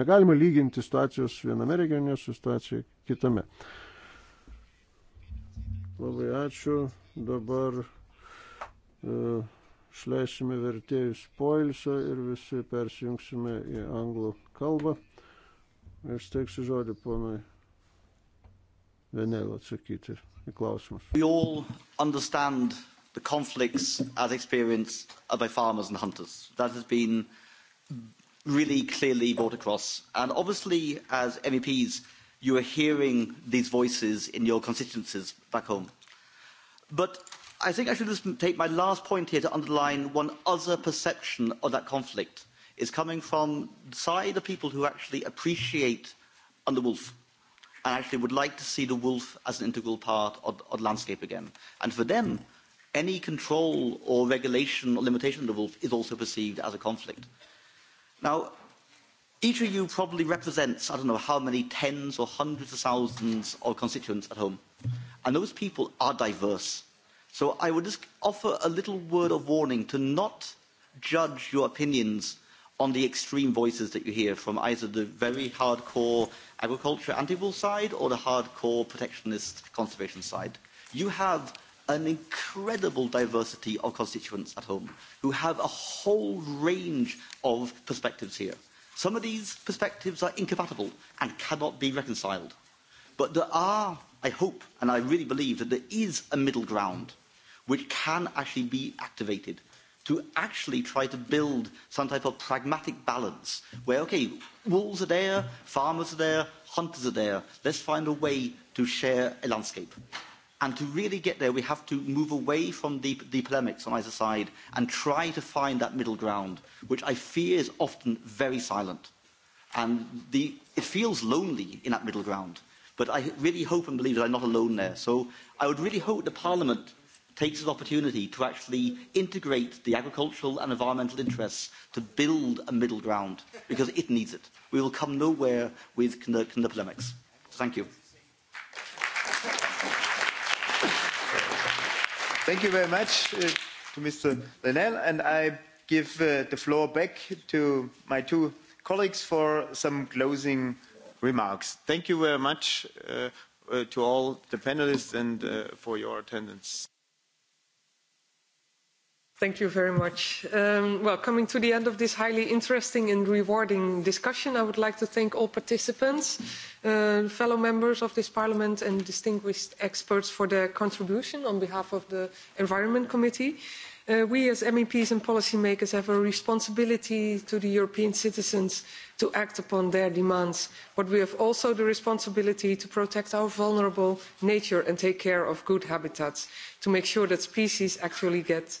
negalima lyginti situacijos viename regione su situacija kitame. Labai ačiū. Dabar. Uh, išleisime vertėjus poilsio ir visi persijungsime į anglų kalbą. Ir steiksiu žodį ponui Venelo atsakyti į klausimus. We all understand the conflicts as experienced by farmers and hunters. That has been really clearly brought across. And obviously, as MEPs, you are hearing these voices in your constituencies back home. But I think I should just take my last point here to underline one other perception of that conflict is coming from the side of people who actually appreciate the wolf and actually would like to see the wolf as an integral part of, of the landscape again. And for them, any control or regulation or limitation of the wolf is also perceived as a conflict. Now, each of you probably represents, I don't know how many tens or hundreds of thousands of constituents at home. And those people are diverse. So I would just offer a little word of warning to not judge your opinions on the extreme voices that you hear from either the very hardcore agriculture anti-wool side or the hardcore protectionist conservation side. You have an incredible diversity of constituents at home who have a whole range of perspectives here. Some of these perspectives are incompatible and cannot be reconciled. But there are, I hope, and I really believe that there is a middle ground which can actually be activated to actually try to build some type of pragmatic balance where, okay, wolves are there, farmers are there, hunters are there. Let's find a way to share a landscape. And to really get there, we have to move away from the, the polemics on either side and try to find that middle ground, which I fear is often very silent. And the, it feels lonely in that middle ground. But I really hope and believe that I'm not alone there. So I would really hope the Parliament takes this opportunity to actually integrate the agricultural and environmental interests to build a middle ground because it needs it. We will come nowhere with connipolemics. Thank you. Thank you very much uh, to Mr. Linnell, and I give uh, the floor back to my two colleagues for some closing remarks. Thank you very much uh, uh, to all the panelists and uh, for your attendance. Thank you very much. Um, well, coming to the end of this highly interesting and rewarding discussion, I would like to thank all participants, uh, fellow members of this parliament and distinguished experts for their contribution on behalf of the Environment Committee. Uh, we as meps and policymakers have a responsibility to the european citizens to act upon their demands but we have also the responsibility to protect our vulnerable nature and take care of good habitats to make sure that species actually get